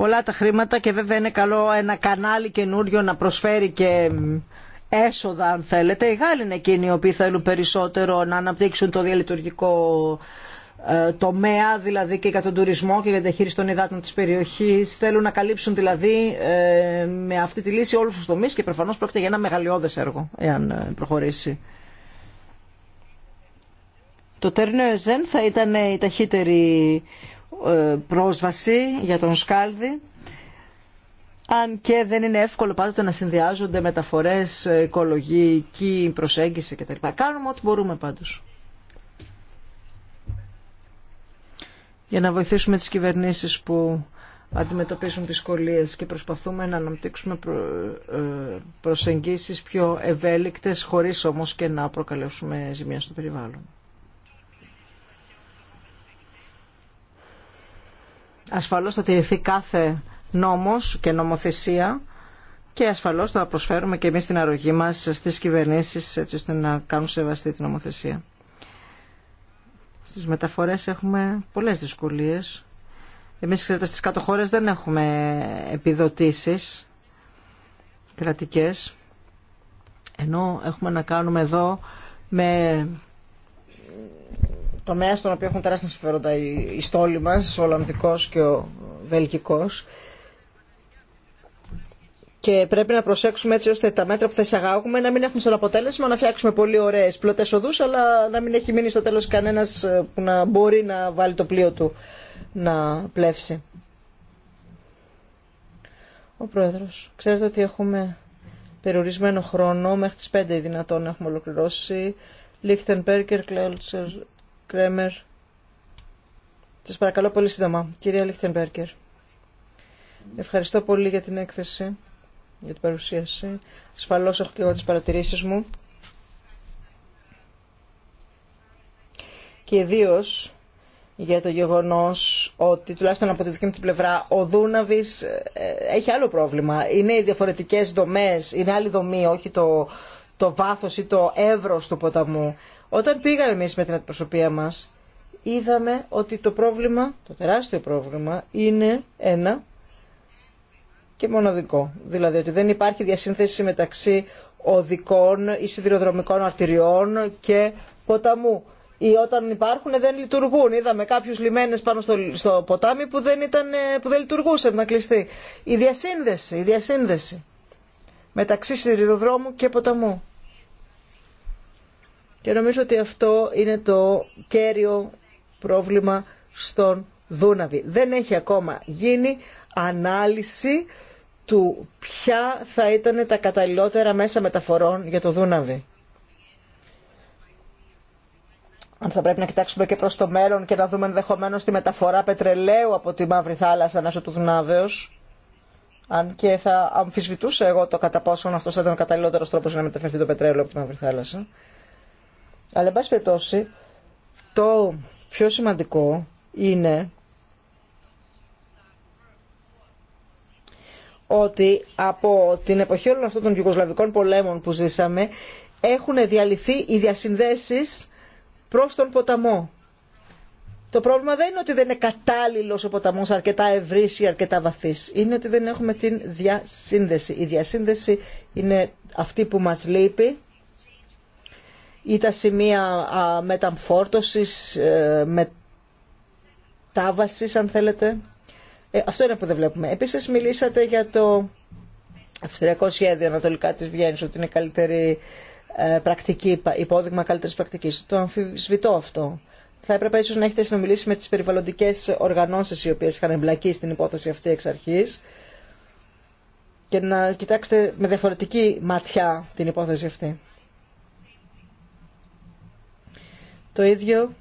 πολλά τα χρήματα και βέβαια είναι καλό ένα κανάλι καινούριο να προσφέρει και έσοδα αν θέλετε. Οι Γάλλοι είναι εκείνοι οι οποίοι θέλουν περισσότερο να αναπτύξουν το διαλειτουργικό ε, τομέα, δηλαδή και για τον τουρισμό και για την διαχείριση των υδάτων της περιοχής. Θέλουν να καλύψουν δηλαδή ε, με αυτή τη λύση όλους τους τομείς και προφανώς πρόκειται για ένα μεγαλειώδες έργο, εάν ε, προχωρήσει. Το Τέρνιο Εζέν θα ήταν η ταχύτερη ε, πρόσβαση για τον Σκάλδη αν και δεν είναι εύκολο πάντοτε να συνδυάζονται μεταφορές, ε, οικολογική προσέγγιση κτλ. Κάνουμε ό,τι μπορούμε πάντως. Για να βοηθήσουμε τις κυβερνήσεις που αντιμετωπίζουν δυσκολίε και προσπαθούμε να αναπτύξουμε ε, προσεγγίσεις πιο ευέλικτες χωρίς όμως και να προκαλέσουμε ζημιά στο περιβάλλον. Ασφαλώς θα τηρηθεί κάθε νόμος και νομοθεσία και ασφαλώς θα προσφέρουμε και εμείς την αρρωγή μας στις κυβερνήσεις έτσι ώστε να κάνουν σεβαστή την νομοθεσία. Στις μεταφορές έχουμε πολλές δυσκολίες. Εμείς ξέρετε στις κάτω χώρες δεν έχουμε επιδοτήσεις κρατικές ενώ έχουμε να κάνουμε εδώ με τομέα στον οποίο έχουν τεράστια συμφέροντα οι στόλοι μα, ο Ολλανδικός και ο Βελγικό. Και πρέπει να προσέξουμε έτσι ώστε τα μέτρα που θα εισαγάγουμε να μην έχουν σαν αποτέλεσμα να φτιάξουμε πολύ ωραίε πλωτέ οδού, αλλά να μην έχει μείνει στο τέλο κανένα ε, που να μπορεί να βάλει το πλοίο του να πλεύσει. Ο πρόεδρο. Ξέρετε ότι έχουμε περιορισμένο χρόνο, μέχρι τι 5 δυνατόν έχουμε ολοκληρώσει. Πέρκερ, Κλέλτσερ, Κρέμερ. Σας παρακαλώ πολύ σύντομα. Κυρία Λιχτενμπέρκερ. Ευχαριστώ πολύ για την έκθεση, για την παρουσίαση. Ασφαλώς έχω και εγώ τις παρατηρήσεις μου. Και ιδίω για το γεγονός ότι τουλάχιστον από τη δική μου την πλευρά ο Δούναβης ε, έχει άλλο πρόβλημα. Είναι οι διαφορετικές δομές, είναι άλλη δομή, όχι το, το βάθος ή το εύρος του ποταμού. Όταν πήγαμε εμείς με την αντιπροσωπεία μας, είδαμε ότι το πρόβλημα, το τεράστιο πρόβλημα, είναι ένα και μοναδικό. Δηλαδή ότι δεν υπάρχει διασύνθεση μεταξύ οδικών ή σιδηροδρομικών αρτηριών και ποταμού. Ή όταν υπάρχουν δεν λειτουργούν. Είδαμε κάποιους λιμένες πάνω στο, ποτάμι που δεν, ήταν, που δεν λειτουργούσαν να κλειστεί. Η διασύνδεση, η διασύνδεση μεταξύ σιδηροδρόμου και ποταμού. Και νομίζω ότι αυτό είναι το κέριο πρόβλημα στον Δούναβη. Δεν έχει ακόμα γίνει ανάλυση του ποια θα ήταν τα καταλληλότερα μέσα μεταφορών για το Δούναβη. Αν θα πρέπει να κοιτάξουμε και προς το μέλλον και να δούμε ενδεχομένω τη μεταφορά πετρελαίου από τη Μαύρη Θάλασσα μέσω του Δουνάβεως. Αν και θα αμφισβητούσα εγώ το κατά πόσο αυτό θα ήταν ο καταλληλότερος τρόπο για να μεταφερθεί το πετρέλαιο από τη Μαύρη Θάλασσα. Αλλά, εν πάση περιπτώσει, το πιο σημαντικό είναι ότι από την εποχή όλων αυτών των γιουγκοσλαβικών πολέμων που ζήσαμε έχουν διαλυθεί οι διασυνδέσεις προς τον ποταμό. Το πρόβλημα δεν είναι ότι δεν είναι κατάλληλο ο ποταμός, αρκετά ευρύς ή αρκετά βαθύ. Είναι ότι δεν έχουμε τη διασύνδεση. Η αρκετα βαθυς ειναι οτι είναι αυτή που μα λείπει ή τα σημεία μεταμφόρτωσης, ε, μετάβασης αν θέλετε. Ε, αυτό είναι που δεν βλέπουμε. Επίσης μιλήσατε για το αυστριακό σχέδιο ανατολικά της Βιέννης, ότι είναι καλύτερη ε, πρακτική, υπόδειγμα καλύτερης πρακτικής. Το αμφισβητώ αυτό. Θα έπρεπε ίσως να έχετε συνομιλήσει με τις περιβαλλοντικές οργανώσεις οι οποίες είχαν εμπλακεί στην υπόθεση αυτή εξ αρχής και να κοιτάξετε με διαφορετική ματιά την υπόθεση αυτή. Το ίδιο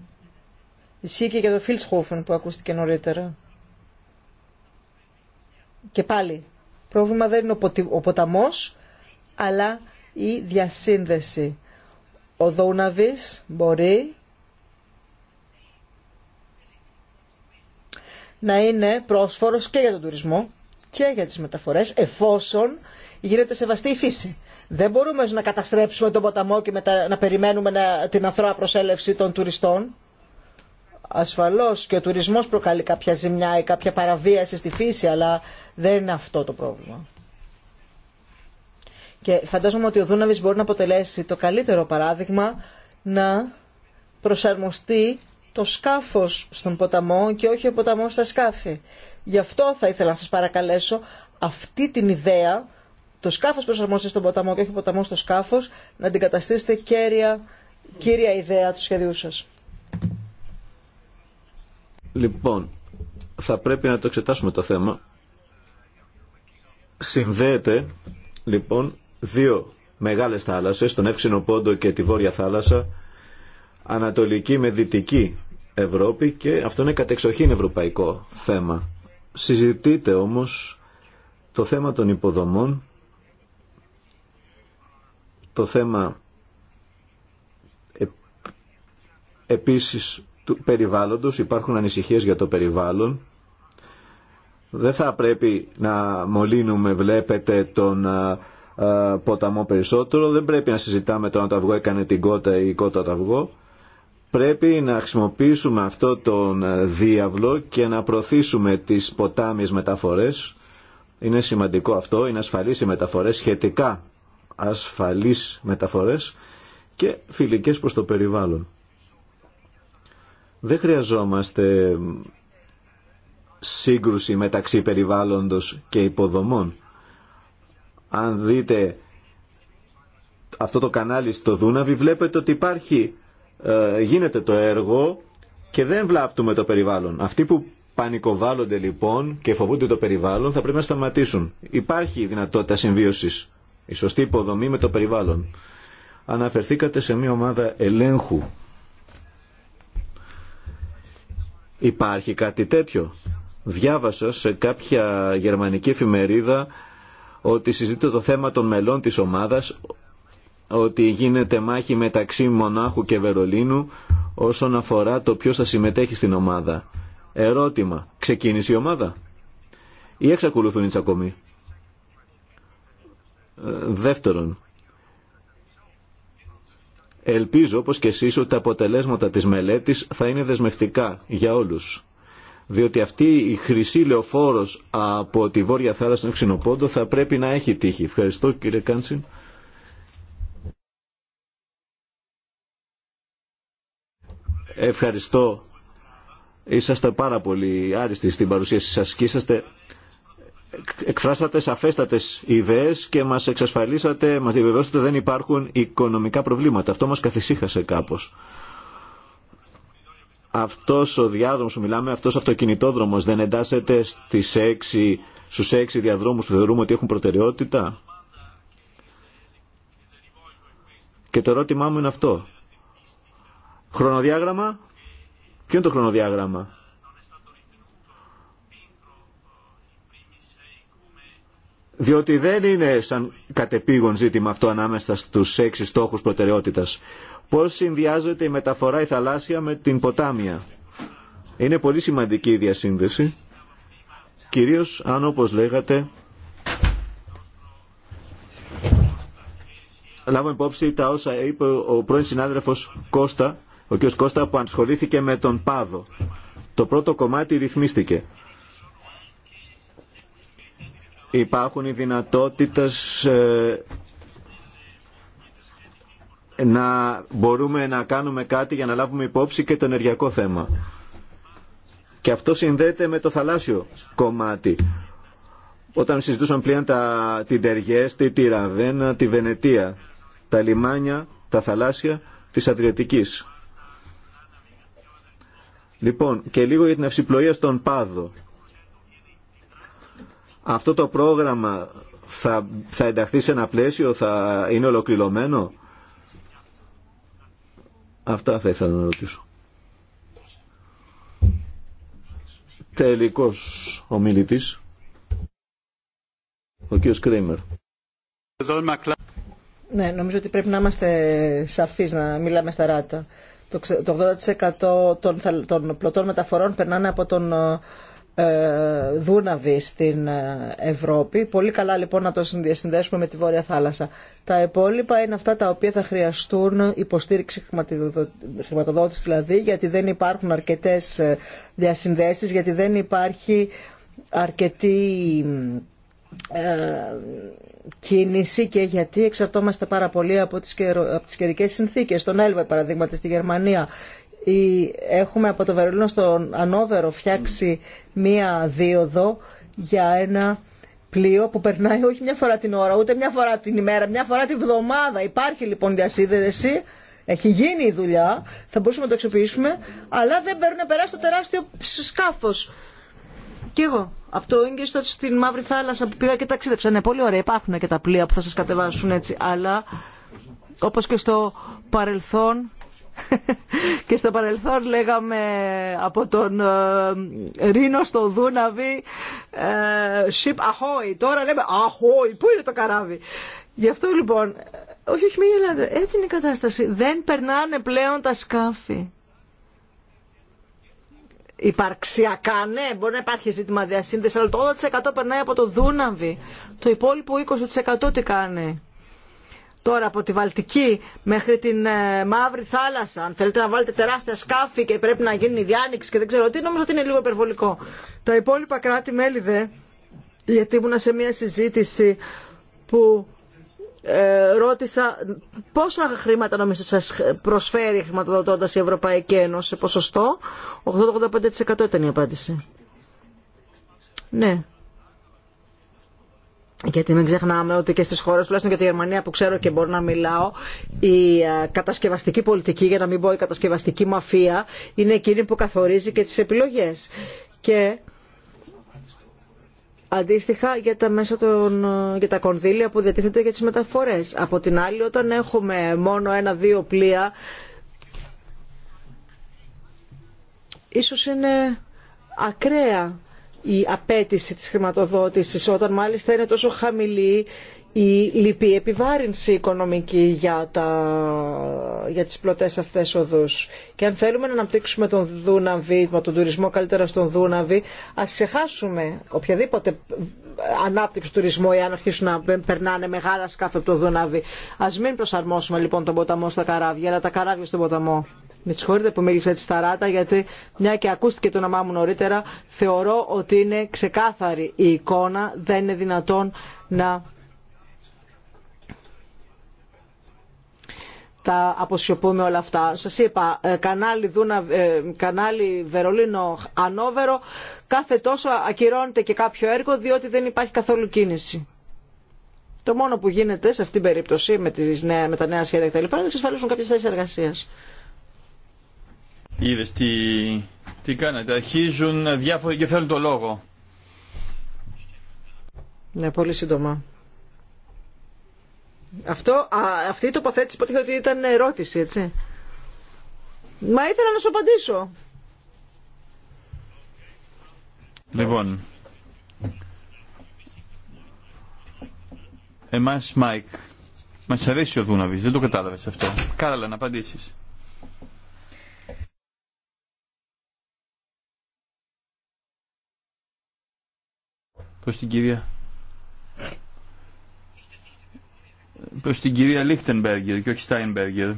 ισχύει και για το Φιλτσχόφεν που ακούστηκε νωρίτερα. Και πάλι, πρόβλημα δεν είναι ο ποταμός, αλλά η διασύνδεση. Ο Δούναβης μπορεί να είναι πρόσφορος και για τον τουρισμό και για τις μεταφορές, εφόσον γίνεται σεβαστή η φύση. Δεν μπορούμε να καταστρέψουμε τον ποταμό και μετά να περιμένουμε την αθρώα προσέλευση των τουριστών. Ασφαλώς και ο τουρισμό προκαλεί κάποια ζημιά ή κάποια παραβίαση στη φύση, αλλά δεν είναι αυτό το πρόβλημα. Και φαντάζομαι ότι ο Δούναβης μπορεί να αποτελέσει το καλύτερο παράδειγμα να προσαρμοστεί το σκάφος στον ποταμό και όχι ο ποταμό στα σκάφη. Γι' αυτό θα ήθελα να σα παρακαλέσω αυτή την ιδέα το σκάφος προσαρμόσης στον ποταμό και όχι ο ποταμός στο σκάφος, να αντικαταστήσετε κέρια, κύρια ιδέα του σχεδίου σας. Λοιπόν, θα πρέπει να το εξετάσουμε το θέμα. Συνδέεται, λοιπόν, δύο μεγάλες θάλασσες, τον Εύξηνο Πόντο και τη Βόρεια Θάλασσα, Ανατολική με Δυτική Ευρώπη και αυτό είναι κατεξοχήν ευρωπαϊκό θέμα. Συζητείτε όμως το θέμα των υποδομών το θέμα επίσης του περιβάλλοντος, υπάρχουν ανησυχίες για το περιβάλλον. Δεν θα πρέπει να μολύνουμε, βλέπετε, τον ποταμό περισσότερο. Δεν πρέπει να συζητάμε το αν το αυγό έκανε την κότα ή η κότα το αυγό. Πρέπει να χρησιμοποιήσουμε αυτό τον διάβλο και να προωθήσουμε τις ποτάμιες μεταφορές. Είναι σημαντικό αυτό, είναι ασφαλείς οι μεταφορές σχετικά ασφαλείς μεταφορές και φιλικές προς το περιβάλλον. Δεν χρειαζόμαστε σύγκρουση μεταξύ περιβάλλοντος και υποδομών. Αν δείτε αυτό το κανάλι στο Δούναβι βλέπετε ότι υπάρχει, ε, γίνεται το έργο και δεν βλάπτουμε το περιβάλλον. Αυτοί που πανικοβάλλονται λοιπόν και φοβούνται το περιβάλλον θα πρέπει να σταματήσουν. Υπάρχει δυνατότητα συμβίωσης η σωστή υποδομή με το περιβάλλον. Αναφερθήκατε σε μια ομάδα ελέγχου. Υπάρχει κάτι τέτοιο. Διάβασα σε κάποια γερμανική εφημερίδα ότι συζητείται το θέμα των μελών της ομάδας ότι γίνεται μάχη μεταξύ Μονάχου και Βερολίνου όσον αφορά το ποιος θα συμμετέχει στην ομάδα. Ερώτημα. Ξεκίνησε η ομάδα ή εξακολουθούν οι τσακωμοί. Δεύτερον, ελπίζω όπως και εσείς ότι τα αποτελέσματα της μελέτης θα είναι δεσμευτικά για όλους. Διότι αυτή η χρυσή λεωφόρος από τη Βόρεια Θάλασσα στον Ξινοπόντο θα πρέπει να έχει τύχη. Ευχαριστώ κύριε Κάντσιν. Ευχαριστώ. Είσαστε πάρα πολύ άριστοι στην παρουσίαση σας και είσαστε εκφράσατε σαφέστατες ιδέες και μας εξασφαλίσατε, μας διαβεβαιώσατε ότι δεν υπάρχουν οικονομικά προβλήματα. Αυτό μας καθησύχασε κάπως. Αυτός ο διάδρομος που μιλάμε, αυτός ο αυτοκινητόδρομος δεν εντάσσεται στις έξι, στους έξι διαδρόμους που θεωρούμε ότι έχουν προτεραιότητα. Και το ερώτημά μου είναι αυτό. Χρονοδιάγραμμα. Ποιο είναι το χρονοδιάγραμμα διότι δεν είναι σαν κατεπήγον ζήτημα αυτό ανάμεσα στους έξι στόχους προτεραιότητας. Πώς συνδυάζεται η μεταφορά η θαλάσσια με την ποτάμια. Είναι πολύ σημαντική η διασύνδεση, κυρίως αν όπως λέγατε Λάβω υπόψη τα όσα είπε ο πρώην συνάδελφος Κώστα, ο κ. Κώστα που ασχολήθηκε με τον Πάδο. Το πρώτο κομμάτι ρυθμίστηκε. Υπάρχουν οι δυνατότητες ε, να μπορούμε να κάνουμε κάτι για να λάβουμε υπόψη και το ενεργειακό θέμα. Και αυτό συνδέεται με το θαλάσσιο κομμάτι. Όταν συζητούσαν πλέον τα, την Τεργέστη, τη Ραβένα, τη Βενετία, τα λιμάνια, τα θαλάσσια της Αδριατικής. Λοιπόν, και λίγο για την αυσιπλοεία στον Πάδο. Αυτό το πρόγραμμα θα, θα ενταχθεί σε ένα πλαίσιο, θα είναι ολοκληρωμένο. Αυτά θα ήθελα να ρωτήσω. Τελικός ομιλητής, ο κ. Κρέιμερ. Ναι, νομίζω ότι πρέπει να είμαστε σαφείς να μιλάμε στα ράτα. Το 80% των πλωτών μεταφορών περνάνε από τον ε, δούναβη στην ε, Ευρώπη. Πολύ καλά λοιπόν να το συνδέσουμε με τη Βόρεια Θάλασσα. Τα υπόλοιπα είναι αυτά τα οποία θα χρειαστούν υποστήριξη χρηματοδότηση δηλαδή γιατί δεν υπάρχουν αρκετές ε, διασυνδέσεις, γιατί δεν υπάρχει αρκετή κίνηση και γιατί εξαρτώμαστε πάρα πολύ από τις, καιρικέ συνθήκες. Στον Έλβε παραδείγματι στη Γερμανία έχουμε από το Βερολίνο στο Ανόβερο φτιάξει μία δίωδο για ένα πλοίο που περνάει όχι μια φορά την ώρα, ούτε μια φορά την ημέρα, μια φορά την εβδομάδα. Υπάρχει λοιπόν διασύνδεση, έχει γίνει η δουλειά, θα μπορούσαμε να το αξιοποιήσουμε, αλλά δεν παίρνουν να περάσει το τεράστιο σκάφο. Κι εγώ. Από το Ίγκεστατ στην Μαύρη Θάλασσα που πήγα και ταξίδεψα. Ναι, πολύ ωραία. Υπάρχουν και τα πλοία που θα σα κατεβάσουν έτσι. Αλλά όπω και στο παρελθόν και στο παρελθόν λέγαμε από τον ε, Ρήνο στο Δούναβι ε, ship ahoy. Τώρα λέμε ahoy. Πού είναι το καράβι. Γι' αυτό λοιπόν, ε, όχι, όχι, μην Έτσι είναι η κατάσταση. Δεν περνάνε πλέον τα σκάφη. Υπαρξιακά, ναι, μπορεί να υπάρχει ζήτημα διασύνδεση, αλλά το 80% περνάει από το Δούναβι. Το υπόλοιπο 20% τι κάνει τώρα από τη Βαλτική μέχρι την ε, Μαύρη Θάλασσα, αν θέλετε να βάλετε τεράστια σκάφη και πρέπει να γίνει η διάνοιξη και δεν ξέρω τι, νομίζω ότι είναι λίγο υπερβολικό. Τα υπόλοιπα κράτη-μέλη δε, γιατί ήμουνα σε μια συζήτηση που ε, ρώτησα πόσα χρήματα νομίζω σας προσφέρει χρηματοδοτώντας η Ευρωπαϊκή Ένωση σε ποσοστο 80-85% ήταν η απάντηση. Ναι γιατί μην ξεχνάμε ότι και στι χώρε τουλάχιστον για τη Γερμανία που ξέρω και μπορώ να μιλάω, η ε, κατασκευαστική πολιτική, για να μην πω η κατασκευαστική μαφία, είναι εκείνη που καθορίζει και τις επιλογές. Και Αντίστοιχα για τα, μέσα των, για τα κονδύλια που διατίθεται για τις μεταφορές. Από την άλλη όταν έχουμε μόνο ένα-δύο πλοία, ίσω είναι ακραία η απέτηση της χρηματοδότησης όταν μάλιστα είναι τόσο χαμηλή η λυπή επιβάρυνση οικονομική για, τα, για τις πλωτές αυτές οδούς. Και αν θέλουμε να αναπτύξουμε τον Δούναβη, τον τουρισμό καλύτερα στον Δούναβη, ας ξεχάσουμε οποιαδήποτε ανάπτυξη τουρισμού ή αν αρχίσουν να περνάνε μεγάλα σκάφη από τον Δούναβη. Ας μην προσαρμόσουμε λοιπόν τον ποταμό στα καράβια, αλλά τα καράβια στον ποταμό με συγχωρείτε που μίλησα έτσι σταράτα, γιατί μια και ακούστηκε το όνομά μου νωρίτερα, θεωρώ ότι είναι ξεκάθαρη η εικόνα, δεν είναι δυνατόν να τα αποσιωπούμε όλα αυτά. Σα είπα, ε, κανάλι, Δούνα, ε, κανάλι Βερολίνο Ανόβερο, κάθε τόσο ακυρώνεται και κάποιο έργο διότι δεν υπάρχει καθόλου κίνηση. Το μόνο που γίνεται σε αυτήν την περίπτωση με, τις νέα, με τα νέα σχέδια κτλ. είναι να εξασφαλίσουν κάποιε θέσει εργασία. Είδε τι, τι κάνατε. Αρχίζουν διάφοροι και θέλουν το λόγο. Ναι, πολύ σύντομα. Αυτό, α, αυτή η τοποθέτηση υποτίθεται ότι ήταν ερώτηση, έτσι. Μα ήθελα να σου απαντήσω. Λοιπόν, εμάς Μάικ, μας αρέσει ο Δούναβης, δεν το κατάλαβες αυτό. Κάραλα να απαντήσεις. προς την κυρία προς την κυρία Λίχτενμπεργκερ και όχι Στάινμπεργκερ.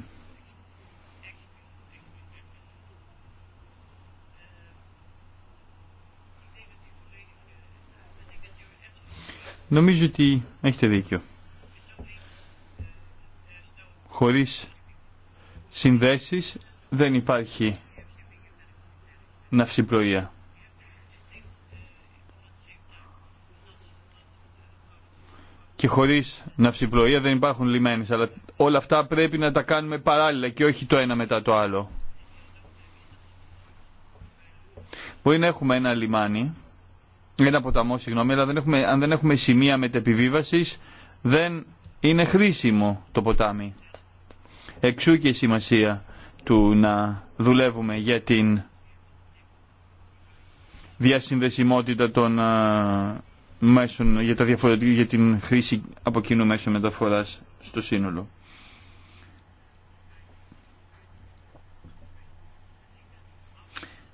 Νομίζω ότι έχετε δίκιο. Χωρίς συνδέσεις δεν υπάρχει ναυσιπλοεία. και χωρίς ναυσιπλοεία δεν υπάρχουν λιμένε. αλλά όλα αυτά πρέπει να τα κάνουμε παράλληλα και όχι το ένα μετά το άλλο. Μπορεί να έχουμε ένα λιμάνι, ένα ποταμό, συγγνώμη, αλλά αν δεν έχουμε σημεία μετεπιβίβαση, δεν είναι χρήσιμο το ποτάμι. Εξού και η σημασία του να δουλεύουμε για την διασυνδεσιμότητα των ε, μέσων, για, τα για την χρήση από κοινού μέσων μεταφοράς στο σύνολο.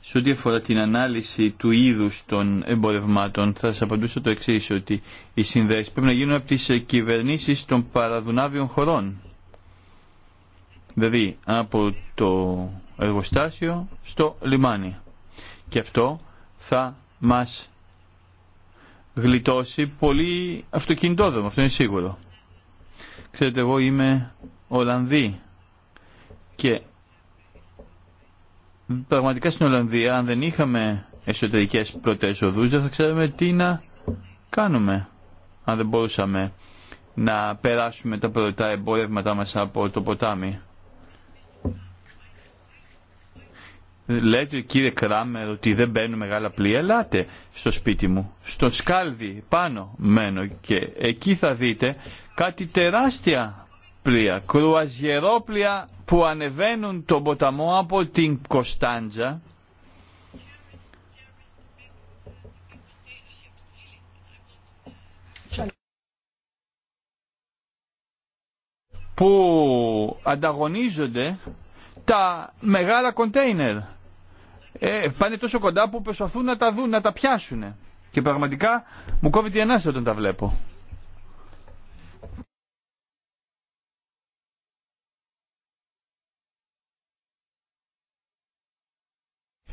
Σε ό,τι αφορά την ανάλυση του είδους των εμπορευμάτων, θα σας απαντούσα το εξής, ότι οι συνδέσεις πρέπει να γίνουν από τις κυβερνήσεις των παραδουνάβιων χωρών. Δηλαδή, από το εργοστάσιο στο λιμάνι. Και αυτό θα μας γλιτώσει πολύ αυτοκινητόδρομο, αυτό είναι σίγουρο. Ξέρετε, εγώ είμαι Ολλανδί και πραγματικά στην Ολλανδία αν δεν είχαμε εσωτερικές πρωτέ οδού, δεν θα ξέραμε τι να κάνουμε αν δεν μπορούσαμε να περάσουμε τα πρώτα εμπορεύματά μας από το ποτάμι. λέτε κύριε Κράμερ ότι δεν μπαίνουν μεγάλα πλοία, ελάτε στο σπίτι μου. Στο σκάλδι πάνω μένω και εκεί θα δείτε κάτι τεράστια πλοία, κρουαζιερόπλοια που ανεβαίνουν τον ποταμό από την Κωνσταντζα που ανταγωνίζονται τα μεγάλα κοντέινερ ε, πάνε τόσο κοντά που προσπαθούν να τα δουν, να τα πιάσουν. Και πραγματικά μου κόβει την ανάσα όταν τα βλέπω.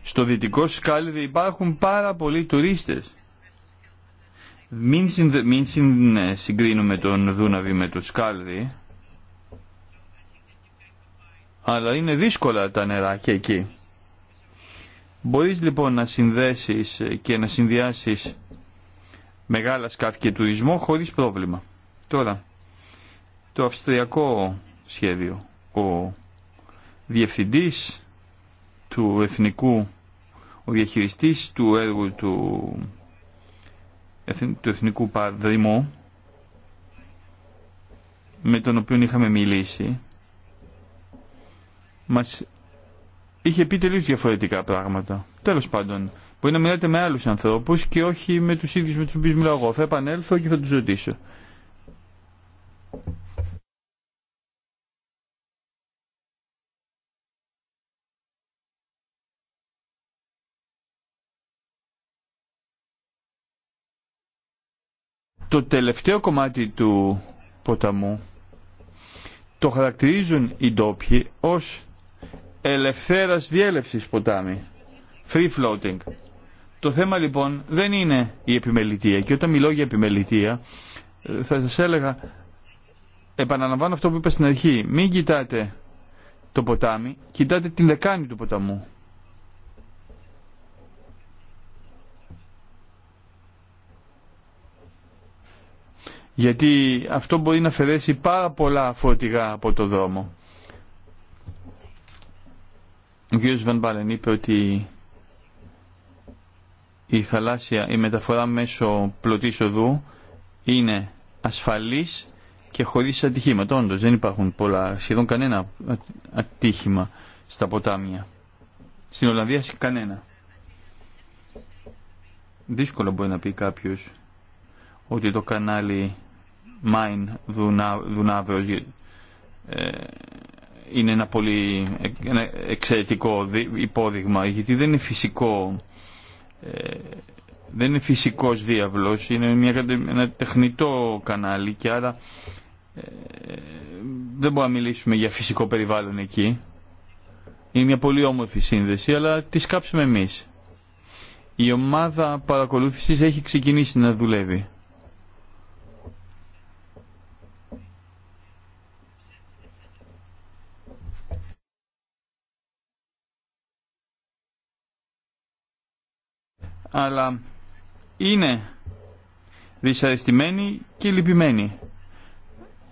Στο δυτικό σκάλιδι υπάρχουν πάρα πολλοί τουρίστες. Μην, μην ναι, συγκρίνουμε τον Δούναβη με το σκάλδι. Αλλά είναι δύσκολα τα και εκεί. Μπορείς λοιπόν να συνδέσεις και να συνδυάσεις μεγάλα σκάφη και τουρισμό χωρίς πρόβλημα. Τώρα, το αυστριακό σχέδιο, ο διευθυντής του εθνικού, ο διαχειριστής του έργου του, του Εθνικού Παδρυμού, με τον οποίο είχαμε μιλήσει, μας είχε πει τελείω διαφορετικά πράγματα. Τέλο πάντων, μπορεί να μιλάτε με άλλου ανθρώπου και όχι με του ίδιου με του οποίου μιλάω εγώ. Θα επανέλθω και θα του ρωτήσω. Το τελευταίο κομμάτι του ποταμού το χαρακτηρίζουν οι ντόπιοι ως ελευθέρας διέλευσης ποτάμι. Free floating. Το θέμα λοιπόν δεν είναι η επιμελητία και όταν μιλώ για επιμελητία ε, θα σας έλεγα επαναλαμβάνω αυτό που είπα στην αρχή μην κοιτάτε το ποτάμι κοιτάτε την δεκάνη του ποταμού γιατί αυτό μπορεί να αφαιρέσει πάρα πολλά φωτιά από το δρόμο ο κ. Βαν είπε ότι η θαλάσσια, η μεταφορά μέσω πλωτή οδού είναι ασφαλής και χωρίς ατυχήματα. Όντως δεν υπάρχουν πολλά, σχεδόν κανένα ατύχημα στα ποτάμια. Στην Ολλανδία κανένα. Δύσκολο μπορεί να πει κάποιος ότι το κανάλι Μάιν Δουνάβεως είναι ένα πολύ εξαιρετικό υπόδειγμα γιατί δεν είναι φυσικό ε, δεν είναι φυσικός διάβλος είναι μια, ένα τεχνητό κανάλι και άρα ε, δεν μπορούμε να μιλήσουμε για φυσικό περιβάλλον εκεί είναι μια πολύ όμορφη σύνδεση αλλά τη σκάψουμε εμείς η ομάδα παρακολούθησης έχει ξεκινήσει να δουλεύει αλλά είναι δυσαρεστημένοι και λυπημένοι.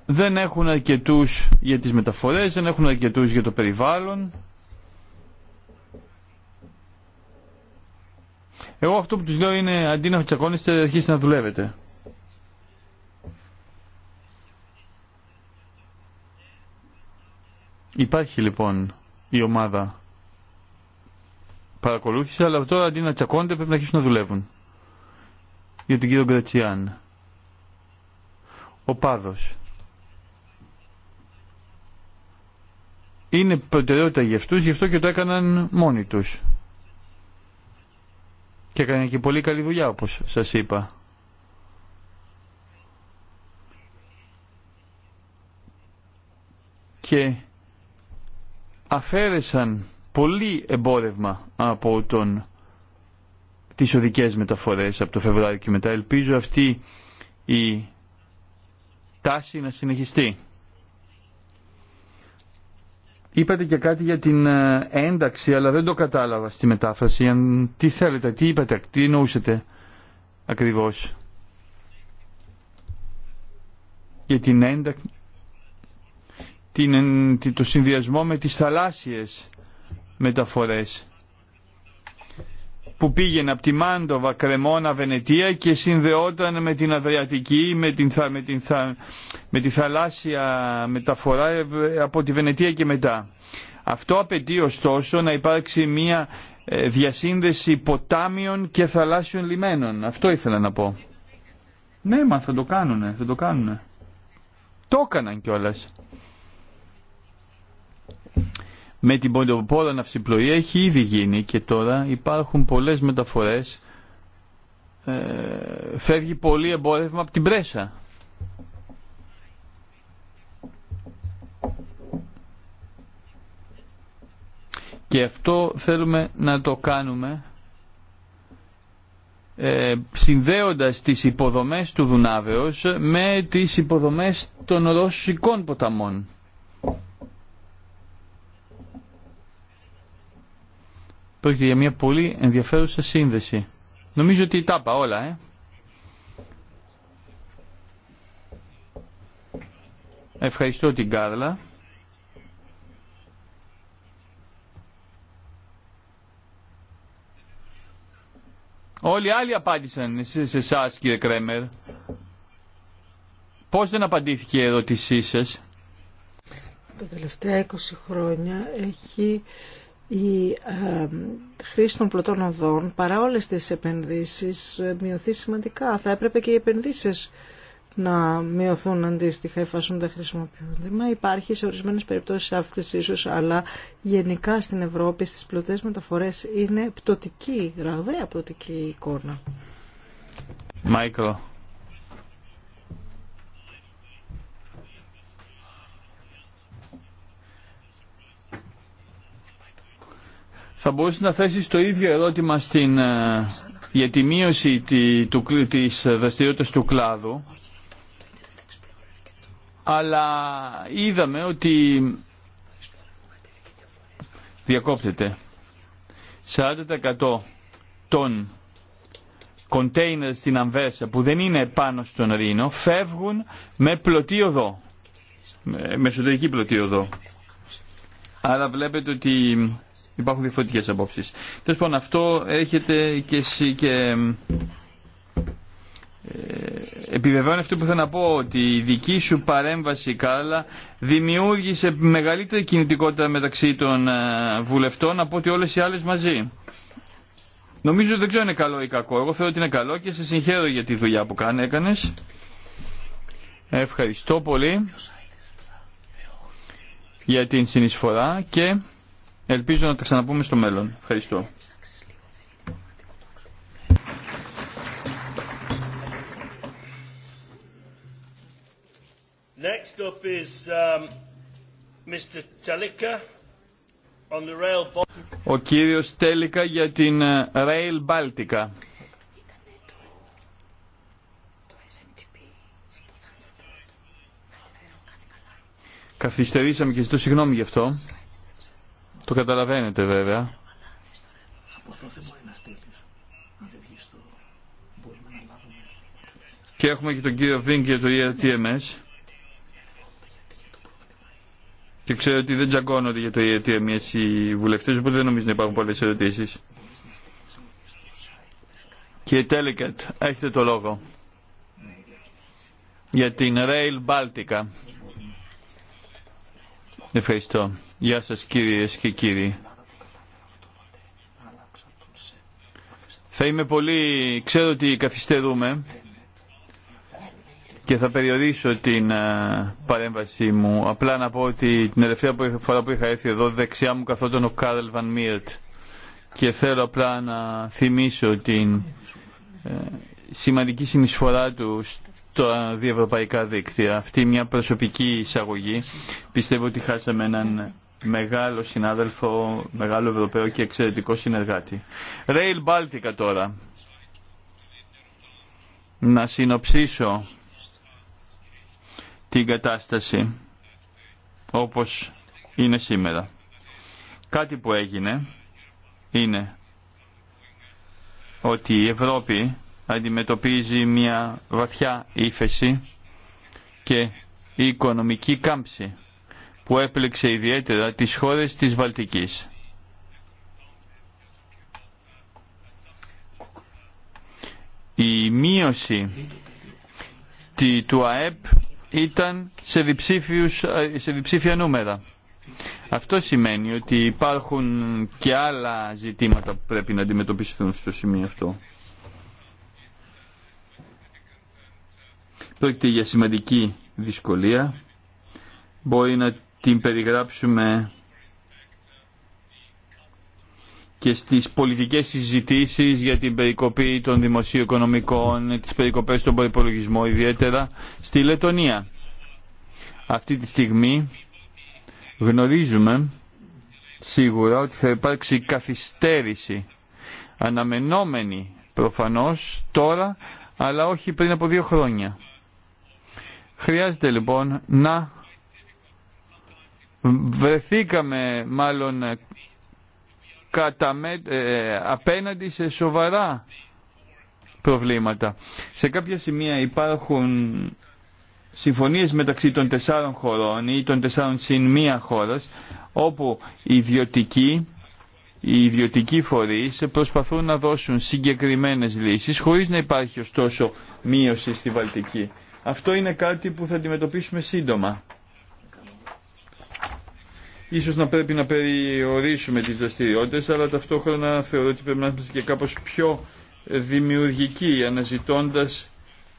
Δεν έχουν αρκετούς για τις μεταφορές, δεν έχουν αρκετούς για το περιβάλλον. Εγώ αυτό που τους λέω είναι αντί να τσακώνεστε αρχίστε να δουλεύετε. Υπάρχει λοιπόν η ομάδα Παρακολούθησε αλλά τώρα αντί να τσακώνται πρέπει να αρχίσουν να δουλεύουν. Για τον κύριο Γκρατσιάν. Ο Πάδος. Είναι προτεραιότητα για αυτούς, γι' αυτό και το έκαναν μόνοι τους. Και έκαναν και πολύ καλή δουλειά, όπως σας είπα. Και αφαίρεσαν πολύ εμπόρευμα από τον, τις οδικές μεταφορές από το Φεβρουάριο και μετά. Ελπίζω αυτή η τάση να συνεχιστεί. Είπατε και κάτι για την ε, ένταξη, αλλά δεν το κατάλαβα στη μετάφραση. Αν, τι θέλετε, τι είπατε, τι εννοούσατε ακριβώς. Για την ένταξη, την, το συνδυασμό με τις θαλάσσιες μεταφορές που πήγαινε από τη Μάντοβα, Κρεμόνα, Βενετία και συνδεόταν με την Αδριατική, με, την, με, την, με τη θαλάσσια μεταφορά ε, από τη Βενετία και μετά. Αυτό απαιτεί ωστόσο να υπάρξει μια ε, διασύνδεση ποτάμιων και θαλάσσιων λιμένων. Αυτό ήθελα να πω. Ναι, μα θα το κάνουνε, θα το κάνουνε. Το έκαναν κιόλας με την να ναυσιπλοεία έχει ήδη γίνει και τώρα υπάρχουν πολλές μεταφορές ε, φεύγει πολύ εμπόρευμα από την Πρέσα και αυτό θέλουμε να το κάνουμε ε, συνδέοντας τις υποδομές του Δουνάβεως με τις υποδομές των ρωσικών ποταμών Πρόκειται για μια πολύ ενδιαφέρουσα σύνδεση. Νομίζω ότι τα είπα όλα, ε. Ευχαριστώ την Κάρλα. Όλοι οι άλλοι απάντησαν σε εσά, κύριε Κρέμερ. Πώς δεν απαντήθηκε η ερώτησή σας. Τα τελευταία 20 χρόνια έχει η ε, χρήση των πλωτών οδών παρά όλες τις επενδύσεις μειωθεί σημαντικά. Θα έπρεπε και οι επενδύσεις να μειωθούν αντίστοιχα εφόσον δεν χρησιμοποιούνται. Μα υπάρχει σε ορισμένες περιπτώσεις αύξηση ίσω, αλλά γενικά στην Ευρώπη στις πλωτές μεταφορές είναι πτωτική, ραγδαία πτωτική εικόνα. Michael, θα μπορούσε να θέσει το ίδιο ερώτημα στην, ε, για τη μείωση τη, του, της δραστηριότητας του κλάδου αλλά είδαμε ότι διακόπτεται 40% των κοντέινερ στην Αμβέρσα που δεν είναι πάνω στον Ρήνο φεύγουν με πλωτή οδό με εσωτερική πλωτή οδό άρα βλέπετε ότι υπάρχουν διαφορετικέ απόψεις. Τέλο πάντων αυτό έρχεται και, εσύ και ε, επιβεβαιώνω αυτό που θέλω να πω ότι η δική σου παρέμβαση Κάρλα δημιούργησε μεγαλύτερη κινητικότητα μεταξύ των ε, βουλευτών από ότι όλες οι άλλες μαζί. Νομίζω δεν ξέρω είναι καλό ή κακό. Εγώ θεωρώ ότι είναι καλό και σε συγχαίρω για τη δουλειά που κάνει, έκανες. Ευχαριστώ πολύ για την συνεισφορά και Ελπίζω να τα ξαναπούμε στο μέλλον. Ευχαριστώ. Next up is um, Mr. on the rail Ο κύριος Τέλικα για την ε, Rail Baltica. Καθυστερήσαμε και ζητώ συγγνώμη γι' αυτό. Το καταλαβαίνετε βέβαια. Και έχουμε και τον κύριο Βίνγκ για το ERTMS. Και ξέρω ότι δεν τζαγκώνονται για το ERTMS οι βουλευτές, οπότε δεν νομίζω να υπάρχουν πολλές ερωτήσεις. Κύριε Τέλικατ, έχετε το λόγο. Για την Rail Baltica. Ευχαριστώ. Γεια σας κυρίες και κύριοι. Θα είμαι πολύ... Ξέρω ότι καθυστερούμε και θα περιορίσω την παρέμβασή μου. Απλά να πω ότι την τελευταία φορά που είχα έρθει εδώ δεξιά μου καθόταν ο Κάρλ Βαν Μίρτ και θέλω απλά να θυμίσω την ε, σημαντική συνεισφορά του στα διευρωπαϊκά δίκτυα. Αυτή μια προσωπική εισαγωγή. Πιστεύω ότι χάσαμε έναν μεγάλο συνάδελφο, μεγάλο Ευρωπαίο και εξαιρετικό συνεργάτη. Rail Baltica τώρα. Να συνοψίσω την κατάσταση όπως είναι σήμερα. Κάτι που έγινε είναι ότι η Ευρώπη αντιμετωπίζει μια βαθιά ύφεση και η οικονομική κάμψη που έπλεξε ιδιαίτερα τις χώρες της Βαλτικής. Η μείωση του ΑΕΠ ήταν σε, ε, σε διψήφια νούμερα. Αυτό σημαίνει ότι υπάρχουν και άλλα ζητήματα που πρέπει να αντιμετωπιστούν στο σημείο αυτό. Πρόκειται για σημαντική δυσκολία. Μπορεί να την περιγράψουμε και στις πολιτικές συζητήσεις για την περικοπή των οικονομικών, τις περικοπές στον προπολογισμό ιδιαίτερα στη Λετωνία. Αυτή τη στιγμή γνωρίζουμε σίγουρα ότι θα υπάρξει καθυστέρηση αναμενόμενη προφανώς τώρα αλλά όχι πριν από δύο χρόνια. Χρειάζεται λοιπόν να βρεθήκαμε μάλλον κατά ε, απέναντι σε σοβαρά προβλήματα. Σε κάποια σημεία υπάρχουν συμφωνίες μεταξύ των τεσσάρων χωρών ή των τεσσάρων συν μία όπου οι ιδιωτικοί, οι ιδιωτικοί φορείς προσπαθούν να δώσουν συγκεκριμένες λύσεις χωρίς να υπάρχει ωστόσο μείωση στη Βαλτική. Αυτό είναι κάτι που θα αντιμετωπίσουμε σύντομα. Ίσως να πρέπει να περιορίσουμε τις δραστηριότητε, αλλά ταυτόχρονα θεωρώ ότι πρέπει να είμαστε και κάπως πιο δημιουργικοί, αναζητώντας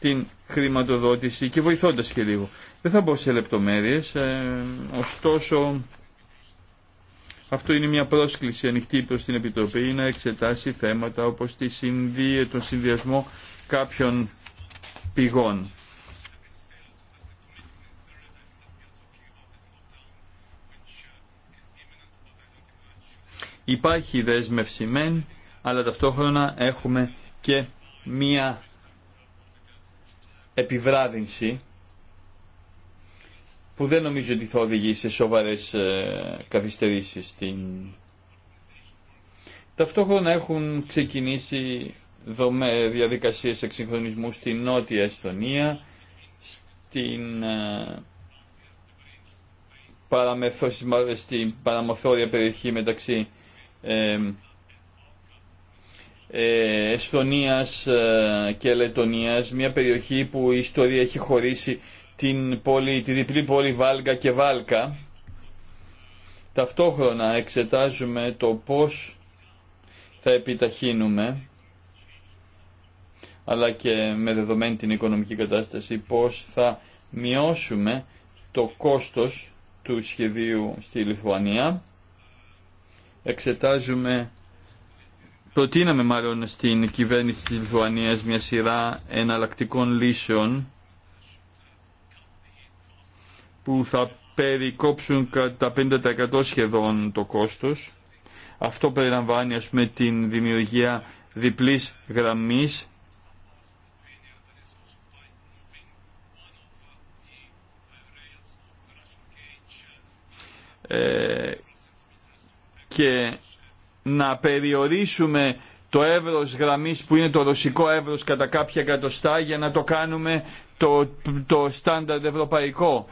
την χρηματοδότηση και βοηθώντας και λίγο. Δεν θα μπω σε λεπτομέρειες, ε, ωστόσο αυτό είναι μια πρόσκληση ανοιχτή προς την Επιτροπή να εξετάσει θέματα όπως τη τον συνδυασμό κάποιων πηγών. Υπάρχει δέσμευση μεν, αλλά ταυτόχρονα έχουμε και μία επιβράδυνση που δεν νομίζω ότι θα οδηγεί σε σοβαρές ε, καθυστερήσεις στην Ταυτόχρονα έχουν ξεκινήσει δομέ, διαδικασίες εξυγχρονισμού στην Νότια Εστονία, στην, ε, παραμεθώ, στην παραμοθόρια περιοχή μεταξύ ε, Εσθονίας ε, και Λετωνίας, μια περιοχή που η ιστορία έχει χωρίσει την πόλη, τη διπλή πόλη Βάλγα και Βάλκα. Ταυτόχρονα εξετάζουμε το πώς θα επιταχύνουμε αλλά και με δεδομένη την οικονομική κατάσταση πώς θα μειώσουμε το κόστος του σχεδίου στη Λιθουανία εξετάζουμε προτείναμε μάλλον στην κυβέρνηση της Λιθουανίας μια σειρά εναλλακτικών λύσεων που θα περικόψουν κατά 50% σχεδόν το κόστος. Αυτό περιλαμβάνει ας πούμε την δημιουργία διπλής γραμμής ε, και να περιορίσουμε το εύρος γραμμής που είναι το ρωσικό εύρος κατά κάποια εκατοστά για να το κάνουμε το, το στάνταρ ευρωπαϊκό.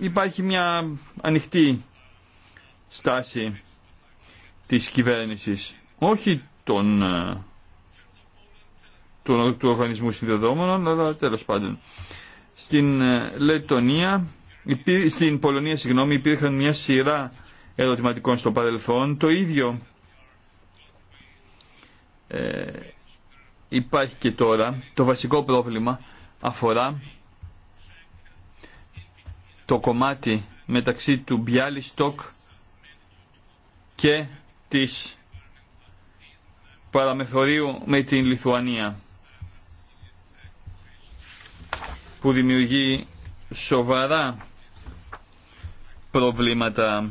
υπάρχει μια ανοιχτή στάση της κυβέρνησης. Όχι των, ε, του, του οργανισμού συνδεδόμενων, αλλά τέλος πάντων. Στην ε, Λετωνία στην Πολωνία συγγνώμη, υπήρχαν μια σειρά ερωτηματικών στο παρελθόν. Το ίδιο ε, υπάρχει και τώρα. Το βασικό πρόβλημα αφορά το κομμάτι μεταξύ του Μπιάλιστοκ και της παραμεθορίου με την Λιθουανία που δημιουργεί σοβαρά προβλήματα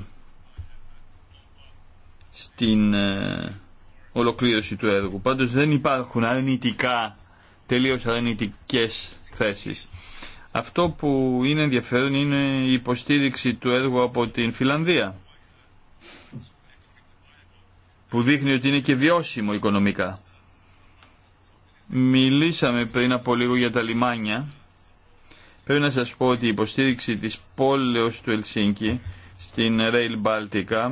στην ε, ολοκλήρωση του έργου. Πάντως δεν υπάρχουν αρνητικά, τελείως αρνητικές θέσεις. Αυτό που είναι ενδιαφέρον είναι η υποστήριξη του έργου από την Φιλανδία που δείχνει ότι είναι και βιώσιμο οικονομικά. Μιλήσαμε πριν από λίγο για τα λιμάνια Πρέπει να σας πω ότι η υποστήριξη της πόλεως του Ελσίνκη στην Rail Baltica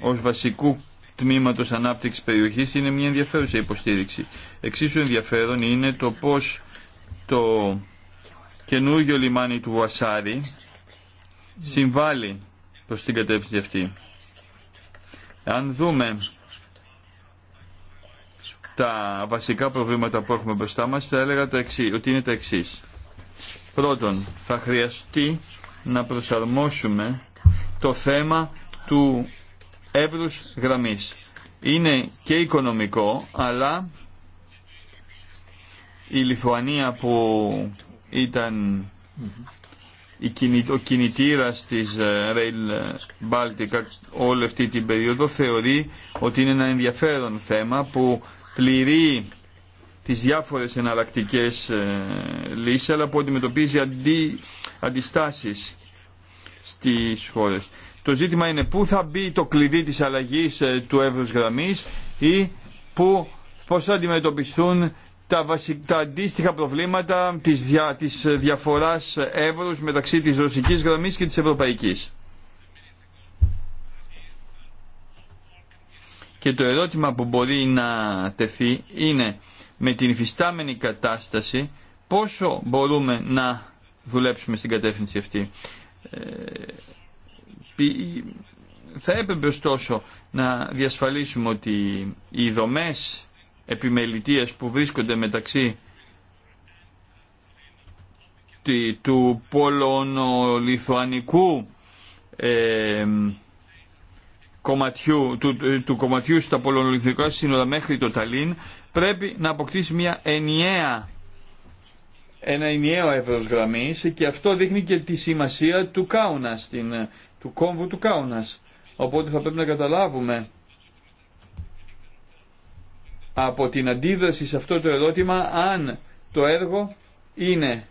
ως βασικού τμήματος ανάπτυξης περιοχής είναι μια ενδιαφέρουσα υποστήριξη. Εξίσου ενδιαφέρον είναι το πώς το καινούργιο λιμάνι του Βασάρι συμβάλλει προς την κατεύθυνση αυτή. Αν δούμε τα βασικά προβλήματα που έχουμε μπροστά μας, θα έλεγα ότι είναι τα εξής Πρώτον, θα χρειαστεί να προσαρμόσουμε το θέμα του εύρους γραμμής. Είναι και οικονομικό, αλλά η Λιθουανία που ήταν ο κινητήρας της ε, Rail Baltica όλη αυτή την περίοδο θεωρεί ότι είναι ένα ενδιαφέρον θέμα που πληρεί τις διάφορες εναλλακτικές ε, λύσεις, αλλά που αντιμετωπίζει αντί, αντιστάσεις στις χώρες. Το ζήτημα είναι πού θα μπει το κλειδί της αλλαγής ε, του εύρους γραμμής ή πού, πώς θα αντιμετωπιστούν τα, βασι... αντίστοιχα προβλήματα της, δια... της διαφοράς εύρους μεταξύ της ρωσικής γραμμής και της ευρωπαϊκής. Και το ερώτημα που μπορεί να τεθεί είναι με την υφιστάμενη κατάσταση πόσο μπορούμε να δουλέψουμε στην κατεύθυνση αυτή. Ε, θα έπρεπε ωστόσο να διασφαλίσουμε ότι οι δομές επιμελητίας που βρίσκονται μεταξύ του πολωνολιθουανικού ε, κομματιού, του, του, κομματιού στα πολωνολιθουανικά σύνορα μέχρι το Ταλίν πρέπει να αποκτήσει μια ενιαία ένα ενιαίο εύρος και αυτό δείχνει και τη σημασία του κάουνας την του κόμβου του κάουνας. Οπότε θα πρέπει να καταλάβουμε από την αντίδραση σε αυτό το ερώτημα αν το έργο είναι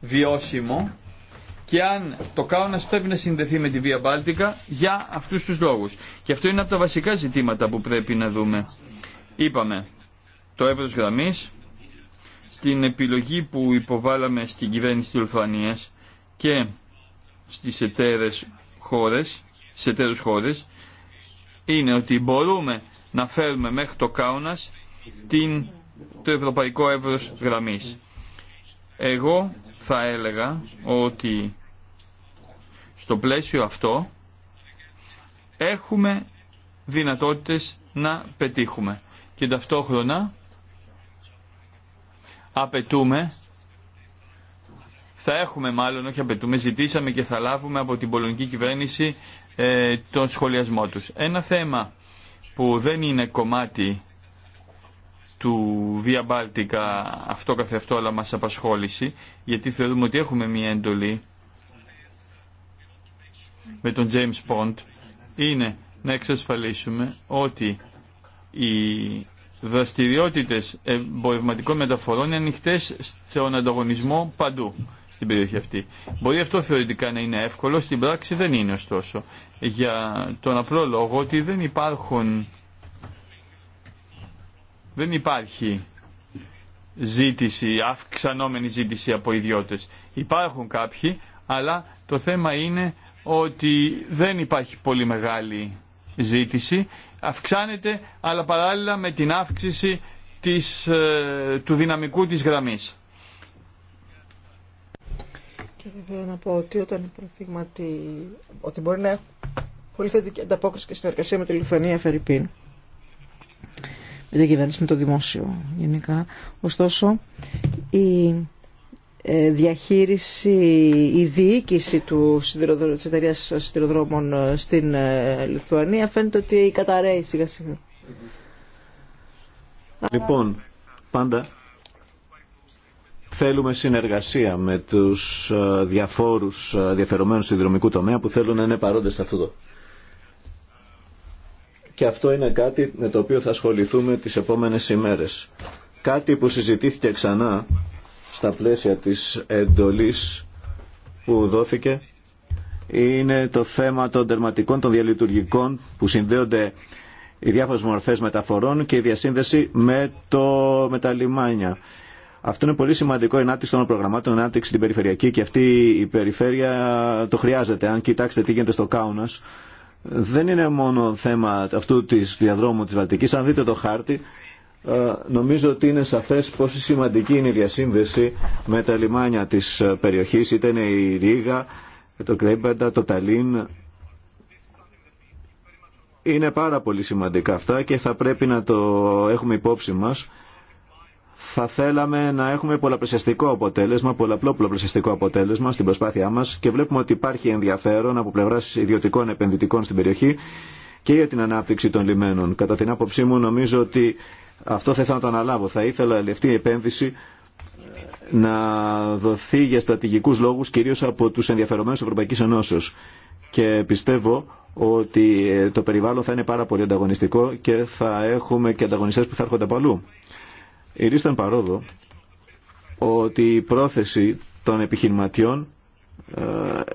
βιώσιμο και αν το κάουνας πρέπει να συνδεθεί με τη Βία Μπάλτικα για αυτούς τους λόγους. Και αυτό είναι από τα βασικά ζητήματα που πρέπει να δούμε. Είπαμε το εύρος γραμμής στην επιλογή που υποβάλαμε στην κυβέρνηση της Λουφανίας και στις εταίρες χώρες, στις χώρες είναι ότι μπορούμε να φέρουμε μέχρι το κάουνας την, το ευρωπαϊκό εύρος γραμμής. Εγώ θα έλεγα ότι στο πλαίσιο αυτό έχουμε δυνατότητες να πετύχουμε και ταυτόχρονα απαιτούμε θα έχουμε μάλλον, όχι απαιτούμε, ζητήσαμε και θα λάβουμε από την πολωνική κυβέρνηση ε, τον σχολιασμό τους. Ένα θέμα που δεν είναι κομμάτι του Via Baltica αυτό καθεαυτό αλλά μας απασχόληση γιατί θεωρούμε ότι έχουμε μια εντολή με τον James Ποντ είναι να εξασφαλίσουμε ότι οι δραστηριότητες εμπορευματικών μεταφορών είναι ανοιχτέ στον ανταγωνισμό παντού στην περιοχή αυτή. Μπορεί αυτό θεωρητικά να είναι εύκολο, στην πράξη δεν είναι ωστόσο. Για τον απλό λόγο ότι δεν υπάρχουν δεν υπάρχει ζήτηση, αυξανόμενη ζήτηση από ιδιώτες. Υπάρχουν κάποιοι, αλλά το θέμα είναι ότι δεν υπάρχει πολύ μεγάλη ζήτηση, αυξάνεται αλλά παράλληλα με την αύξηση της, ε, του δυναμικού της γραμμής. Και βέβαια να πω ότι όταν ότι μπορεί να έχουν πολύ θετική ανταπόκριση και συνεργασία με τη Λουφανία, Φερρυπίν, με την κυβέρνηση, με το δημόσιο γενικά. Ωστόσο, η ε, διαχείριση, η διοίκηση του της εταιρείας σιδηροδρόμων ε, στην ε, Λιθουανία φαίνεται ότι καταραίει σιγά σιγά. Λοιπόν, πάντα θέλουμε συνεργασία με τους διαφόρους διαφερομένους του δρομικού τομέα που θέλουν να είναι παρόντες σε αυτό. Και αυτό είναι κάτι με το οποίο θα ασχοληθούμε τις επόμενες ημέρες. Κάτι που συζητήθηκε ξανά στα πλαίσια της εντολής που δόθηκε είναι το θέμα των τερματικών, των διαλειτουργικών που συνδέονται οι διάφορες μορφές μεταφορών και η διασύνδεση με, το, με τα λιμάνια. Αυτό είναι πολύ σημαντικό, η των προγραμμάτων, η ανάπτυξη την περιφερειακή και αυτή η περιφέρεια το χρειάζεται. Αν κοιτάξετε τι γίνεται στο Κάουνας, δεν είναι μόνο θέμα αυτού της διαδρόμου της Βαλτικής. Αν δείτε το χάρτη, ε, νομίζω ότι είναι σαφές πόσο σημαντική είναι η διασύνδεση με τα λιμάνια της ε, περιοχής, είτε είναι η Ρήγα, το Κρέμπεντα, το Ταλίν. Είναι πάρα πολύ σημαντικά αυτά και θα πρέπει να το έχουμε υπόψη μας. Θα θέλαμε να έχουμε πολλαπλασιαστικό αποτέλεσμα, πολλαπλό πολλαπλασιαστικό αποτέλεσμα στην προσπάθειά μας και βλέπουμε ότι υπάρχει ενδιαφέρον από πλευράς ιδιωτικών επενδυτικών στην περιοχή και για την ανάπτυξη των λιμένων. Κατά την άποψή μου νομίζω ότι αυτό θα ήθελα να το αναλάβω. Θα ήθελα αυτή η επένδυση ε, να δοθεί για στρατηγικού λόγους κυρίως από τους ενδιαφερομένους Ευρωπαϊκή Ενώσεω. Και πιστεύω ότι ε, το περιβάλλον θα είναι πάρα πολύ ανταγωνιστικό και θα έχουμε και ανταγωνιστές που θα έρχονται από αλλού. Η παρόδο ότι η πρόθεση των επιχειρηματιών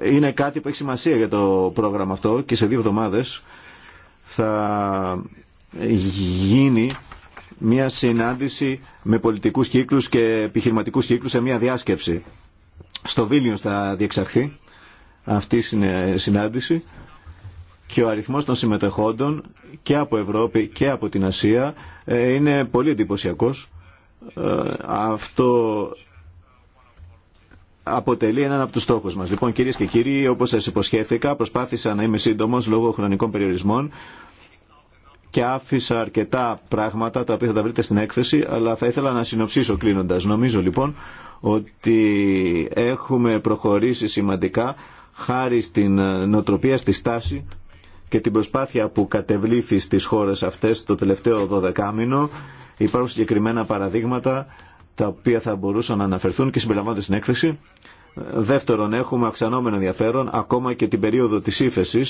ε, είναι κάτι που έχει σημασία για το πρόγραμμα αυτό και σε δύο εβδομάδες θα γίνει μια συνάντηση με πολιτικούς κύκλους και επιχειρηματικούς κύκλους σε μια διάσκεψη. Στο Βίλνιος θα διεξαχθεί αυτή η συνάντηση και ο αριθμός των συμμετεχόντων και από Ευρώπη και από την Ασία ε, είναι πολύ εντυπωσιακό. Ε, αυτό αποτελεί έναν από τους στόχους μας. Λοιπόν κυρίες και κύριοι, όπως σας υποσχέθηκα, προσπάθησα να είμαι σύντομος λόγω χρονικών περιορισμών και άφησα αρκετά πράγματα τα οποία θα τα βρείτε στην έκθεση, αλλά θα ήθελα να συνοψίσω κλείνοντα. Νομίζω λοιπόν ότι έχουμε προχωρήσει σημαντικά χάρη στην νοτροπία, στη στάση και την προσπάθεια που κατεβλήθη στις χώρες αυτές το τελευταίο δωδεκάμινο. Υπάρχουν συγκεκριμένα παραδείγματα τα οποία θα μπορούσαν να αναφερθούν και συμπεριλαμβάνονται στην έκθεση. Δεύτερον, έχουμε αυξανόμενο ενδιαφέρον ακόμα και την περίοδο της ύφεση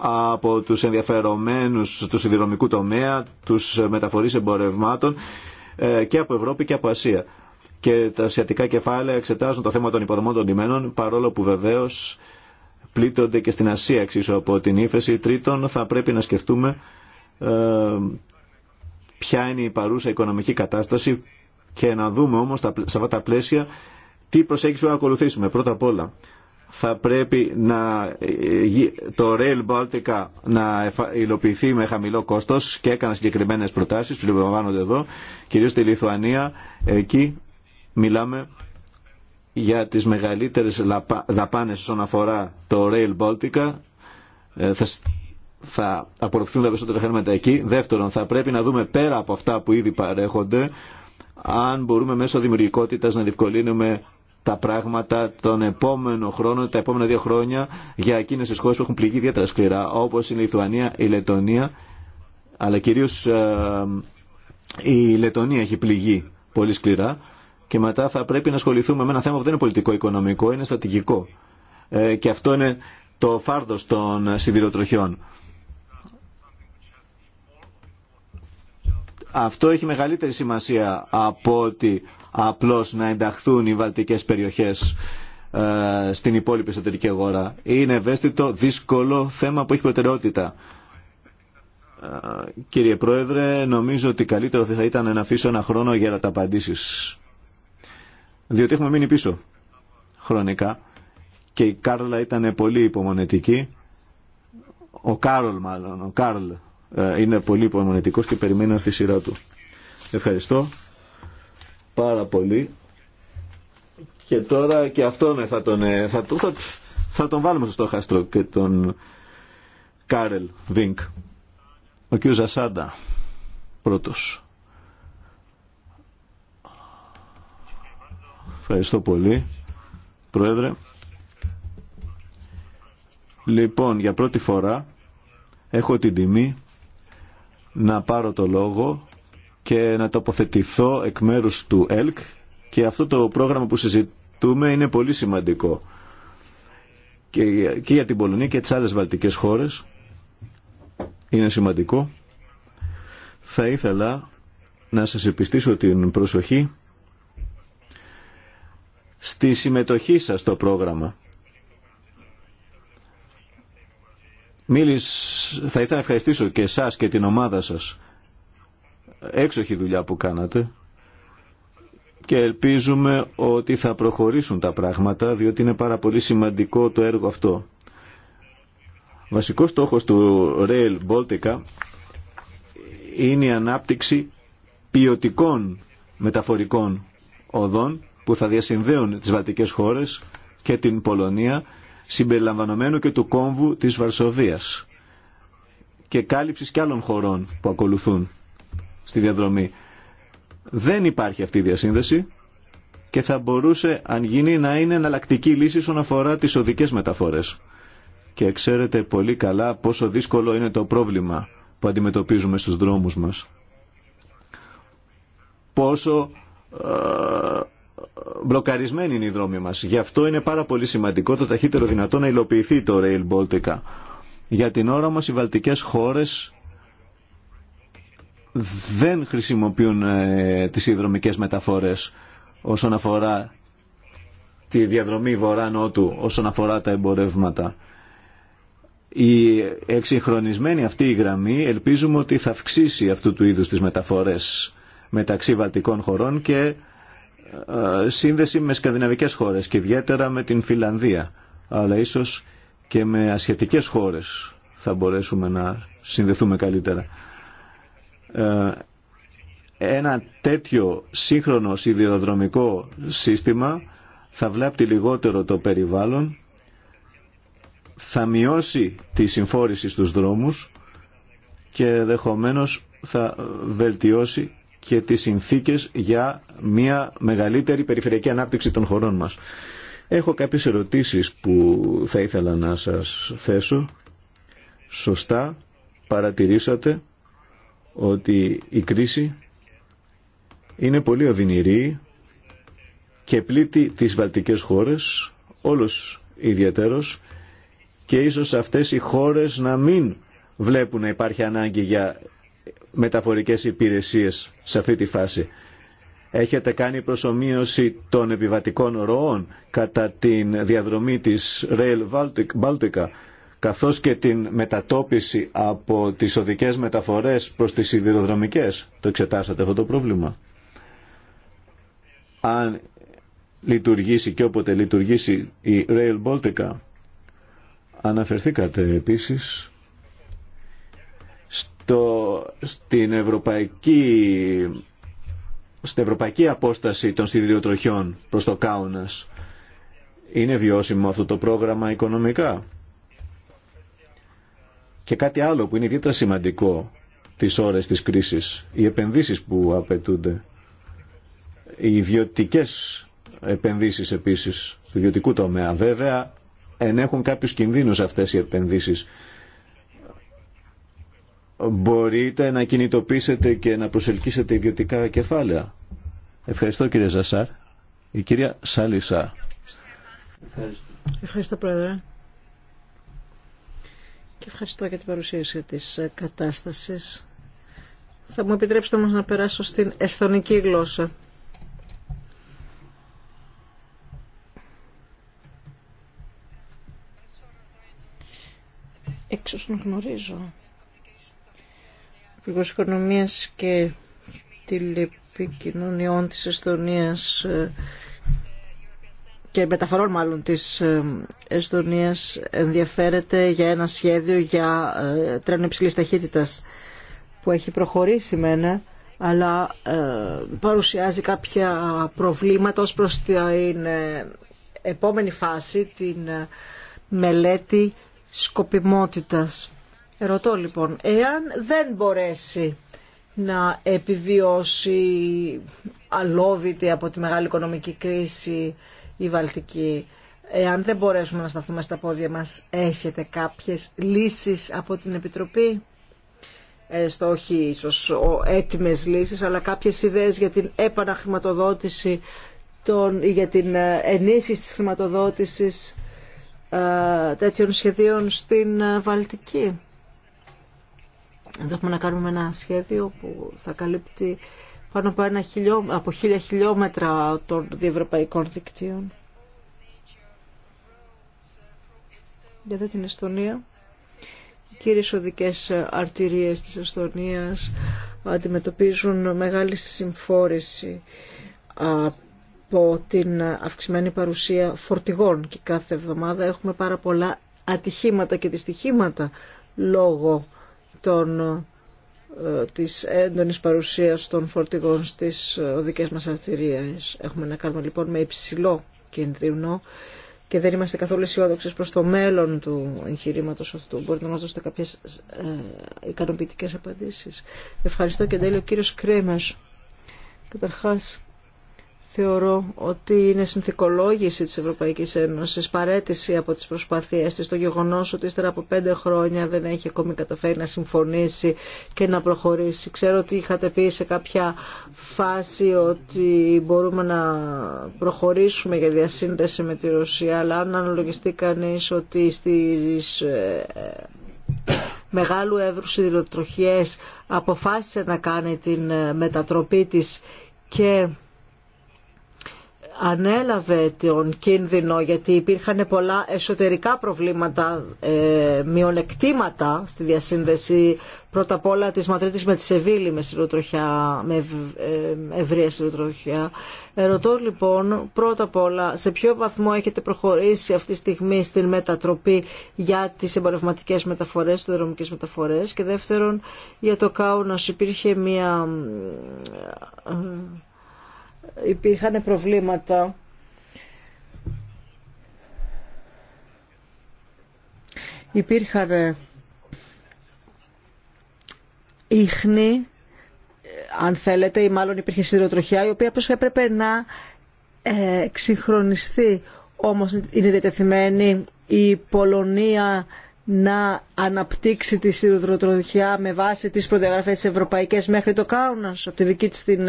από τους ενδιαφερομένους του σιδηρομικού τομέα, τους μεταφορείς εμπορευμάτων ε, και από Ευρώπη και από Ασία. Και τα ασιατικά κεφάλαια εξετάζουν το θέμα των υποδομών των λιμένων, παρόλο που βεβαίως πλήττονται και στην Ασία εξίσου από την ύφεση. Τρίτον, θα πρέπει να σκεφτούμε ε, ποια είναι η παρούσα οικονομική κατάσταση και να δούμε όμως σε αυτά τα πλαίσια τι προσέγγιση πρέπει να ακολουθήσουμε. Πρώτα απ' όλα, θα πρέπει να, ε, το Rail Baltica να υλοποιηθεί με χαμηλό κόστος και έκανα συγκεκριμένες προτάσεις που λαμβάνονται εδώ, κυρίως στη Λιθουανία. Εκεί μιλάμε για τις μεγαλύτερες δαπάνες όσον αφορά το Rail Baltica. Ε, θα, θα απορροφηθούν τα περισσότερα χρήματα εκεί. Δεύτερον, θα πρέπει να δούμε πέρα από αυτά που ήδη παρέχονται αν μπορούμε μέσω δημιουργικότητας να διευκολύνουμε τα πράγματα τον επόμενο χρόνο, τα επόμενα δύο χρόνια για εκείνε τι χώρε που έχουν πληγεί ιδιαίτερα σκληρά, όπως είναι η Λιθουανία, η Λετωνία, αλλά κυρίως ε, η Λετωνία έχει πληγεί πολύ σκληρά και μετά θα πρέπει να ασχοληθούμε με ένα θέμα που δεν είναι πολιτικό-οικονομικό, είναι στατικικό. Ε, και αυτό είναι το φάρδος των σιδηροτροχιών. Αυτό έχει μεγαλύτερη σημασία από ότι απλώς να ενταχθούν οι βαλτικές περιοχές ε, στην υπόλοιπη εσωτερική αγορά. Είναι ευαίσθητο, δύσκολο θέμα που έχει προτεραιότητα. Ε, κύριε Πρόεδρε, νομίζω ότι καλύτερο θα ήταν να αφήσω ένα χρόνο για τα απαντήσεις. Διότι έχουμε μείνει πίσω χρονικά και η Κάρλα ήταν πολύ υπομονετική. Ο Κάρολ μάλλον, ο Κάρλ ε, είναι πολύ υπομονετικός και περιμένει να έρθει η σειρά του. Ευχαριστώ πάρα πολύ και τώρα και αυτό ναι, θα τον, ε, θα, θα, θα τον βάλουμε στο στόχαστρο και τον Κάρελ Βίνκ. Ο κ. Ζασάντα πρώτος. Ευχαριστώ πολύ, Πρόεδρε. Λοιπόν, για πρώτη φορά έχω την τιμή να πάρω το λόγο και να τοποθετηθώ εκ μέρους του ΕΛΚ και αυτό το πρόγραμμα που συζητούμε είναι πολύ σημαντικό και για την Πολωνία και τις άλλες βαλτικές χώρες είναι σημαντικό. Θα ήθελα να σας επιστήσω την προσοχή στη συμμετοχή σας στο πρόγραμμα. Μίλης, θα ήθελα να ευχαριστήσω και εσάς και την ομάδα σας έξοχη δουλειά που κάνατε και ελπίζουμε ότι θα προχωρήσουν τα πράγματα διότι είναι πάρα πολύ σημαντικό το έργο αυτό. Βασικός στόχος του Rail Baltica είναι η ανάπτυξη ποιοτικών μεταφορικών οδών που θα διασυνδέουν τις βαλτικές χώρες και την Πολωνία συμπεριλαμβανομένου και του κόμβου της Βαρσοβίας και κάλυψης και άλλων χωρών που ακολουθούν στη διαδρομή. Δεν υπάρχει αυτή η διασύνδεση και θα μπορούσε, αν γίνει, να είναι εναλλακτική λύση όσον αφορά τις οδικές μεταφορές. Και ξέρετε πολύ καλά πόσο δύσκολο είναι το πρόβλημα που αντιμετωπίζουμε στους δρόμους μας. Πόσο ε, μπλοκαρισμένοι είναι οι δρόμοι μας. Γι' αυτό είναι πάρα πολύ σημαντικό το ταχύτερο δυνατό να υλοποιηθεί το Rail Baltica. Για την ώρα μας οι βαλτικές χώρες δεν χρησιμοποιούν ε, τις υδρομικές μεταφορές όσον αφορά τη διαδρομή βορρά-νότου, όσον αφορά τα εμπορεύματα. Η εξυγχρονισμένη αυτή η γραμμή ελπίζουμε ότι θα αυξήσει αυτού του είδους τις μεταφορές μεταξύ βαλτικών χωρών και ε, σύνδεση με σκανδιναβικές χώρες και ιδιαίτερα με την Φιλανδία αλλά ίσως και με ασιατικές χώρες θα μπορέσουμε να συνδεθούμε καλύτερα. Ε, ένα τέτοιο σύγχρονο σιδηροδρομικό σύστημα θα βλάπτει λιγότερο το περιβάλλον, θα μειώσει τη συμφόρηση στους δρόμους και δεχομένως θα βελτιώσει και τις συνθήκες για μια μεγαλύτερη περιφερειακή ανάπτυξη των χωρών μας. Έχω κάποιες ερωτήσεις που θα ήθελα να σας θέσω. Σωστά παρατηρήσατε ότι η κρίση είναι πολύ οδυνηρή και πλήττει τις βαλτικές χώρες, όλος ιδιαίτερος, και ίσως αυτές οι χώρες να μην βλέπουν να υπάρχει ανάγκη για μεταφορικές υπηρεσίες σε αυτή τη φάση. Έχετε κάνει προσωμείωση των επιβατικών ροών κατά τη διαδρομή της Rail Baltica καθώς και την μετατόπιση από τις οδικές μεταφορές προς τις σιδηροδρομικές. Το εξετάσατε αυτό το πρόβλημα. Αν λειτουργήσει και όποτε λειτουργήσει η Rail Baltica, αναφερθήκατε επίσης στο, στην, ευρωπαϊκή, στην ευρωπαϊκή απόσταση των σιδηροτροχιών προς το Κάουνας. Είναι βιώσιμο αυτό το πρόγραμμα οικονομικά και κάτι άλλο που είναι ιδιαίτερα σημαντικό τις ώρες της κρίσης, οι επενδύσεις που απαιτούνται, οι ιδιωτικές επενδύσεις επίσης, του ιδιωτικού τομέα. Βέβαια, ενέχουν κάποιους κινδύνους αυτές οι επενδύσεις. Μπορείτε να κινητοποιήσετε και να προσελκύσετε ιδιωτικά κεφάλαια. Ευχαριστώ κύριε Ζασάρ. Η κυρία Σάλισα. Ευχαριστώ. Ευχαριστώ πρόεδρε και ευχαριστώ για την παρουσίαση της κατάστασης. Θα μου επιτρέψετε όμως να περάσω στην εσθονική γλώσσα. Εξ όσων γνωρίζω, ο Οικονομίας και Τηλεπικοινωνιών της Εστονίας ε, και μεταφορών μάλλον της ε, Εστονίας ενδιαφέρεται για ένα σχέδιο για ε, τρένο υψηλής ταχύτητας που έχει προχωρήσει μένα αλλά ε, παρουσιάζει κάποια προβλήματα ως προς την επόμενη φάση, την μελέτη σκοπιμότητας. Ερωτώ λοιπόν, εάν δεν μπορέσει να επιβιώσει αλόβητη από τη μεγάλη οικονομική κρίση η Βαλτική. Εάν δεν μπορέσουμε να σταθούμε στα πόδια μας, έχετε κάποιες λύσεις από την Επιτροπή. Ε, στο όχι ίσως έτοιμες λύσεις, αλλά κάποιες ιδέες για την επαναχρηματοδότηση, των, για την ε, ενίσχυση της χρηματοδότησης ε, τέτοιων σχεδίων στην Βαλτική. Δεν έχουμε να κάνουμε ένα σχέδιο που θα καλύπτει πάνω από, χίλια χιλιόμετρα των διευρωπαϊκών δικτύων. Για την Εστονία. Οι κύριες οδικές αρτηρίες της Εστονίας αντιμετωπίζουν μεγάλη συμφόρηση από την αυξημένη παρουσία φορτηγών και κάθε εβδομάδα έχουμε πάρα πολλά ατυχήματα και δυστυχήματα λόγω των ε, της έντονης παρουσίας των φορτηγών στις ε, οδικές μας αρτηρίες. Έχουμε να κάνουμε λοιπόν με υψηλό κινδυνό και δεν είμαστε καθόλου αισιόδοξε προς το μέλλον του εγχειρήματο αυτού. Μπορείτε να μας δώσετε κάποιες ε, ικανοποιητικές απαντήσεις. Ευχαριστώ και τέλειο κύριος Κρέμας. Καταρχάς, θεωρώ ότι είναι συνθηκολόγηση της Ευρωπαϊκής Ένωσης, παρέτηση από τις προσπαθίες της, το γεγονός ότι ύστερα από πέντε χρόνια δεν έχει ακόμη καταφέρει να συμφωνήσει και να προχωρήσει. Ξέρω ότι είχατε πει σε κάποια φάση ότι μπορούμε να προχωρήσουμε για διασύνδεση με τη Ρωσία, αλλά αν αναλογιστεί κανείς ότι στις ε, μεγάλου εύρου αποφάσισε να κάνει την ε, μετατροπή της και ανέλαβε τον κίνδυνο γιατί υπήρχαν πολλά εσωτερικά προβλήματα, ε, μειονεκτήματα στη διασύνδεση πρώτα απ' όλα της Μαδρίτης με τη Σεβίλη με, με ε, ευρεία σειροτροχιά. Ε, ρωτώ λοιπόν πρώτα απ' όλα σε ποιο βαθμό έχετε προχωρήσει αυτή τη στιγμή στην μετατροπή για τις εμπορευματικές μεταφορές, τις δρομικές μεταφορές και δεύτερον για το Κάουνας υπήρχε μια υπήρχαν προβλήματα υπήρχαν ε, ίχνη ε, αν θέλετε ή μάλλον υπήρχε σιδηροτροχιά η οποία πως έπρεπε να ε, εξυγχρονιστεί όμως είναι διατεθειμένη η Πολωνία να ξυγχρονιστει ομως ειναι διατεθειμενη η πολωνια να αναπτυξει τη σιδηροτροχιά με βάση τις προδιαγραφές της ευρωπαϊκές μέχρι το Κάουνας από τη δική της την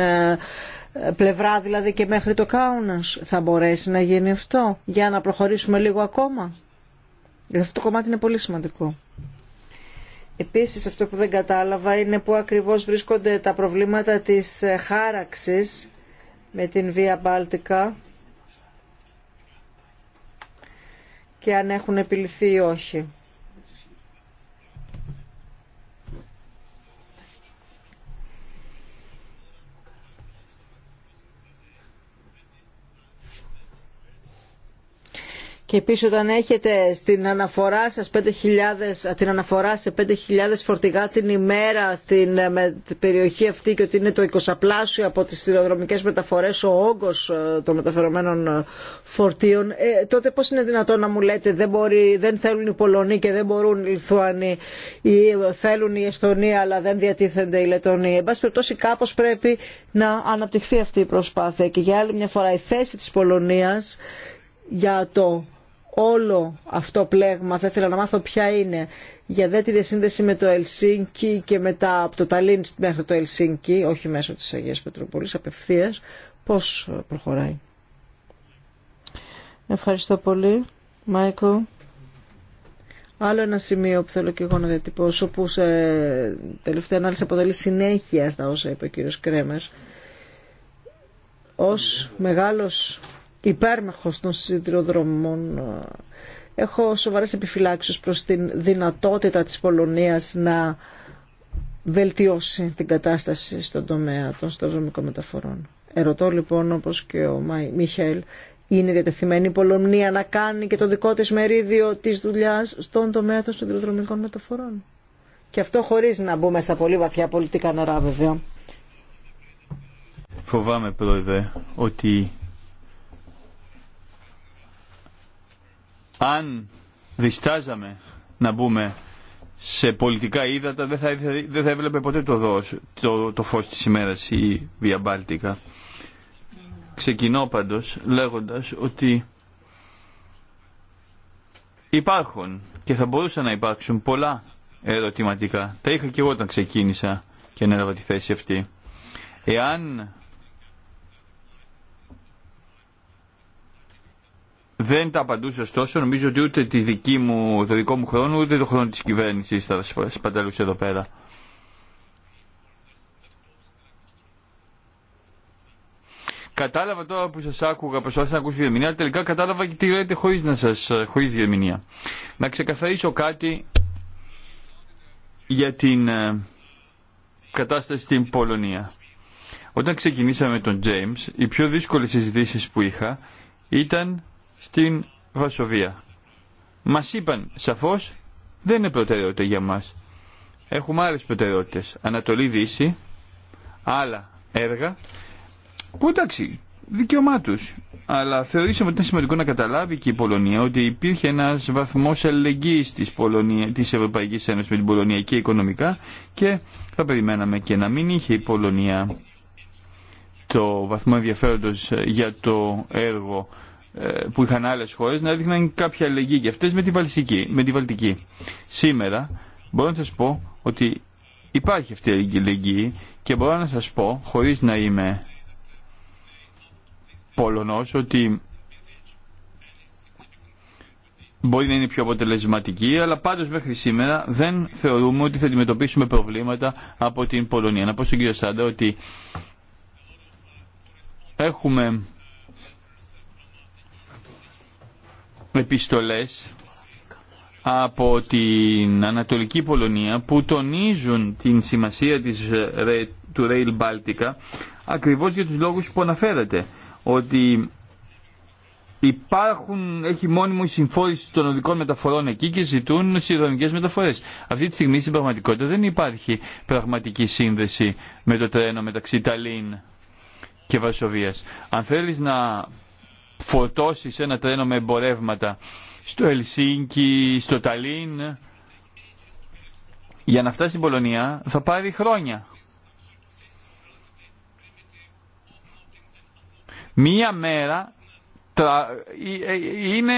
πλευρά δηλαδή και μέχρι το Κάουνας θα μπορέσει να γίνει αυτό για να προχωρήσουμε λίγο ακόμα. Γιατί αυτό το κομμάτι είναι πολύ σημαντικό. Επίσης αυτό που δεν κατάλαβα είναι που ακριβώς βρίσκονται τα προβλήματα της ε, χάραξης με την Βία Μπάλτικα και αν έχουν επιληθεί ή όχι. Και επίση όταν έχετε στην αναφορά σας 5.000, την αναφορά σε 5.000 φορτηγά την ημέρα στην ε, την περιοχή αυτή και ότι είναι το 20 πλάσιο από τις σιδηροδρομικές μεταφορές ο όγκος ε, των μεταφερομένων ε, φορτίων, ε, τότε πώς είναι δυνατόν να μου λέτε δεν, μπορεί, δεν θέλουν οι Πολωνοί και δεν μπορούν οι Λιθουανοί ή θέλουν οι Εστονοί αλλά δεν διατίθενται οι Λετωνοί. Εν πάση περιπτώσει κάπως πρέπει να αναπτυχθεί αυτή η προσπάθεια και για άλλη μια φορά η θέση της Πολωνίας για το όλο αυτό πλέγμα, θα ήθελα να μάθω ποια είναι, για δε τη διασύνδεση με το Ελσίνκι και μετά από το Ταλίν μέχρι το Ελσίνκι, όχι μέσω της Αγίας Πετροπολής, απευθείας, πώς προχωράει. Ευχαριστώ πολύ, Μάικο. Άλλο ένα σημείο που θέλω και εγώ να διατυπώσω, που σε τελευταία ανάλυση αποτελεί συνέχεια στα όσα είπε ο κύριος Κρέμερ. Ως μεγάλος υπέρμαχος των σιδηροδρομών. Έχω σοβαρές επιφυλάξεις προς την δυνατότητα της Πολωνίας να βελτιώσει την κατάσταση στον τομέα των συνδυοδρομικών μεταφορών. Ερωτώ λοιπόν, όπως και ο Μιχαήλ, είναι διατεθειμένη η Πολωνία να κάνει και το δικό της μερίδιο της δουλειάς στον τομέα των σιδηροδρομικών μεταφορών. Και αυτό χωρίς να μπούμε στα πολύ βαθιά πολιτικά νερά βέβαια. Φοβάμαι πρόεδρε ότι αν διστάζαμε να μπούμε σε πολιτικά ύδατα δεν θα, δεν θα έβλεπε ποτέ το, το, το φως της ημέρας η Βία Ξεκινώ πάντως λέγοντας ότι υπάρχουν και θα μπορούσαν να υπάρξουν πολλά ερωτηματικά. Τα είχα και εγώ όταν ξεκίνησα και ανέλαβα τη θέση αυτή. Εάν Δεν τα απαντούσε ωστόσο, νομίζω ότι ούτε τη δική μου, το δικό μου χρόνο, ούτε το χρόνο της κυβέρνησης θα σπαταλούσε εδώ πέρα. Κατάλαβα τώρα που σας άκουγα, προσπάθησα να ακούσω διερμηνία, αλλά τελικά κατάλαβα και τι λέτε χωρίς, να σας, ε, χωρίς διερμηνία. Να ξεκαθαρίσω κάτι για την ε, κατάσταση στην Πολωνία. Όταν ξεκινήσαμε τον James, οι πιο δύσκολες συζητήσεις που είχα ήταν στην Βασοβία. Μας είπαν σαφώς δεν είναι προτεραιότητα για μας. Έχουμε άλλες προτεραιότητες. Ανατολή-Δύση, άλλα έργα, που εντάξει, δικαίωμά του. Αλλά θεωρήσαμε ότι ήταν σημαντικό να καταλάβει και η Πολωνία ότι υπήρχε ένα βαθμό αλληλεγγύη τη της Ευρωπαϊκή Ένωση με την Πολωνία και οικονομικά και θα περιμέναμε και να μην είχε η Πολωνία το βαθμό ενδιαφέροντος για το έργο ε, που είχαν άλλε χώρε να έδειχναν κάποια αλληλεγγύη και αυτές με τη, Βαλτική, με τη Βαλτική. Σήμερα μπορώ να σας πω ότι υπάρχει αυτή η αλληλεγγύη και μπορώ να σας πω χωρί να είμαι Πολωνό, ότι μπορεί να είναι πιο αποτελεσματική, αλλά πάντω μέχρι σήμερα δεν θεωρούμε ότι θα αντιμετωπίσουμε προβλήματα από την Πολωνία. Να πω στον κύριο Σάντα ότι έχουμε επιστολές από την Ανατολική Πολωνία που τονίζουν την σημασία της, ε, του Rail Baltica ακριβώς για τους λόγους που αναφέρατε ότι υπάρχουν, έχει μόνιμο η συμφόρηση των οδικών μεταφορών εκεί και ζητούν συνδρομικές μεταφορές. Αυτή τη στιγμή στην πραγματικότητα δεν υπάρχει πραγματική σύνδεση με το τρένο μεταξύ Ταλίν και Βασοβίας. Αν θέλεις να φορτώσει ένα τρένο με εμπορεύματα στο Ελσίνκι, στο Ταλίν. Για να φτάσει στην Πολωνία θα πάρει χρόνια. Μία μέρα ε, ε, είναι,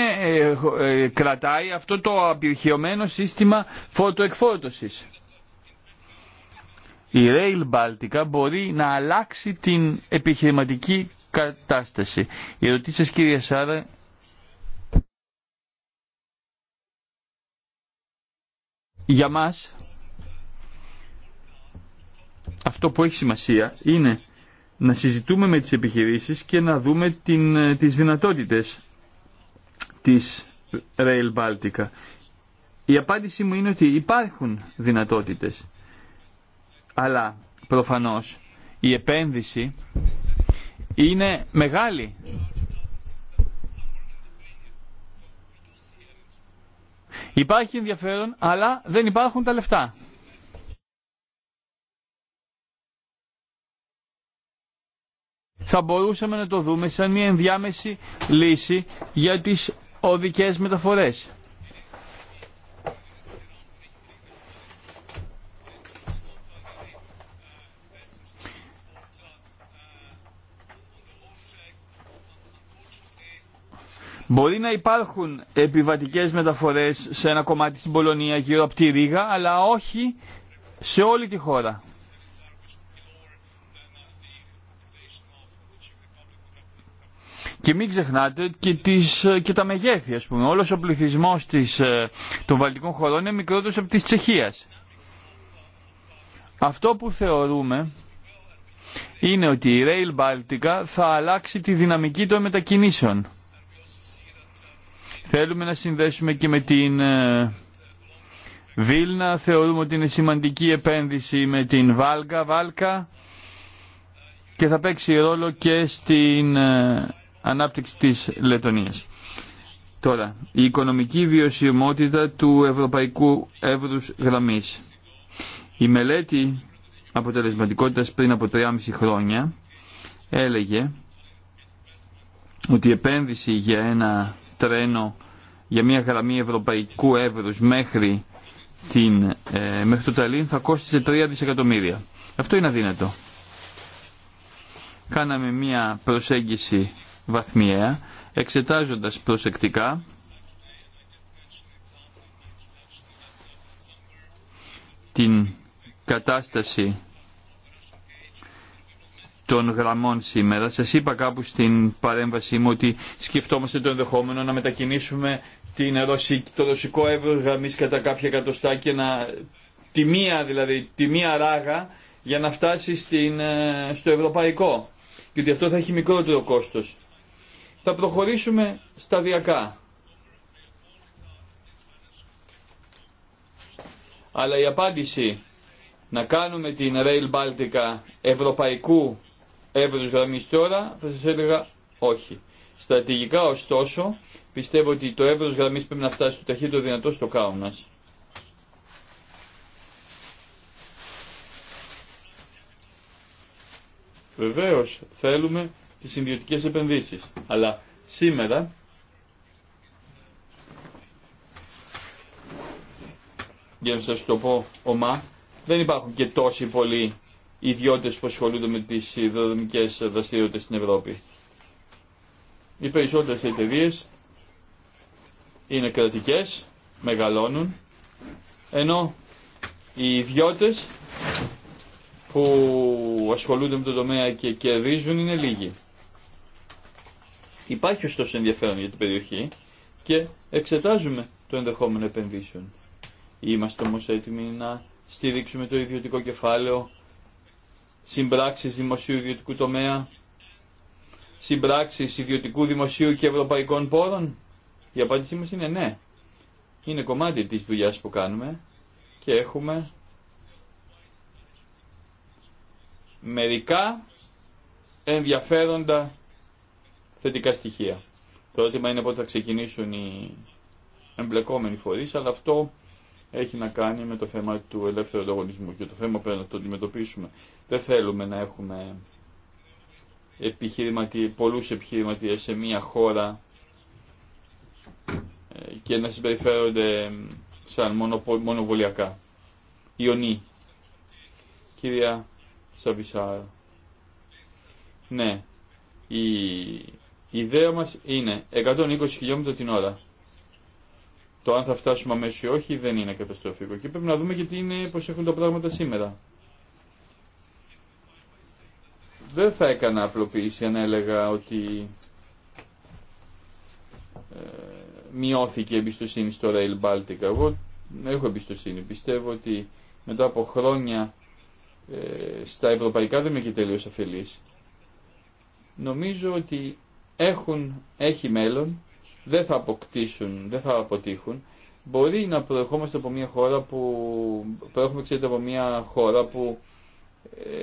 ε, κρατάει αυτό το απειρχιωμένο σύστημα φωτοεκφόρτωσης η Rail Baltica μπορεί να αλλάξει την επιχειρηματική κατάσταση. Η ερωτή σας κύριε Σάρα για μας αυτό που έχει σημασία είναι να συζητούμε με τις επιχειρήσεις και να δούμε την, τις δυνατότητες της Rail Baltica. Η απάντησή μου είναι ότι υπάρχουν δυνατότητες αλλά προφανώς η επένδυση είναι μεγάλη. Υπάρχει ενδιαφέρον, αλλά δεν υπάρχουν τα λεφτά. Θα μπορούσαμε να το δούμε σαν μια ενδιάμεση λύση για τις οδικές μεταφορές. Μπορεί να υπάρχουν επιβατικές μεταφορές σε ένα κομμάτι στην Πολωνία γύρω από τη Ρήγα, αλλά όχι σε όλη τη χώρα. Και μην ξεχνάτε και, τις, και τα μεγέθη, ας πούμε. Όλος ο πληθυσμός της, ε, των βαλτικών χωρών είναι μικρότερος από της Τσεχίας. Αυτό που θεωρούμε είναι ότι η Rail Baltica θα αλλάξει τη δυναμική των μετακινήσεων. Θέλουμε να συνδέσουμε και με την ε, Βίλνα. Θεωρούμε ότι είναι σημαντική επένδυση με την Βάλκα. Βάλκα και θα παίξει ρόλο και στην ε, ανάπτυξη της Λετωνίας. Τώρα, η οικονομική βιωσιμότητα του Ευρωπαϊκού Εύρους Γραμμής. Η μελέτη αποτελεσματικότητας πριν από 3,5 χρόνια έλεγε ότι η επένδυση για ένα τρένο για μια γραμμή ευρωπαϊκού εύρους μέχρι, την, ε, μέχρι το Ταλίν θα κόστισε 3 δισεκατομμύρια. Αυτό είναι αδύνατο. Κάναμε μια προσέγγιση βαθμιαία, εξετάζοντας προσεκτικά την κατάσταση των γραμμών σήμερα. Σας είπα κάπου στην παρέμβασή μου ότι σκεφτόμαστε το ενδεχόμενο να μετακινήσουμε την το ρωσικό εύρο γραμμή κατά κάποια εκατοστά και να, τη μία, δηλαδή, τη μία ράγα για να φτάσει στην, ε, στο ευρωπαϊκό. Και ότι αυτό θα έχει μικρότερο κόστο. Θα προχωρήσουμε σταδιακά. Αλλά η απάντηση να κάνουμε την Rail Baltica ευρωπαϊκού εύρος γραμμή τώρα θα σα έλεγα όχι. Στρατηγικά ωστόσο πιστεύω ότι το εύρος γραμμή πρέπει να φτάσει το ταχύτερο δυνατό στο κάουνα. Βεβαίω θέλουμε τις ιδιωτικέ επενδύσεις, αλλά σήμερα για να σας το πω ομά, δεν υπάρχουν και τόσοι πολλοί οι ιδιώτες που ασχολούνται με τις ιδεοδομικές δραστηριότητες στην Ευρώπη. Οι περισσότερες εταιρείε είναι κρατικές, μεγαλώνουν, ενώ οι ιδιώτες που ασχολούνται με το τομέα και κερδίζουν είναι λίγοι. Υπάρχει ωστόσο ενδιαφέρον για την περιοχή και εξετάζουμε το ενδεχόμενο επενδύσεων. Είμαστε όμως έτοιμοι να στηρίξουμε το ιδιωτικό κεφάλαιο συμπράξεις δημοσίου ιδιωτικού τομέα, συμπράξεις ιδιωτικού δημοσίου και ευρωπαϊκών πόρων. Η απάντησή μας είναι ναι. Είναι κομμάτι της δουλειάς που κάνουμε και έχουμε μερικά ενδιαφέροντα θετικά στοιχεία. Το ερώτημα είναι πότε θα ξεκινήσουν οι εμπλεκόμενοι φορείς, αλλά αυτό έχει να κάνει με το θέμα του ελεύθερου ανταγωνισμού και το θέμα πρέπει να το αντιμετωπίσουμε. Δεν θέλουμε να έχουμε πολλού πολλούς επιχειρηματίες σε μία χώρα ε, και να συμπεριφέρονται σαν μονοβολιακά. Ιωνή. Κυρία Σαββισάρ. Ναι. Η ιδέα μας είναι 120 χιλιόμετρα την ώρα. Το αν θα φτάσουμε αμέσως ή όχι δεν είναι καταστροφικό και πρέπει να δούμε γιατί είναι πώς έχουν τα πράγματα σήμερα. Δεν θα έκανα απλοποίηση αν έλεγα ότι ε, μειώθηκε η εμπιστοσύνη στο Rail Baltic. Εγώ έχω εμπιστοσύνη. Πιστεύω ότι μετά από χρόνια ε, στα ευρωπαϊκά δεν είμαι και τελείως αφελής. Νομίζω ότι έχουν, έχει μέλλον δεν θα αποκτήσουν, δεν θα αποτύχουν. Μπορεί να προερχόμαστε από μια χώρα που προέρχομαι ξέρετε μια χώρα που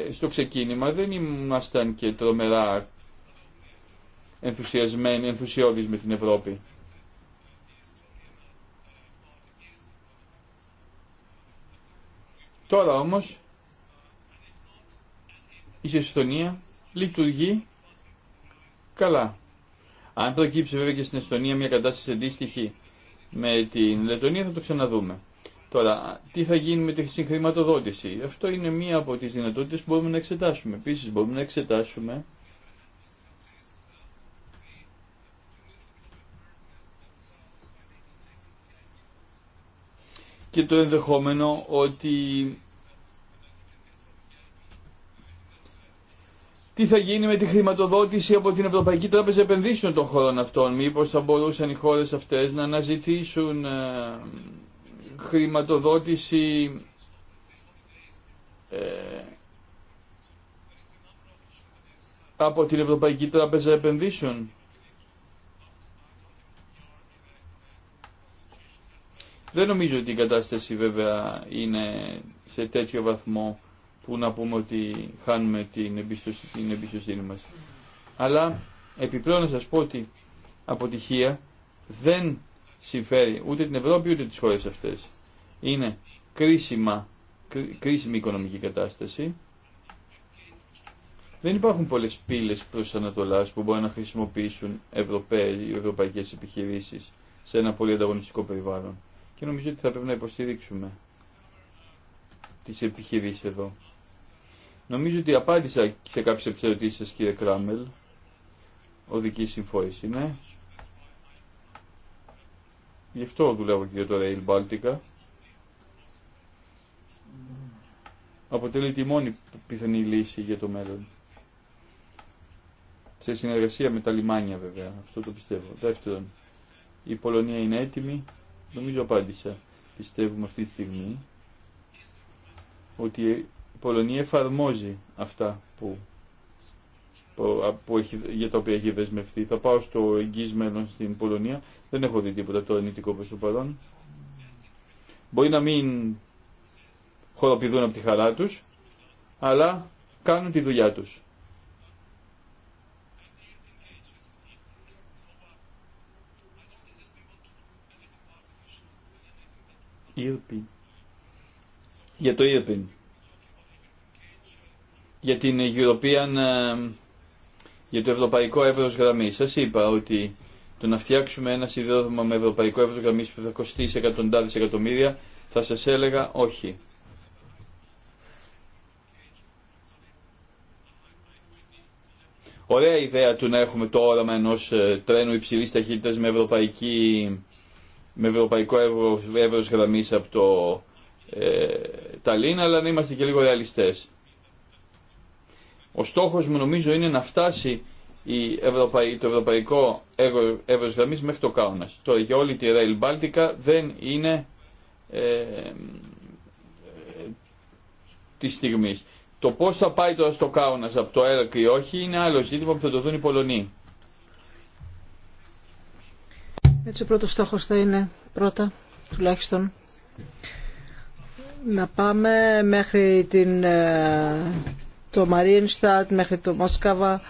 ε, στο ξεκίνημα δεν ήμασταν και τρομερά ενθουσιασμένοι, ενθουσιώδεις με την Ευρώπη. Τώρα όμως η Εστονία λειτουργεί καλά. Αν προκύψει βέβαια και στην Εστονία μια κατάσταση αντίστοιχη με την Λετωνία θα το ξαναδούμε. Τώρα, τι θα γίνει με τη συγχρηματοδότηση. Αυτό είναι μία από τις δυνατότητες που μπορούμε να εξετάσουμε. Επίσης μπορούμε να εξετάσουμε και το ενδεχόμενο ότι τι θα γίνει με τη χρηματοδότηση από την Ευρωπαϊκή Τράπεζα Επενδύσεων των χωρών αυτών. Μήπως θα μπορούσαν οι χώρες αυτές να αναζητήσουν ε, χρηματοδότηση ε, από την Ευρωπαϊκή Τράπεζα Επενδύσεων. Δεν νομίζω ότι η κατάσταση βέβαια είναι σε τέτοιο βαθμό που να πούμε ότι χάνουμε την, εμπιστοσύνη, την εμπιστοσύνη μας. Αλλά επιπλέον να σας πω ότι αποτυχία δεν συμφέρει ούτε την Ευρώπη ούτε τις χώρες αυτές. Είναι κρίσιμα, κρί, κρίσιμη οικονομική κατάσταση. Δεν υπάρχουν πολλές πύλες προς Ανατολάς που μπορεί να χρησιμοποιήσουν Ευρωπαίοι, ευρωπαϊκές επιχειρήσεις σε ένα πολύ ανταγωνιστικό περιβάλλον. Και νομίζω ότι θα πρέπει να υποστηρίξουμε τις επιχειρήσεις εδώ. Νομίζω ότι απάντησα σε κάποιες από σας κύριε Κράμελ. Οδική συμφόρηση, ναι. Γι' αυτό δουλεύω και για το Rail Baltica. Αποτελεί τη μόνη πιθανή λύση για το μέλλον. Σε συνεργασία με τα λιμάνια βέβαια, αυτό το πιστεύω. Δεύτερον, η Πολωνία είναι έτοιμη, νομίζω απάντησα. Πιστεύουμε αυτή τη στιγμή ότι Πολωνία εφαρμόζει αυτά που, που, που έχει, για τα οποία έχει δεσμευτεί. Θα πάω στο εγγύς μέλλον στην Πολωνία. Δεν έχω δει τίποτα το αρνητικό προς το παρόν. Μπορεί να μην χοροπηδούν από τη χαρά τους, αλλά κάνουν τη δουλειά τους. Ήρπιν. Για το Ήρπιν για την ε, για το ευρωπαϊκό εύρος γραμμή. Σας είπα ότι το να φτιάξουμε ένα σιδηρόδρομο με ευρωπαϊκό εύρος γραμμή που θα κοστίσει εκατοντάδες εκατομμύρια, θα σας έλεγα όχι. Ωραία ιδέα του να έχουμε το όραμα ενός ε, τρένου υψηλής ταχύτητας με, ευρωπαϊκή, με ευρωπαϊκό εύρος, γραμμή γραμμής από το ε, Ταλίν, αλλά να είμαστε και λίγο ρεαλιστές. Ο στόχος μου νομίζω είναι να φτάσει η το ευρωπαϊκό εύρος μέχρι το Κάουνας. Το για όλη τη Rail Baltica δεν είναι ε, ε, τη στιγμή. Το πώ θα πάει τώρα στο κάουνα από το ΕΡΚ ή όχι είναι άλλο ζήτημα που θα το δουν οι Πολωνοί. Έτσι ο πρώτος στόχος θα είναι πρώτα τουλάχιστον να πάμε μέχρι την ε, το Μαρίενστατ μέχρι το Μόσκαβα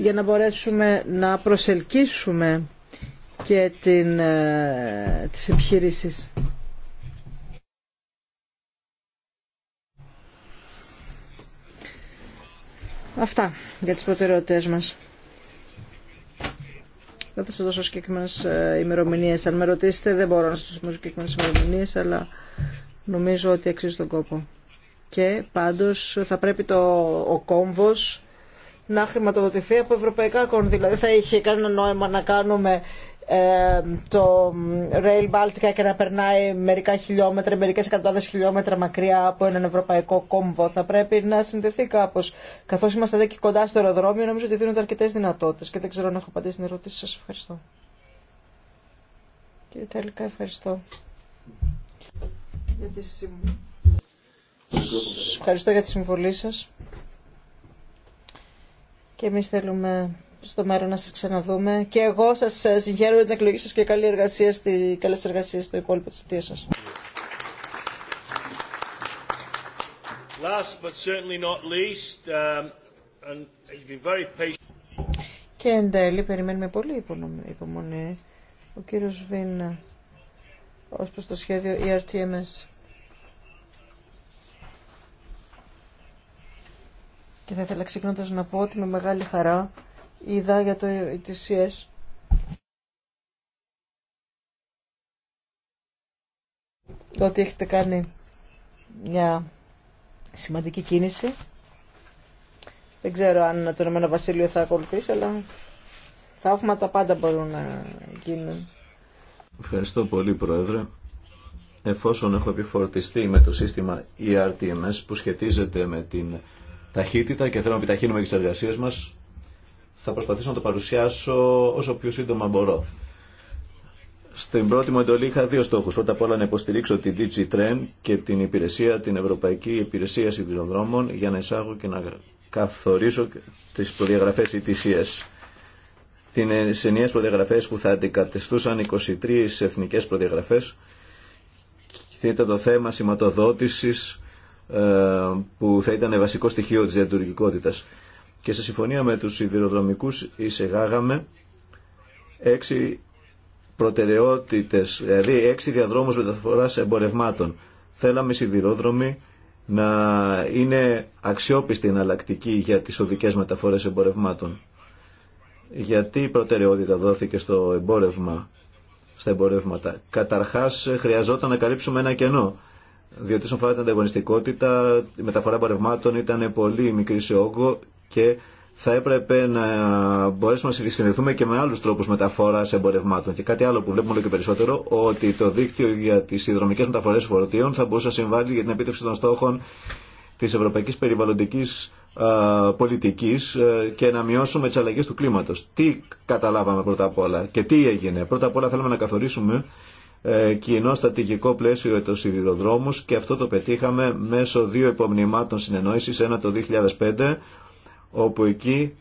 για να μπορέσουμε να προσελκύσουμε και την, ε, τις επιχειρήσεις. Αυτά για τις προτεραιότητες μας. Δεν θα σας δώσω ε, ημερομηνίε. Αν με ρωτήσετε, δεν μπορώ να σας δώσω συγκεκριμένες ημερομηνίε, αλλά νομίζω ότι αξίζει τον κόπο και πάντως θα πρέπει το, ο κόμβος να χρηματοδοτηθεί από ευρωπαϊκά κονδύλια. Δηλαδή θα είχε κανένα νόημα να κάνουμε ε, το Rail Baltica και να περνάει μερικά χιλιόμετρα, μερικέ εκατοντάδε χιλιόμετρα μακριά από έναν ευρωπαϊκό κόμβο. Θα πρέπει να συνδεθεί κάπω. Καθώ είμαστε εδώ και κοντά στο αεροδρόμιο, νομίζω ότι δίνονται αρκετέ δυνατότητε και δεν ξέρω αν έχω απαντήσει την ερώτηση. Σα ευχαριστώ. Κύριε Τελικά, ευχαριστώ. Για τη σας ευχαριστώ για τη συμβολή σας. Και εμείς θέλουμε στο μέρο να σας ξαναδούμε. Και εγώ σας συγχαίρω για την εκλογή σας και καλή εργασία στη, καλές εργασίες στο υπόλοιπο της αιτίας σας. Last but certainly not least, um, and been very patient. Και εν τέλει, περιμένουμε πολύ υπομονή. Ο κύριος Βίνα ως προς το σχέδιο ERTMS. Και θα ήθελα ξεκινώντα να πω ότι με μεγάλη χαρά είδα για το ETCS ότι έχετε κάνει μια σημαντική κίνηση. Δεν ξέρω αν το Ηνωμένο Βασίλειο θα ακολουθήσει, αλλά θαύματα πάντα μπορούν να γίνουν. Ευχαριστώ πολύ, Πρόεδρε. Εφόσον έχω επιφορτιστεί με το σύστημα ERTMS που σχετίζεται με την ταχύτητα και θέλω να επιταχύνουμε τις τι εργασίε μα. Θα προσπαθήσω να το παρουσιάσω όσο πιο σύντομα μπορώ. Στην πρώτη μου εντολή είχα δύο στόχου. Πρώτα απ' όλα να υποστηρίξω την Train και την υπηρεσία, την Ευρωπαϊκή Υπηρεσία Σιδηροδρόμων για να εισάγω και να καθορίσω τι προδιαγραφέ ETCS. Τι ενιαίε προδιαγραφέ που θα αντικατεστούσαν 23 εθνικέ προδιαγραφέ. Και ήταν το θέμα σηματοδότηση ε, που θα ήταν βασικό στοιχείο της διατουργικότητας. Και σε συμφωνία με τους σιδηροδρομικούς εισεγάγαμε έξι προτεραιότητες, δηλαδή έξι διαδρόμους μεταφοράς εμπορευμάτων. Θέλαμε οι σιδηρόδρομοι να είναι αξιόπιστη εναλλακτική για τις οδικές μεταφορές εμπορευμάτων. Γιατί η προτεραιότητα δόθηκε στο εμπόρευμα, στα εμπορεύματα. Καταρχάς χρειαζόταν να καλύψουμε ένα κενό διότι όσον αφορά την ανταγωνιστικότητα, η μεταφορά εμπορευμάτων ήταν πολύ μικρή σε όγκο και θα έπρεπε να μπορέσουμε να συνδεθούμε και με άλλου τρόπου μεταφορά εμπορευμάτων. Και κάτι άλλο που βλέπουμε όλο και περισσότερο, ότι το δίκτυο για τι συνδρομικέ μεταφορέ φορτίων θα μπορούσε να συμβάλλει για την επίτευξη των στόχων τη Ευρωπαϊκή Περιβαλλοντική πολιτική και να μειώσουμε τι αλλαγέ του κλίματο. Τι καταλάβαμε πρώτα απ' όλα και τι έγινε. Πρώτα απ' όλα θέλουμε να καθορίσουμε ε, κοινό στατηγικό πλαίσιο για του σιδηροδρόμους και αυτό το πετύχαμε μέσω δύο υπομνημάτων συνεννόησης, ένα το 2005, όπου εκεί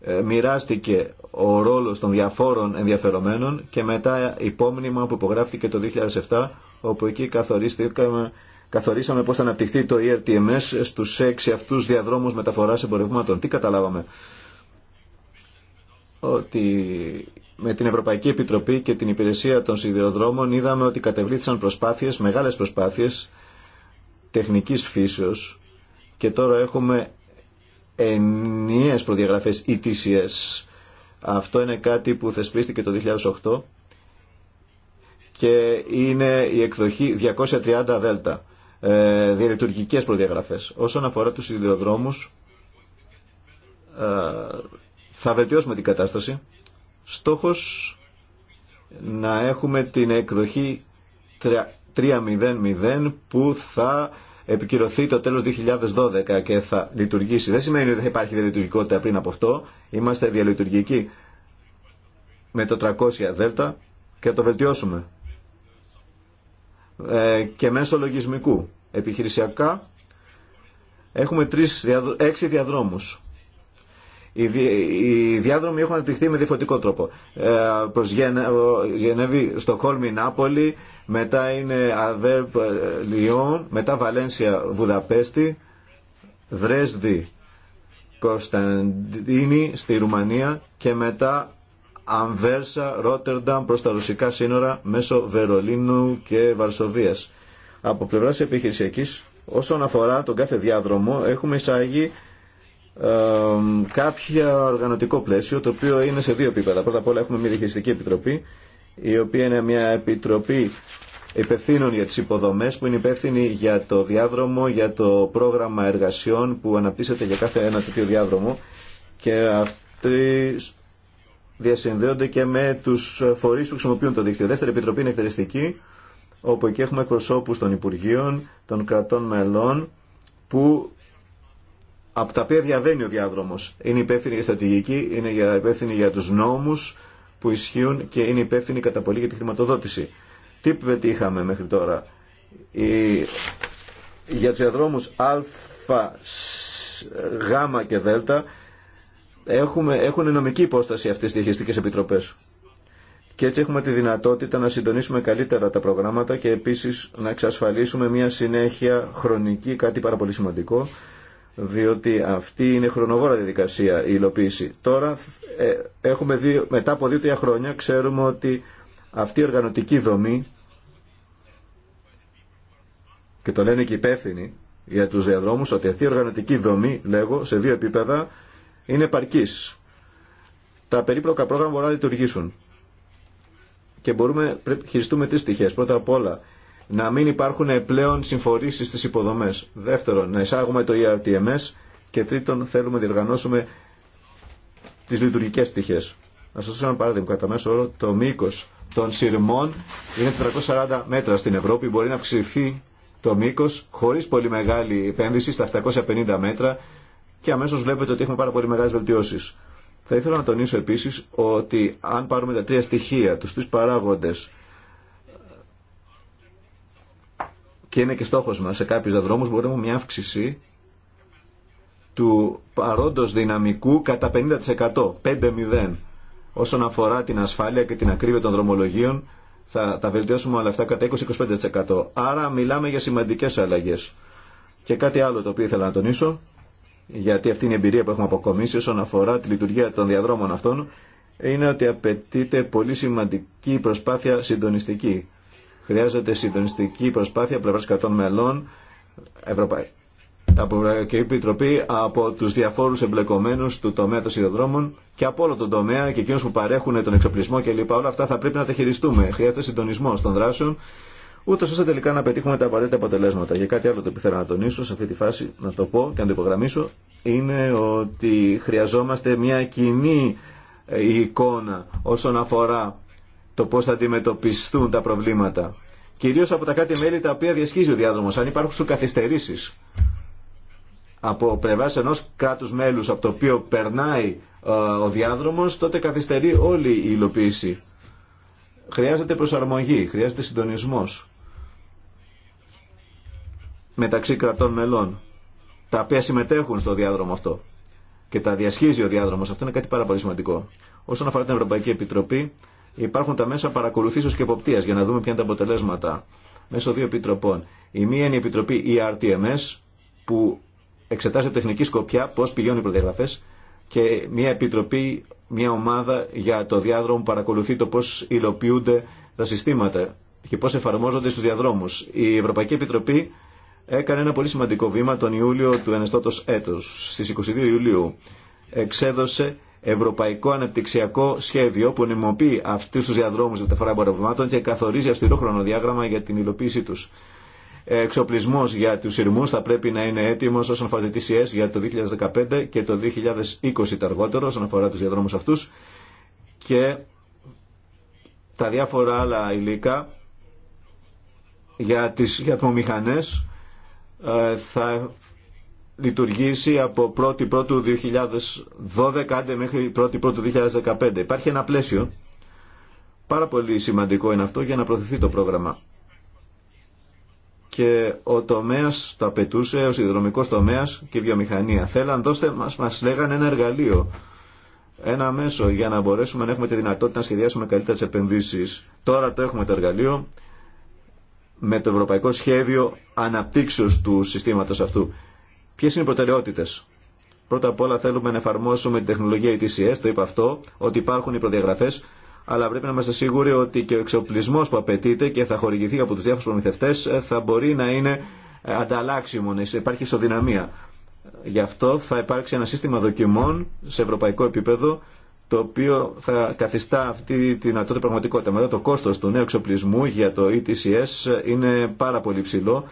ε, μοιράστηκε ο ρόλος των διαφόρων ενδιαφερομένων και μετά υπόμνημα που υπογράφηκε το 2007, όπου εκεί καθορίστηκαμε καθορίσαμε πώς θα αναπτυχθεί το ERTMS στους έξι αυτούς διαδρόμους μεταφοράς εμπορευμάτων. Τι καταλάβαμε. Ότι με την Ευρωπαϊκή Επιτροπή και την Υπηρεσία των Σιδηροδρόμων είδαμε ότι κατεβλήθησαν προσπάθειες, μεγάλες προσπάθειες τεχνικής φύσεως και τώρα έχουμε ενιαίες προδιαγραφές ETCS. Αυτό είναι κάτι που θεσπίστηκε το 2008 και είναι η εκδοχή 230 δέλτα, ε, διαλειτουργικές προδιαγραφές. Όσον αφορά τους σιδηροδρόμους, ε, θα βελτιώσουμε την κατάσταση στόχος να έχουμε την εκδοχή 3.0.0 που θα επικυρωθεί το τέλος 2012 και θα λειτουργήσει. Δεν σημαίνει ότι θα υπάρχει διαλειτουργικότητα πριν από αυτό. Είμαστε διαλειτουργικοί με το 300 δέλτα και θα το βελτιώσουμε. Ε, και μέσω λογισμικού. Επιχειρησιακά έχουμε τρεις, έξι διαδρόμους οι διάδρομοι έχουν αναπτυχθεί με διαφορετικό τρόπο. Ε, προς Γενέβη, Στοκόλμη, Νάπολη, μετά είναι Αβέρπ, ε, Λιόν, μετά Βαλένσια, Βουδαπέστη, Δρέσδη, Κωνσταντίνη στη Ρουμανία και μετά Αμβέρσα, Ρότερνταμ προς τα ρωσικά σύνορα μέσω Βερολίνου και Βαρσοβίας. Από πλευράς επιχειρησιακής, όσον αφορά τον κάθε διάδρομο, έχουμε εισάγει κάποιο οργανωτικό πλαίσιο το οποίο είναι σε δύο επίπεδα. Πρώτα απ' όλα έχουμε μια διαχειριστική επιτροπή η οποία είναι μια επιτροπή υπευθύνων για τις υποδομές που είναι υπεύθυνη για το διάδρομο, για το πρόγραμμα εργασιών που αναπτύσσεται για κάθε ένα τέτοιο διάδρομο και αυτοί διασυνδέονται και με τους φορείς που χρησιμοποιούν το δίκτυο. δεύτερη επιτροπή είναι εκτελεστική όπου εκεί έχουμε προσώπους των Υπουργείων, των κρατών μελών που από τα οποία διαβαίνει ο διάδρομο, Είναι υπεύθυνη για στρατηγική, είναι για, υπεύθυνη για του νόμου που ισχύουν και είναι υπεύθυνη κατά πολύ για τη χρηματοδότηση. Τι πετύχαμε μέχρι τώρα. Η, για του διαδρόμου α, γ και δ έχουμε, έχουν νομική υπόσταση αυτέ οι διαχειριστικέ επιτροπέ. Και έτσι έχουμε τη δυνατότητα να συντονίσουμε καλύτερα τα προγράμματα και επίσης να εξασφαλίσουμε μια συνέχεια χρονική, κάτι πάρα πολύ σημαντικό, διότι αυτή είναι χρονοβόρα διαδικασία η υλοποίηση. Τώρα, ε, έχουμε δύο, μετά από δύο-τρία χρόνια, ξέρουμε ότι αυτή η οργανωτική δομή, και το λένε και υπεύθυνοι για τους διαδρόμους, ότι αυτή η οργανωτική δομή, λέγω, σε δύο επίπεδα, είναι παρκής. Τα περίπλοκα πρόγραμμα μπορούν να λειτουργήσουν. Και μπορούμε, πρέπει, χειριστούμε τρεις πτυχές. Πρώτα απ' όλα, να μην υπάρχουν πλέον συμφορήσεις στις υποδομές. Δεύτερον, να εισάγουμε το ERTMS και τρίτον, θέλουμε να διοργανώσουμε τις λειτουργικές πτυχές. Να σας δώσω ένα παράδειγμα. Κατά μέσο όρο, το μήκος των σειρμών είναι 440 μέτρα στην Ευρώπη. Μπορεί να αυξηθεί το μήκος χωρίς πολύ μεγάλη επένδυση στα 750 μέτρα και αμέσως βλέπετε ότι έχουμε πάρα πολύ μεγάλες βελτιώσεις. Θα ήθελα να τονίσω επίσης ότι αν πάρουμε τα τρία στοιχεία, τους τρεις παράγοντες, και είναι και στόχος μας σε κάποιους δρόμους μπορούμε μια αύξηση του παρόντος δυναμικού κατά 50%, 5-0. Όσον αφορά την ασφάλεια και την ακρίβεια των δρομολογίων, θα τα βελτιώσουμε όλα αυτά κατά 20-25%. Άρα μιλάμε για σημαντικές αλλαγές. Και κάτι άλλο το οποίο ήθελα να τονίσω, γιατί αυτή είναι η εμπειρία που έχουμε αποκομίσει όσον αφορά τη λειτουργία των διαδρόμων αυτών, είναι ότι απαιτείται πολύ σημαντική προσπάθεια συντονιστική Χρειάζεται συντονιστική προσπάθεια πλευρά κατών μελών και από Ευρωπαϊκή Επιτροπή, από του διαφόρου εμπλεκομένου του τομέα των σιδηροδρόμων και από όλο τον τομέα και εκείνου που παρέχουν τον εξοπλισμό κλπ. Όλα αυτά θα πρέπει να τα χειριστούμε. Χρειάζεται συντονισμό των δράσεων, ούτω ώστε τελικά να πετύχουμε τα απαραίτητα αποτελέσματα. Για κάτι άλλο το που θέλω να τονίσω σε αυτή τη φάση, να το πω και να το υπογραμμίσω, είναι ότι χρειαζόμαστε μια κοινή ε, εικόνα όσον αφορά το πώ θα αντιμετωπιστούν τα προβλήματα. Κυρίω από τα κάτι μέλη τα οποία διασχίζει ο διάδρομο, αν υπάρχουν σου καθυστερήσει από πλευρά ενό κράτου μέλου από το οποίο περνάει ε, ο διάδρομο, τότε καθυστερεί όλη η υλοποίηση. Χρειάζεται προσαρμογή, χρειάζεται συντονισμό μεταξύ κρατών μελών, τα οποία συμμετέχουν στο διάδρομο αυτό και τα διασχίζει ο διάδρομος. Αυτό είναι κάτι πάρα πολύ σημαντικό. Όσον αφορά την Ευρωπαϊκή Επιτροπή, υπάρχουν τα μέσα παρακολουθήσεω και εποπτεία για να δούμε ποια είναι τα αποτελέσματα μέσω δύο επιτροπών. Η μία είναι η επιτροπή ERTMS που εξετάζει από τεχνική σκοπιά πώ πηγαίνουν οι προδιαγραφέ και μια επιτροπή, μια ομάδα για το διάδρομο που παρακολουθεί το πώ υλοποιούνται τα συστήματα και πώ εφαρμόζονται στου διαδρόμου. Η Ευρωπαϊκή Επιτροπή έκανε ένα πολύ σημαντικό βήμα τον Ιούλιο του ενεστώτος έτου, Στι 22 Ιουλίου εξέδωσε Ευρωπαϊκό Αναπτυξιακό Σχέδιο που νημοποιεί αυτού του διαδρόμου μεταφορά εμπορευμάτων και καθορίζει αυστηρό χρονοδιάγραμμα για την υλοποίησή του. Ε, Εξοπλισμό για του σειρμού θα πρέπει να είναι έτοιμο όσον αφορά τη TCS για το 2015 και το 2020 τα αργότερο όσον αφορά του διαδρόμου αυτού και τα διάφορα άλλα υλικά για τις γιατμομηχανές ε, θα λειτουργήσει από 1η Πρώτου 2012 άντε μέχρι 1η Πρώτου 2015. Υπάρχει ένα πλαίσιο. Πάρα πολύ σημαντικό είναι αυτό για να προωθηθεί το πρόγραμμα. Και ο τομέα το απαιτούσε, ο συνδρομικό τομέα και η βιομηχανία. Θέλαν, δώστε μα, μας λέγανε ένα εργαλείο, ένα μέσο για να μπορέσουμε να έχουμε τη δυνατότητα να σχεδιάσουμε καλύτερε επενδύσει. Τώρα το έχουμε το εργαλείο με το ευρωπαϊκό σχέδιο αναπτύξεως του συστήματος αυτού Ποιε είναι οι προτεραιότητε. Πρώτα απ' όλα θέλουμε να εφαρμόσουμε την τεχνολογία ETCS, το είπα αυτό, ότι υπάρχουν οι προδιαγραφέ, αλλά πρέπει να είμαστε σίγουροι ότι και ο εξοπλισμό που απαιτείται και θα χορηγηθεί από του διάφορου προμηθευτέ ε, θα μπορεί να είναι ε, ανταλλάξιμο, να υπάρχει ισοδυναμία. Γι' αυτό θα υπάρξει ένα σύστημα δοκιμών σε ευρωπαϊκό επίπεδο, το οποίο θα καθιστά αυτή τη δυνατότητα πραγματικότητα. Μετά το κόστο του νέου εξοπλισμού για το ETCS ε, είναι πάρα πολύ ψηλό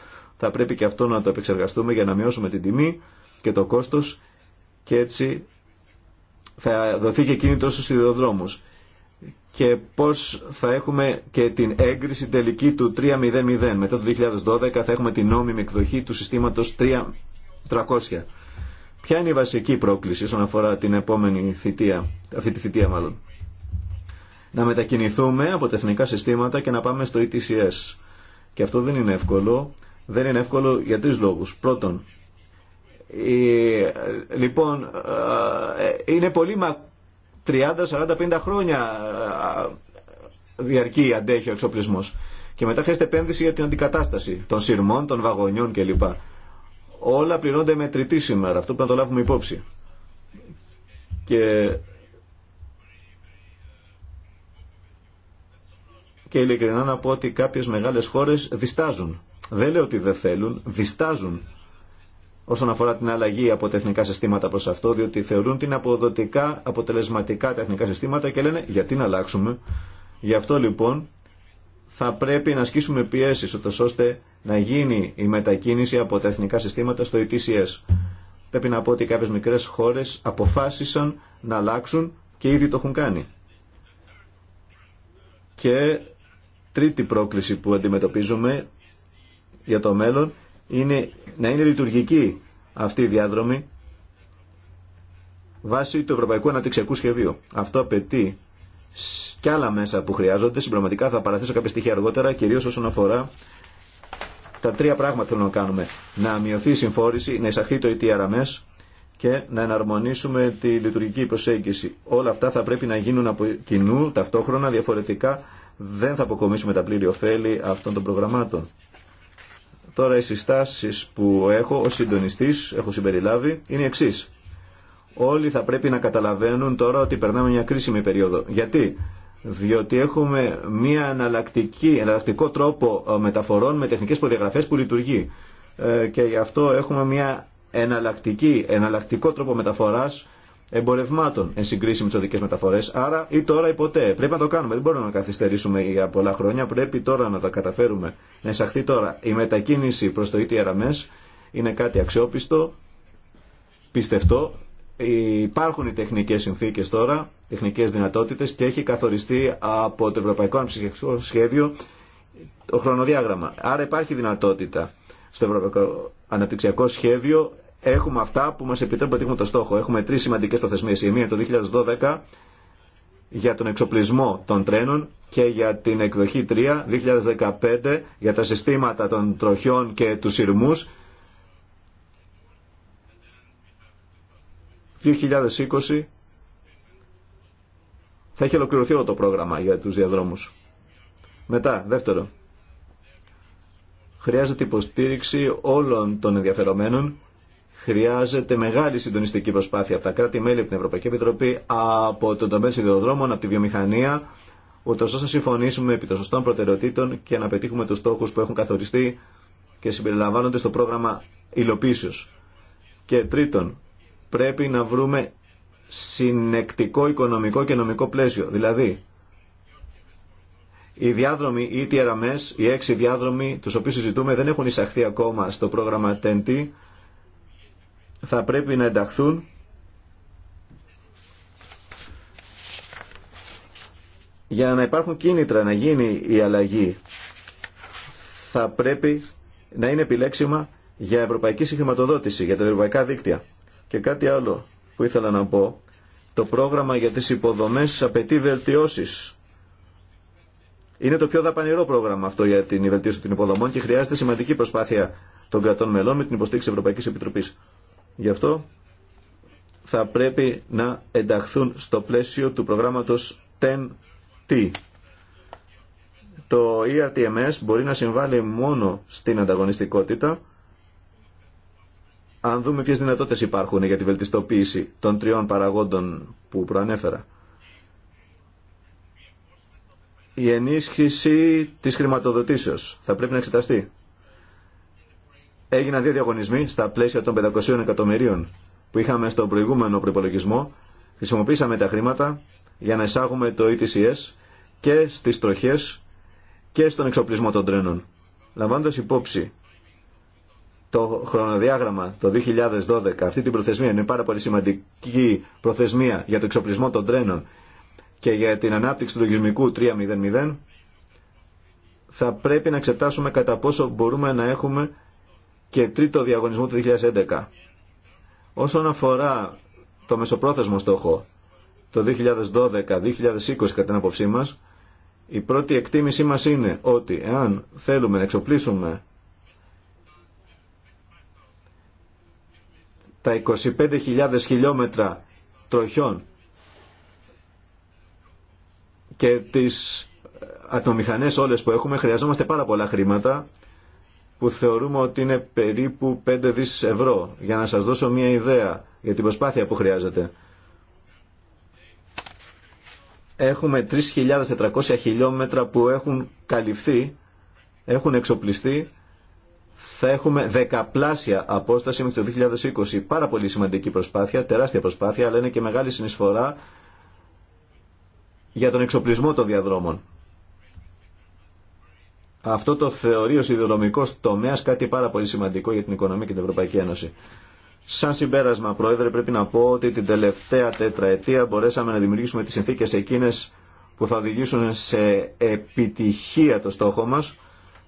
θα πρέπει και αυτό να το επεξεργαστούμε για να μειώσουμε την τιμή και το κόστος και έτσι θα δοθεί και κίνητο στους σιδηροδρόμους και πώς θα έχουμε και την έγκριση τελική του 300. Μετά το 2012 θα έχουμε την νόμιμη εκδοχή του συστήματος 3.300. Ποια είναι η βασική πρόκληση όσον αφορά την επόμενη θητεία, αυτή τη θητεία μάλλον. Να μετακινηθούμε από τα εθνικά συστήματα και να πάμε στο ETCS. Και αυτό δεν είναι εύκολο, δεν είναι εύκολο για τρεις λόγους. Πρώτον, λοιπόν, ε, είναι πολύ μα 30, 40, 50 χρόνια ε, διαρκεί αντέχει ο εξοπλισμός. Και μετά χρειάζεται επένδυση για την αντικατάσταση των σειρμών, των βαγονιών κλπ. Όλα πληρώνται με τριτή σήμερα. Αυτό πρέπει να το λάβουμε υπόψη. Και και ειλικρινά να πω ότι κάποιες μεγάλες χώρες διστάζουν δεν λέω ότι δεν θέλουν, διστάζουν όσον αφορά την αλλαγή από τα εθνικά συστήματα προς αυτό, διότι θεωρούν την αποδοτικά, αποτελεσματικά τα εθνικά συστήματα και λένε γιατί να αλλάξουμε. Γι' αυτό λοιπόν θα πρέπει να ασκήσουμε πιέσει ώστε να γίνει η μετακίνηση από τα εθνικά συστήματα στο ETCS. Πρέπει να πω ότι κάποιες μικρές χώρες αποφάσισαν να αλλάξουν και ήδη το έχουν κάνει. Και τρίτη πρόκληση που αντιμετωπίζουμε για το μέλλον είναι να είναι λειτουργική αυτή η διάδρομη βάσει του Ευρωπαϊκού Αναπτυξιακού Σχεδίου. Αυτό απαιτεί κι άλλα μέσα που χρειάζονται. Συμπληρωματικά θα παραθέσω κάποια στοιχεία αργότερα, κυρίω όσον αφορά τα τρία πράγματα που θέλουμε να κάνουμε. Να μειωθεί η συμφόρηση, να εισαχθεί το ETRMS και να εναρμονίσουμε τη λειτουργική προσέγγιση. Όλα αυτά θα πρέπει να γίνουν από κοινού ταυτόχρονα, διαφορετικά δεν θα αποκομίσουμε τα πλήρη ωφέλη αυτών των προγραμμάτων. Τώρα οι συστάσεις που έχω ως συντονιστής, έχω συμπεριλάβει, είναι εξή. Όλοι θα πρέπει να καταλαβαίνουν τώρα ότι περνάμε μια κρίσιμη περίοδο. Γιατί? Διότι έχουμε μια εναλλακτική, εναλλακτικό τρόπο ε, μεταφορών με τεχνικές προδιαγραφές που λειτουργεί. Ε, και γι' αυτό έχουμε μια εναλλακτική, εναλλακτικό τρόπο μεταφοράς εμπορευμάτων εν συγκρίση με τι οδικέ μεταφορέ. Άρα ή τώρα ή ποτέ. Πρέπει να το κάνουμε. Δεν μπορούμε να καθυστερήσουμε για πολλά χρόνια. Πρέπει τώρα να τα καταφέρουμε. Να εισαχθεί τώρα η μετακίνηση προ το ETRMS είναι κάτι αξιόπιστο, πιστευτό. Υπάρχουν οι τεχνικέ συνθήκε τώρα, τεχνικέ δυνατότητε και έχει καθοριστεί από το Ευρωπαϊκό Ανεψυχιακό Σχέδιο το χρονοδιάγραμμα. Άρα υπάρχει δυνατότητα στο Ευρωπαϊκό Αναπτυξιακό Σχέδιο έχουμε αυτά που μας επιτρέπουν να πετύχουμε το στόχο. Έχουμε τρεις σημαντικές προθεσμίες. Η μία το 2012 για τον εξοπλισμό των τρένων και για την εκδοχή 3 2015 για τα συστήματα των τροχιών και του σειρμούς 2020 θα έχει ολοκληρωθεί όλο το πρόγραμμα για τους διαδρόμους. Μετά, δεύτερο, χρειάζεται υποστήριξη όλων των ενδιαφερομένων χρειάζεται μεγάλη συντονιστική προσπάθεια από τα κράτη-μέλη, από την Ευρωπαϊκή Επιτροπή, από τον τομέα σιδηροδρόμων, από τη βιομηχανία, ούτω ώστε να συμφωνήσουμε επί των σωστών προτεραιοτήτων και να πετύχουμε του στόχου που έχουν καθοριστεί και συμπεριλαμβάνονται στο πρόγραμμα υλοποίησεω. Και τρίτον, πρέπει να βρούμε συνεκτικό οικονομικό και νομικό πλαίσιο. Δηλαδή, οι διάδρομοι ή οι οι έξι διάδρομοι, τους οποίους συζητούμε, δεν έχουν εισαχθεί ακόμα στο πρόγραμμα TENTI, θα πρέπει να ενταχθούν για να υπάρχουν κίνητρα να γίνει η αλλαγή θα πρέπει να είναι επιλέξιμα για ευρωπαϊκή συγχρηματοδότηση, για τα ευρωπαϊκά δίκτυα. Και κάτι άλλο που ήθελα να πω, το πρόγραμμα για τις υποδομές απαιτεί βελτιώσεις. Είναι το πιο δαπανηρό πρόγραμμα αυτό για την βελτίωση των υποδομών και χρειάζεται σημαντική προσπάθεια των κρατών μελών με την υποστήριξη Ευρωπαϊκής Επιτροπής. Γι' αυτό θα πρέπει να ενταχθούν στο πλαίσιο του προγράμματος TEN-T. Το ERTMS μπορεί να συμβάλλει μόνο στην ανταγωνιστικότητα αν δούμε ποιες δυνατότητες υπάρχουν για τη βελτιστοποίηση των τριών παραγόντων που προανέφερα. Η ενίσχυση της χρηματοδοτήσεως θα πρέπει να εξεταστεί έγιναν δύο διαγωνισμοί στα πλαίσια των 500 εκατομμυρίων που είχαμε στον προηγούμενο προπολογισμό. Χρησιμοποίησαμε τα χρήματα για να εισάγουμε το ETCS και στι τροχέ και στον εξοπλισμό των τρένων. Λαμβάνοντα υπόψη το χρονοδιάγραμμα το 2012, αυτή την προθεσμία είναι πάρα πολύ σημαντική προθεσμία για το εξοπλισμό των τρένων και για την ανάπτυξη του λογισμικού 3.0.0, θα πρέπει να εξετάσουμε κατά πόσο μπορούμε να έχουμε και τρίτο διαγωνισμό του 2011. Όσον αφορά το μεσοπρόθεσμο στόχο το 2012-2020 κατά την άποψή μας, η πρώτη εκτίμησή μας είναι ότι εάν θέλουμε να εξοπλίσουμε τα 25.000 χιλιόμετρα τροχιών και τις ατομηχανές όλες που έχουμε χρειαζόμαστε πάρα πολλά χρήματα που θεωρούμε ότι είναι περίπου 5 δις ευρώ, για να σας δώσω μια ιδέα για την προσπάθεια που χρειάζεται. Έχουμε 3.400 χιλιόμετρα που έχουν καλυφθεί, έχουν εξοπλιστεί, θα έχουμε δεκαπλάσια απόσταση μέχρι το 2020. Πάρα πολύ σημαντική προσπάθεια, τεράστια προσπάθεια, αλλά είναι και μεγάλη συνεισφορά για τον εξοπλισμό των διαδρόμων. Αυτό το θεωρεί ο σιδηροδρομικό τομέας κάτι πάρα πολύ σημαντικό για την οικονομία και την Ευρωπαϊκή Ένωση. Σαν συμπέρασμα, Πρόεδρε, πρέπει να πω ότι την τελευταία τετραετία μπορέσαμε να δημιουργήσουμε τις συνθήκες εκείνες που θα οδηγήσουν σε επιτυχία το στόχο μας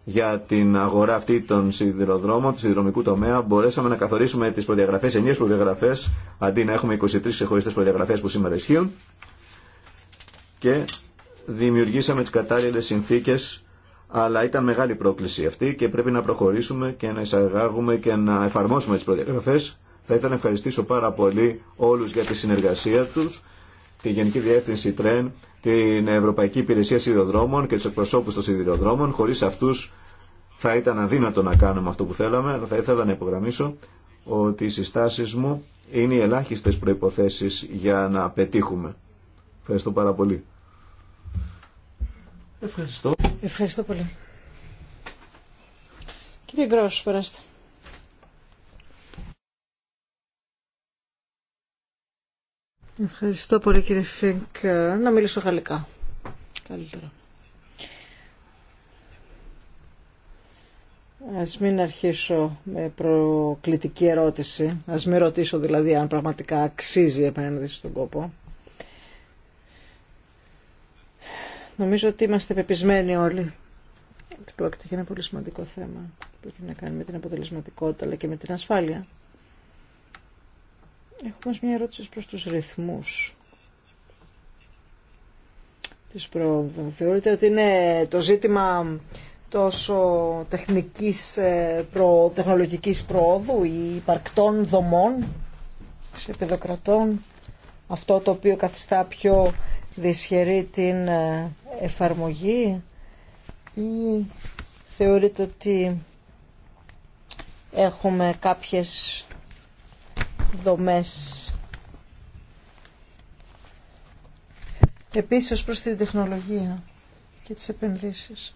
για την αγορά αυτή των σιδηροδρόμων, του σιδηροδρομικού τομέα. Μπορέσαμε να καθορίσουμε τις προδιαγραφές, ενίες προδιαγραφές, αντί να έχουμε 23 ξεχωριστές προδιαγραφές που σήμερα ισχύουν. Και δημιουργήσαμε τις κατάλληλες συνθήκες αλλά ήταν μεγάλη πρόκληση αυτή και πρέπει να προχωρήσουμε και να εισαγάγουμε και να εφαρμόσουμε τις προδιαγραφές. Θα ήθελα να ευχαριστήσω πάρα πολύ όλους για τη συνεργασία τους, τη Γενική Διεύθυνση Τρέν, την Ευρωπαϊκή Υπηρεσία Σιδηροδρόμων και τους εκπροσώπους των σιδηροδρόμων. Χωρίς αυτούς θα ήταν αδύνατο να κάνουμε αυτό που θέλαμε, αλλά θα ήθελα να υπογραμμίσω ότι οι συστάσεις μου είναι οι ελάχιστες προϋποθέσεις για να πετύχουμε. Ευχαριστώ πάρα πολύ. Ευχαριστώ. Ευχαριστώ πολύ. Κύριε Γκρός, περάστε. Ευχαριστώ πολύ κύριε Φίνκ. Να μιλήσω γαλλικά. Καλύτερα. Ας μην αρχίσω με προκλητική ερώτηση. Ας μην ρωτήσω δηλαδή αν πραγματικά αξίζει η επένδυση στον κόπο. Νομίζω ότι είμαστε πεπισμένοι όλοι ότι πρόκειται για ένα πολύ σημαντικό θέμα που έχει να κάνει με την αποτελεσματικότητα αλλά και με την ασφάλεια. Έχω όμως μια ερώτηση προς τους ρυθμούς της πρόοδου. Θεωρείτε ότι είναι το ζήτημα τόσο τεχνικής, ε, προ, τεχνολογικής προόδου ή υπαρκτών δομών σε παιδοκρατών, αυτό το οποίο καθιστά πιο δυσχερεί την ε, εφαρμογή ή θεωρείτε ότι έχουμε κάποιες δομές επίσης προς την τεχνολογία και τις επενδύσεις.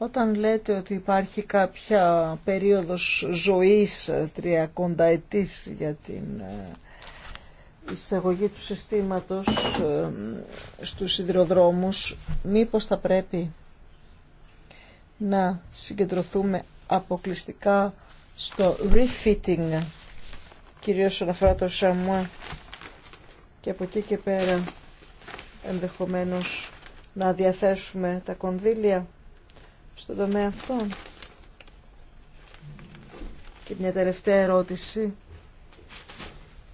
Όταν λέτε ότι υπάρχει κάποια περίοδος ζωής τριακονταετής για την ε, εισαγωγή του συστήματος ε, στους σιδηροδρόμους, μήπως θα πρέπει να συγκεντρωθούμε αποκλειστικά στο refitting, κυρίως όσον αφορά το σαμουά και από εκεί και πέρα ενδεχομένως να διαθέσουμε τα κονδύλια στον τομέα αυτό. Και μια τελευταία ερώτηση.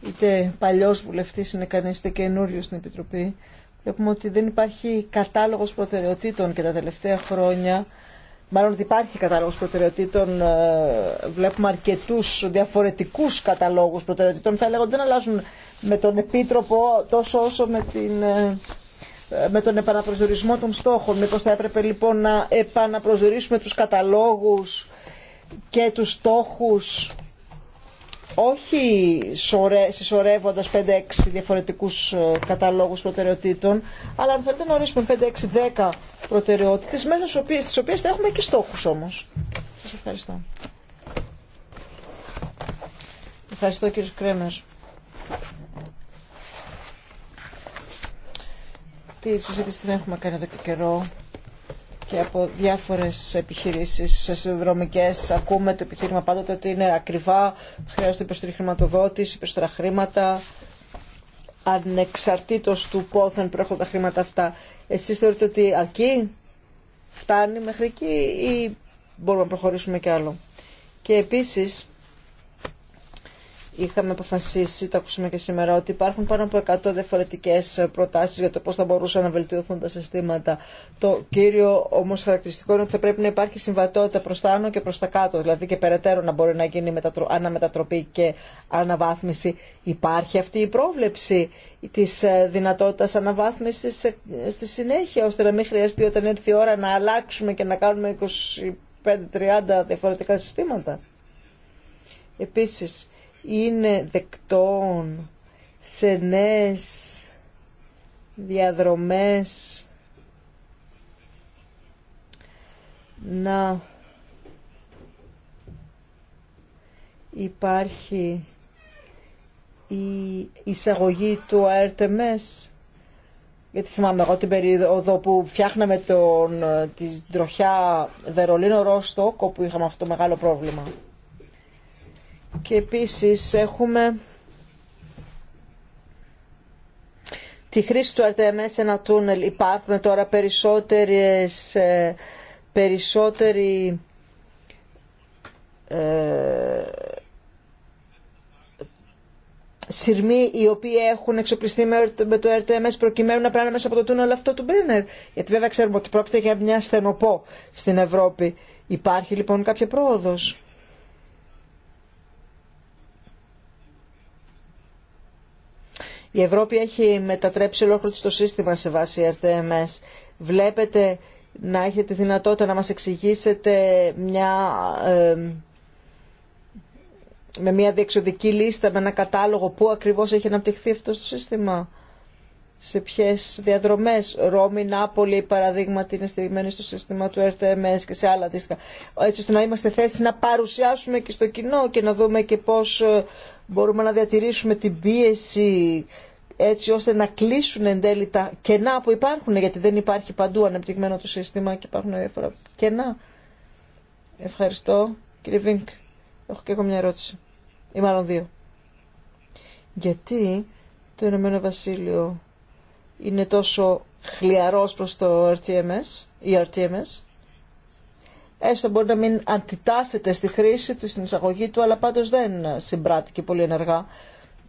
Είτε παλιός βουλευτής είναι κανείς, είτε καινούριο στην Επιτροπή. Βλέπουμε ότι δεν υπάρχει κατάλογος προτεραιοτήτων και τα τελευταία χρόνια μάλλον ότι υπάρχει κατάλογος προτεραιοτήτων, ε, βλέπουμε αρκετούς διαφορετικούς καταλόγους προτεραιοτήτων, θα λέγονται δεν αλλάζουν με τον Επίτροπο τόσο όσο με την ε, ε, με τον επαναπροσδιορισμό των στόχων. Μήπως θα έπρεπε λοιπόν να επαναπροσδιορίσουμε τους καταλόγους και τους στόχους όχι συσσωρεύοντας 5-6 διαφορετικούς ε, καταλόγους προτεραιοτήτων, αλλά αν θέλετε να ορίσουμε 5-6-10 προτεραιότητες, μέσα στις οποίες, στις οποίες θα έχουμε και στόχους όμως. Σας ευχαριστώ. Ευχαριστώ κύριε Κρέμερ. Αυτή η συζήτηση την έχουμε κάνει εδώ και καιρό και από διάφορες επιχειρήσεις συνδρομικές ακούμε το επιχείρημα πάντοτε ότι είναι ακριβά, χρειάζεται περισσότερη χρηματοδότηση, περισσότερα χρήματα, ανεξαρτήτως του πόθεν προέρχονται τα χρήματα αυτά. Εσείς θεωρείτε ότι αρκεί, φτάνει μέχρι εκεί ή μπορούμε να προχωρήσουμε κι άλλο. Και επίσης είχαμε αποφασίσει, το ακούσαμε και σήμερα, ότι υπάρχουν πάνω από 100 διαφορετικέ προτάσει για το πώ θα μπορούσαν να βελτιωθούν τα συστήματα. Το κύριο όμως χαρακτηριστικό είναι ότι θα πρέπει να υπάρχει συμβατότητα προ τα άνω και προ τα κάτω, δηλαδή και περαιτέρω να μπορεί να γίνει αναμετατροπή και αναβάθμιση. Υπάρχει αυτή η πρόβλεψη τη ε, δυνατότητα αναβάθμιση στη συνέχεια, ώστε να μην χρειαστεί όταν έρθει η ώρα να αλλάξουμε και να κάνουμε 25-30 διαφορετικά συστήματα. Επίσης, είναι δεκτόν σε νέες διαδρομές να υπάρχει η εισαγωγή του ΑΕΡΤΕΜΕΣ γιατί θυμάμαι εγώ την περίοδο που φτιάχναμε τον, ε, τροχιά Βερολίνο-Ρόστοκ όπου είχαμε αυτό το μεγάλο πρόβλημα. Και επίσης έχουμε τη χρήση του RTMS σε ένα τούνελ. Υπάρχουν τώρα περισσότερες, ε, περισσότεροι ε, σειρμοί οι οποίοι έχουν εξοπλιστεί με το RTMS προκειμένου να πέρανε μέσα από το τούνελ αυτό του Μπρίνερ. Γιατί βέβαια ξέρουμε ότι πρόκειται για μια στενοπό στην Ευρώπη. Υπάρχει λοιπόν κάποια πρόοδος. Η Ευρώπη έχει μετατρέψει ολόκληρο το σύστημα σε βάση RTMS. Βλέπετε να έχετε τη δυνατότητα να μας εξηγήσετε μια, με μια διεξοδική λίστα, με ένα κατάλογο πού ακριβώς έχει αναπτυχθεί αυτό το σύστημα σε ποιε διαδρομέ Ρώμη, Νάπολη, παραδείγματι είναι στηριγμένοι στο σύστημα του RTMS και σε άλλα αντίστοιχα. Έτσι ώστε να είμαστε θέσει να παρουσιάσουμε και στο κοινό και να δούμε και πώ ε, μπορούμε να διατηρήσουμε την πίεση έτσι ώστε να κλείσουν εν τέλει τα κενά που υπάρχουν γιατί δεν υπάρχει παντού ανεπτυγμένο το σύστημα και υπάρχουν διάφορα κενά. Ευχαριστώ. Κύριε Βίνκ, έχω και εγώ μια ερώτηση. Ή μάλλον δύο. Γιατί το Ηνωμένο Βασίλειο είναι τόσο χλιαρός προς το RTMS, η RTMS. Έστω μπορεί να μην αντιτάσσεται στη χρήση του, στην εισαγωγή του, αλλά πάντως δεν συμπράτηκε πολύ ενεργά.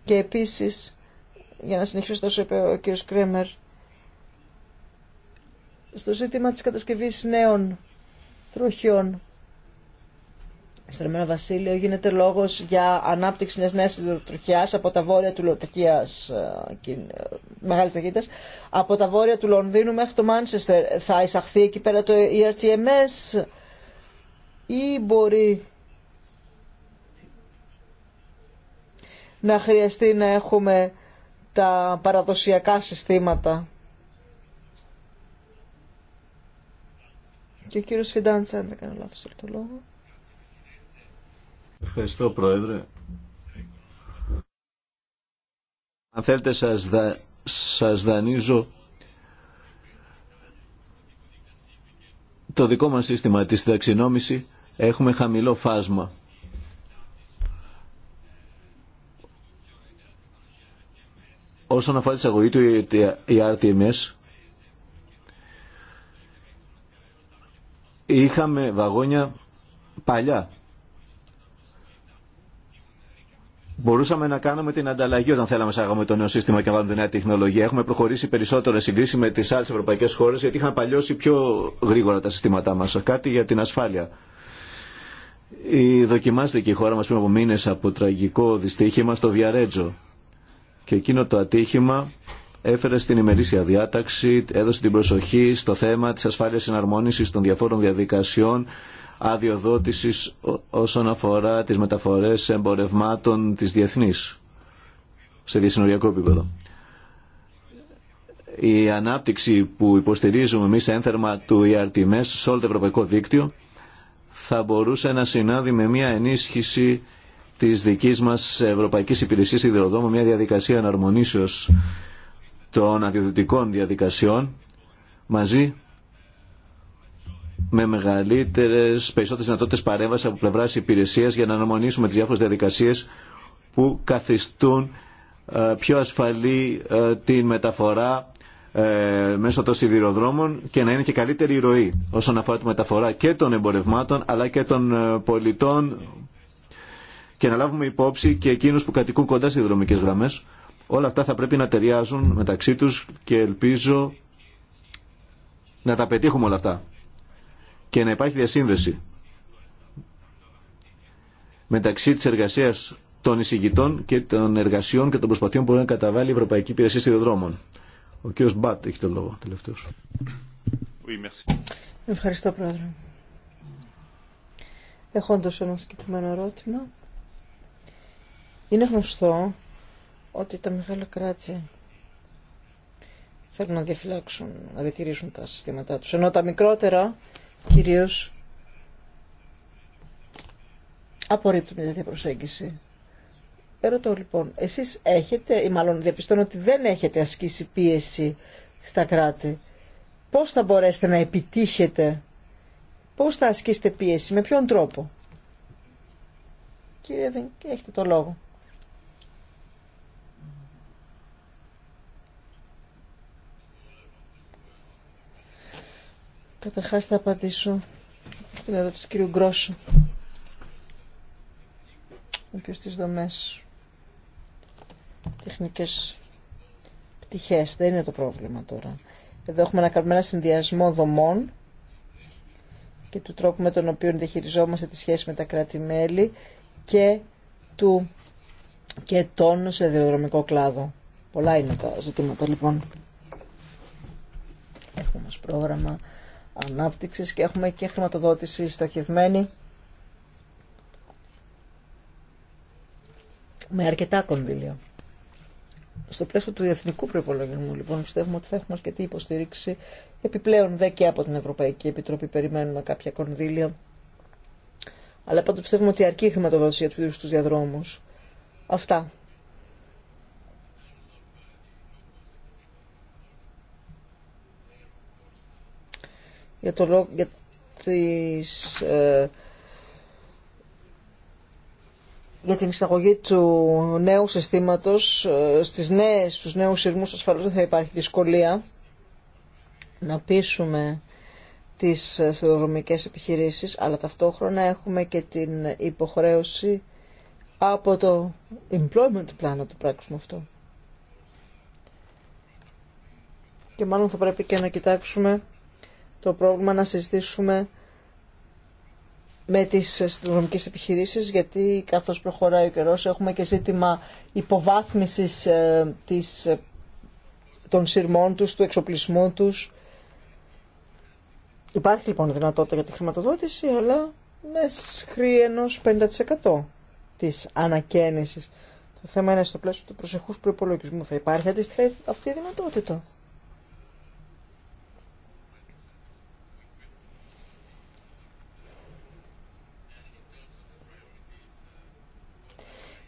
Και επίσης, για να συνεχίσω τόσο είπε ο κ. Κρέμερ, στο ζήτημα της κατασκευής νέων τροχιών στο Βασίλειο γίνεται λόγος για ανάπτυξη μιας νέας υδροτροχιάς από τα βόρεια του και ε, ε, μεγάλης ταχύτητας από τα βόρεια του Λονδίνου μέχρι το Μάντσεστερ θα εισαχθεί εκεί πέρα το ERTMS ή μπορεί να χρειαστεί να έχουμε τα παραδοσιακά συστήματα και ο κύριος Φιντάντσα, αν δεν κάνω λάθος το λόγο. Ευχαριστώ, Πρόεδρε. Αν θέλετε σας, σας δανείζω το δικό μας σύστημα της ταξινόμηση έχουμε χαμηλό φάσμα. Όσον αφορά τη εισαγωγή του η e e RTMS, είχαμε βαγόνια παλιά Μπορούσαμε να κάνουμε την ανταλλαγή όταν θέλαμε να το νέο σύστημα και να βάλουμε τη νέα τεχνολογία. Έχουμε προχωρήσει περισσότερο σε συγκρίση με τι άλλε ευρωπαϊκέ χώρε γιατί είχαν παλιώσει πιο γρήγορα τα συστήματά μα. Κάτι για την ασφάλεια. Η δοκιμάστηκε η χώρα μα πριν από μήνε από τραγικό δυστύχημα στο Βιαρέτζο. Και εκείνο το ατύχημα έφερε στην ημερήσια διάταξη, έδωσε την προσοχή στο θέμα τη ασφάλεια συναρμόνιση των διαφόρων διαδικασιών αδειοδότησης όσον αφορά τις μεταφορές εμπορευμάτων της διεθνής σε διασυνοριακό επίπεδο. Η ανάπτυξη που υποστηρίζουμε εμείς ένθερμα του ERTMS σε όλο το ευρωπαϊκό δίκτυο θα μπορούσε να συνάδει με μια ενίσχυση της δικής μας Ευρωπαϊκής Υπηρεσίας Ιδροδόμου, μια διαδικασία αναρμονήσεως των αδειοδοτικών διαδικασιών μαζί με μεγαλύτερε, περισσότερε δυνατότητε παρέμβαση από πλευρά υπηρεσία για να αναμονήσουμε τι διάφορε διαδικασίε που καθιστούν ε, πιο ασφαλή ε, τη μεταφορά ε, μέσω των σιδηροδρόμων και να είναι και καλύτερη η ροή όσον αφορά τη μεταφορά και των εμπορευμάτων αλλά και των πολιτών και να λάβουμε υπόψη και εκείνους που κατοικούν κοντά στις δρομικές γραμμές. Όλα αυτά θα πρέπει να ταιριάζουν μεταξύ τους και ελπίζω να τα πετύχουμε όλα αυτά και να υπάρχει διασύνδεση μεταξύ της εργασίας των εισηγητών και των εργασιών και των προσπαθειών που μπορεί να καταβάλει η Ευρωπαϊκή Υπηρεσία Συνδρομών. Ο κ. Μπάτ έχει το λόγο τελευταίος. Ευχαριστώ, Πρόεδρε. Έχω ένα συγκεκριμένο ερώτημα. Είναι γνωστό ότι τα μεγάλα κράτη θέλουν να διαφυλάξουν, να διατηρήσουν τα συστήματά τους, ενώ τα μικρότερα κυρίως απορρίπτουν μια τέτοια προσέγγιση. Ερωτώ λοιπόν, εσείς έχετε, ή μάλλον διαπιστώνω ότι δεν έχετε ασκήσει πίεση στα κράτη. Πώς θα μπορέσετε να επιτύχετε, πώς θα ασκήσετε πίεση, με ποιον τρόπο. Κύριε δεν έχετε το λόγο. Καταρχάς θα απαντήσω στην ερώτηση του κύριου Γκρόσου με οποίος τις δομές τεχνικές πτυχές δεν είναι το πρόβλημα τώρα. Εδώ έχουμε να κάνουμε ένα συνδυασμό δομών και του τρόπου με τον οποίο διαχειριζόμαστε τη σχέση με τα κράτη-μέλη και, του, και τον διαδρομικό κλάδο. Πολλά είναι τα ζητήματα λοιπόν. Έχουμε ως πρόγραμμα ανάπτυξης και έχουμε και χρηματοδότηση στοχευμένη με αρκετά κονδύλια. Στο πλαίσιο του εθνικού προπολογισμού, λοιπόν, πιστεύουμε ότι θα έχουμε αρκετή υποστήριξη. Επιπλέον, δε και από την Ευρωπαϊκή Επιτροπή περιμένουμε κάποια κονδύλια. Αλλά πάντως πιστεύουμε ότι αρκεί η χρηματοδότηση για του διαδρόμου. Αυτά. για, το, ε, για την εισαγωγή του νέου συστήματος ε, στις νέες, στους νέους σειρμούς ασφαλώς δεν θα υπάρχει δυσκολία να πείσουμε τις σιδηροδρομικές επιχειρήσεις αλλά ταυτόχρονα έχουμε και την υποχρέωση από το employment plan να το πράξουμε αυτό. Και μάλλον θα πρέπει και να κοιτάξουμε το πρόβλημα να συζητήσουμε με τις αστυνομικέ επιχειρήσεις γιατί καθώς προχωράει ο καιρός έχουμε και ζήτημα υποβάθμισης ε, της, ε, των σειρμών τους, του εξοπλισμού τους. Υπάρχει λοιπόν δυνατότητα για τη χρηματοδότηση αλλά με χρή ενός 50% της ανακαίνησης. Το θέμα είναι στο πλαίσιο του προσεχούς προπολογισμού θα υπάρχει αντίστοιχα αυτή η δυνατότητα.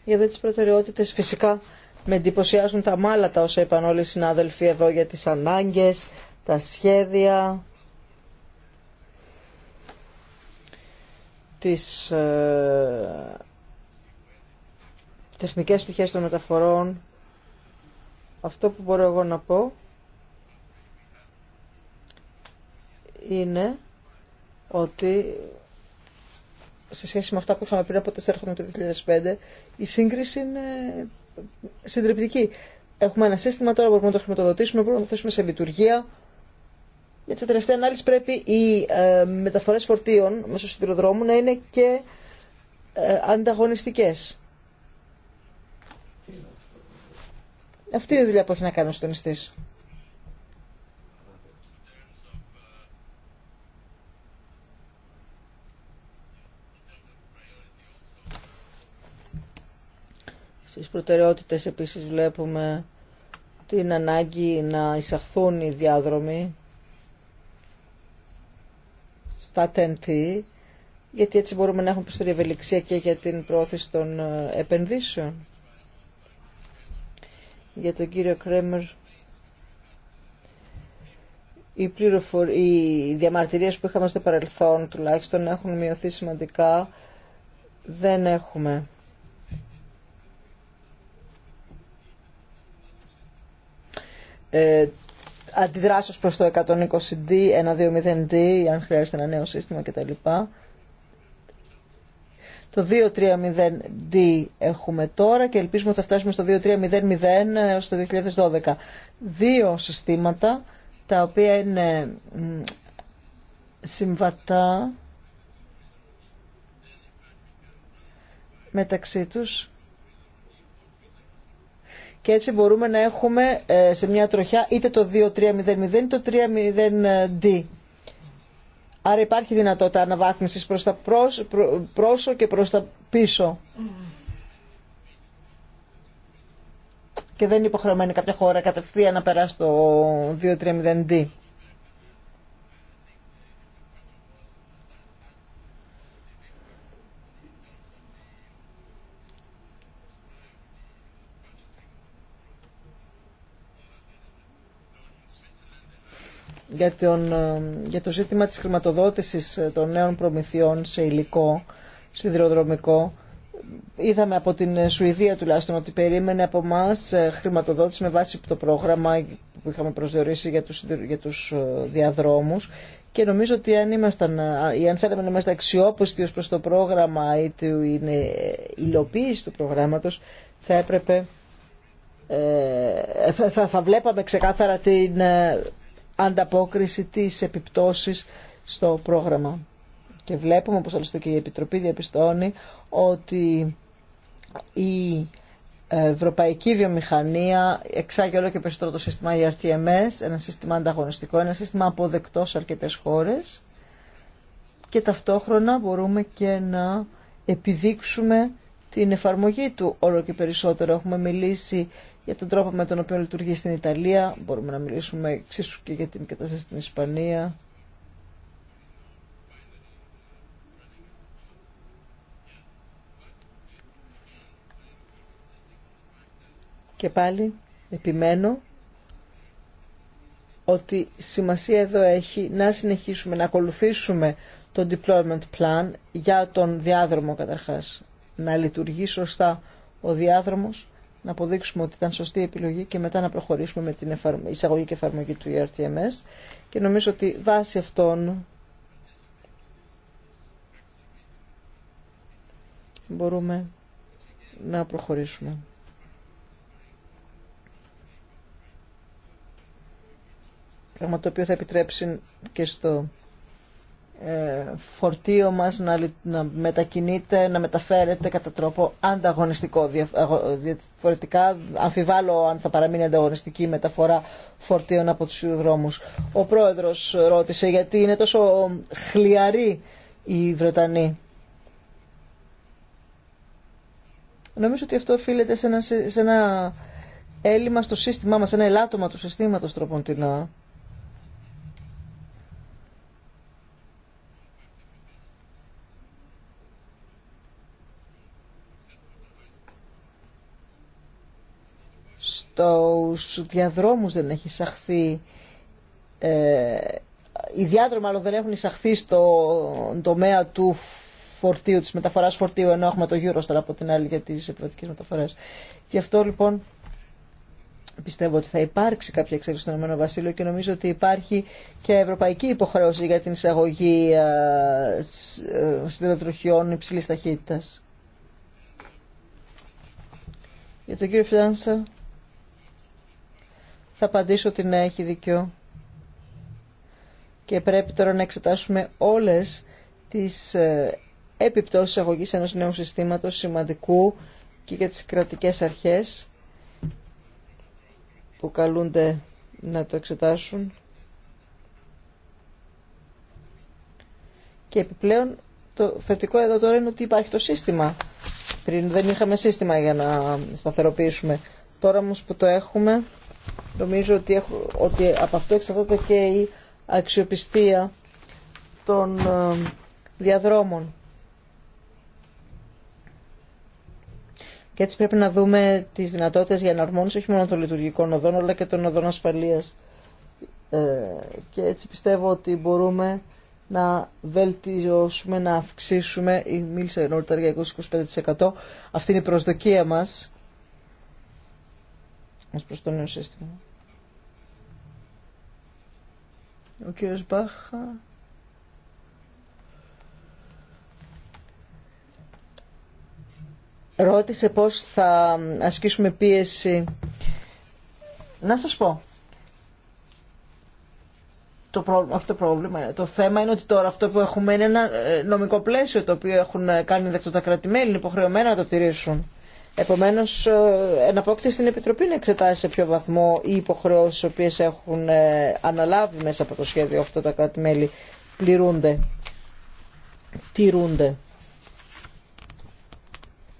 Για δε τις προτεραιότητες φυσικά με εντυπωσιάζουν τα μάλατα όσα είπαν όλοι οι συνάδελφοι εδώ για τις ανάγκες, τα σχέδια, τις ε, τεχνικές πτυχές των μεταφορών. Αυτό που μπορώ εγώ να πω είναι ότι σε σχέση με αυτά που είχαμε πριν από 4 χρόνια το 2005, η σύγκριση είναι συντριπτική. Έχουμε ένα σύστημα, τώρα μπορούμε να το χρηματοδοτήσουμε, μπορούμε να το θέσουμε σε λειτουργία. Για τη τελευταία ανάλυση πρέπει οι ε, μεταφορές φορτίων μέσω σιδηροδρόμου να είναι και ε, ανταγωνιστικές. Αυτή είναι η δουλειά που έχει να κάνει ο συντονιστής. Στις προτεραιότητες επίσης βλέπουμε την ανάγκη να εισαχθούν οι διάδρομοι στα TNT, γιατί έτσι μπορούμε να έχουμε περισσότερη ευελιξία και για την πρόθεση των ε, επενδύσεων. Για τον κύριο Κρέμερ, οι, πληροφορ... οι διαμαρτυρίες που είχαμε στο παρελθόν τουλάχιστον έχουν μειωθεί σημαντικά. Δεν έχουμε ε, προ προς το 120D, 120D, αν χρειάζεται ένα νέο σύστημα κτλ. Το 230D έχουμε τώρα και ελπίζουμε ότι θα φτάσουμε στο 2300 έως το 2012. Δύο συστήματα τα οποία είναι συμβατά μεταξύ τους και έτσι μπορούμε να έχουμε ε, σε μια τροχιά είτε το 2 2300 είτε το 30D. Άρα υπάρχει δυνατότητα αναβάθμισης προς τα προς, πρόσω και προς τα πίσω. Και δεν είναι υποχρεωμένη κάποια χώρα κατευθείαν να περάσει το 2 2300D. για, ε, για το ζήτημα της χρηματοδότησης ε, των νέων προμηθειών σε υλικό σιδηροδρομικό. Είδαμε από την ε, Σουηδία τουλάχιστον ότι περίμενε από εμά χρηματοδότηση με βάση το πρόγραμμα που είχαμε προσδιορίσει για τους, για διαδρόμους και νομίζω ότι αν, ήμασταν, ή αν θέλαμε να είμαστε αξιόπιστοι ως προς το πρόγραμμα ή την υλοποίηση του προγράμματος θα έπρεπε θα, θα βλέπαμε ξεκάθαρα την ανταπόκριση της επιπτώσεις στο πρόγραμμα. Και βλέπουμε, όπως άλλωστε και η Επιτροπή διαπιστώνει, ότι η ευρωπαϊκή βιομηχανία εξάγει όλο και περισσότερο το σύστημα ERTMS, ένα σύστημα ανταγωνιστικό, ένα σύστημα αποδεκτό σε αρκετές χώρες και ταυτόχρονα μπορούμε και να επιδείξουμε την εφαρμογή του όλο και περισσότερο. Έχουμε μιλήσει για τον τρόπο με τον οποίο λειτουργεί στην Ιταλία. Μπορούμε να μιλήσουμε εξίσου και για την κατάσταση στην Ισπανία. Και πάλι επιμένω ότι σημασία εδώ έχει να συνεχίσουμε, να ακολουθήσουμε το deployment plan για τον διάδρομο καταρχάς. Να λειτουργεί σωστά ο διάδρομος να αποδείξουμε ότι ήταν σωστή η επιλογή και μετά να προχωρήσουμε με την εισαγωγή και εφαρμογή του ERTMS και νομίζω ότι βάσει αυτών μπορούμε να προχωρήσουμε. Πράγμα το οποίο θα επιτρέψει και στο ε, φορτίο μας να, να μετακινείται, να μεταφέρεται κατά τρόπο ανταγωνιστικό. Διαφορετικά αμφιβάλλω αν θα παραμείνει ανταγωνιστική η μεταφορά φορτίων από τους δρόμους. Ο πρόεδρος ρώτησε γιατί είναι τόσο χλιαρή η Βρετανή. Νομίζω ότι αυτό οφείλεται σε ένα, σε ένα έλλειμμα στο σύστημά μας, ένα ελάττωμα του συστήματος τροποντινά. τους διαδρόμους δεν έχει εισαχθεί ε, οι διάδρομοι δεν έχουν εισαχθεί στον τομέα του φορτίου, της μεταφοράς φορτίου ενώ έχουμε το Eurostar από την άλλη για τις επιβατικές μεταφορές. Γι' αυτό λοιπόν πιστεύω ότι θα υπάρξει κάποια εξέλιξη στον Ηνωμένο Βασίλειο και νομίζω ότι υπάρχει και ευρωπαϊκή υποχρέωση για την εισαγωγή ε, ε, σιδηροτροχιών υψηλής ταχύτητας. Για τον κύριο Φιάνσα θα απαντήσω ότι ναι, έχει δίκιο. Και πρέπει τώρα να εξετάσουμε όλες τις ε, επιπτώσεις αγωγής ενός νέου συστήματος σημαντικού και για τις κρατικές αρχές που καλούνται να το εξετάσουν. Και επιπλέον το θετικό εδώ τώρα είναι ότι υπάρχει το σύστημα. Πριν δεν είχαμε σύστημα για να σταθεροποιήσουμε. Τώρα όμως που το έχουμε Νομίζω ότι, ότι από αυτό εξαρτάται και η αξιοπιστία των ε, διαδρόμων. Και έτσι πρέπει να δούμε τις δυνατότητες για εναρμόνιση όχι μόνο των λειτουργικών οδών αλλά και των οδών ασφαλείας. Ε, και έτσι πιστεύω ότι μπορούμε να βελτιώσουμε, να αυξήσουμε, μίλησα νωρίτερα για 20-25%. Αυτή είναι η προσδοκία μας ως προς το νέο σύστημα. Ο κύριος Μπάχα... Ρώτησε πώς θα ασκήσουμε πίεση. Να σας πω. Το πρόβλημα, αυτό το πρόβλημα Το θέμα είναι ότι τώρα αυτό που έχουμε είναι ένα ε, νομικό πλαίσιο το οποίο έχουν κάνει δεκτό τα κράτη-μέλη είναι υποχρεωμένα να το τηρήσουν. Επομένω, ε, εναπόκειται στην Επιτροπή να εξετάσει σε ποιο βαθμό οι υποχρεώσει οι οποίε έχουν ε, αναλάβει μέσα από το σχέδιο αυτό τα κράτη-μέλη πληρούνται, τηρούνται.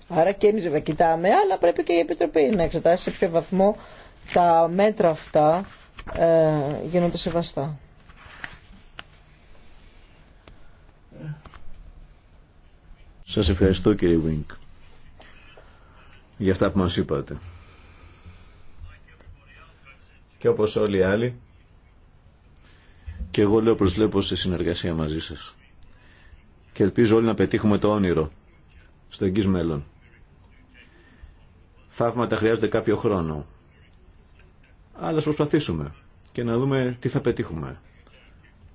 Άρα και εμεί βέβαια κοιτάμε, αλλά πρέπει και η Επιτροπή να εξετάσει σε ποιο βαθμό τα μέτρα αυτά ε, γίνονται σεβαστά. Σας ευχαριστώ κύριε Βίνκ για αυτά που μας είπατε. Και όπως όλοι οι άλλοι, και εγώ λέω προσλέπω σε συνεργασία μαζί σας. Και ελπίζω όλοι να πετύχουμε το όνειρο στο εγγύς μέλλον. Θαύματα χρειάζονται κάποιο χρόνο. Αλλά ας προσπαθήσουμε και να δούμε τι θα πετύχουμε.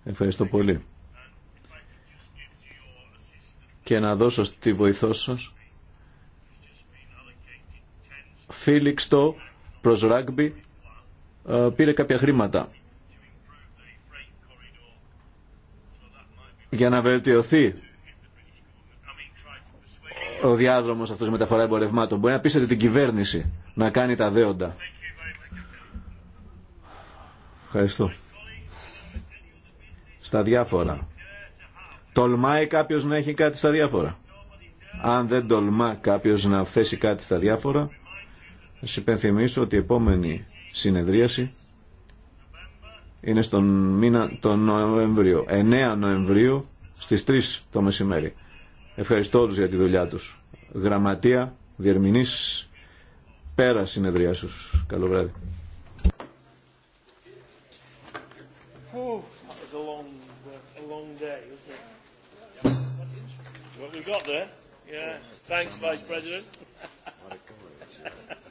Ευχαριστώ πολύ. Και να δώσω στη βοηθό σας Φίλιξτο προς Ράγμπι ε, πήρε κάποια χρήματα για να βελτιωθεί ο διάδρομος αυτός μεταφορά εμπορευμάτων. Μπορεί να πείσετε την κυβέρνηση να κάνει τα δέοντα. Ευχαριστώ. Στα διάφορα. Τολμάει κάποιος να έχει κάτι στα διάφορα. Αν δεν τολμά κάποιος να θέσει κάτι στα διάφορα, σας υπενθυμίσω ότι η επόμενη συνεδρίαση είναι στον μήνα τον Νοεμβρίο, 9 Νοεμβρίου στις 3 το μεσημέρι. Ευχαριστώ όλους για τη δουλειά τους. Γραμματεία, διερμηνής, πέρα συνεδριάσεως. Καλό βράδυ.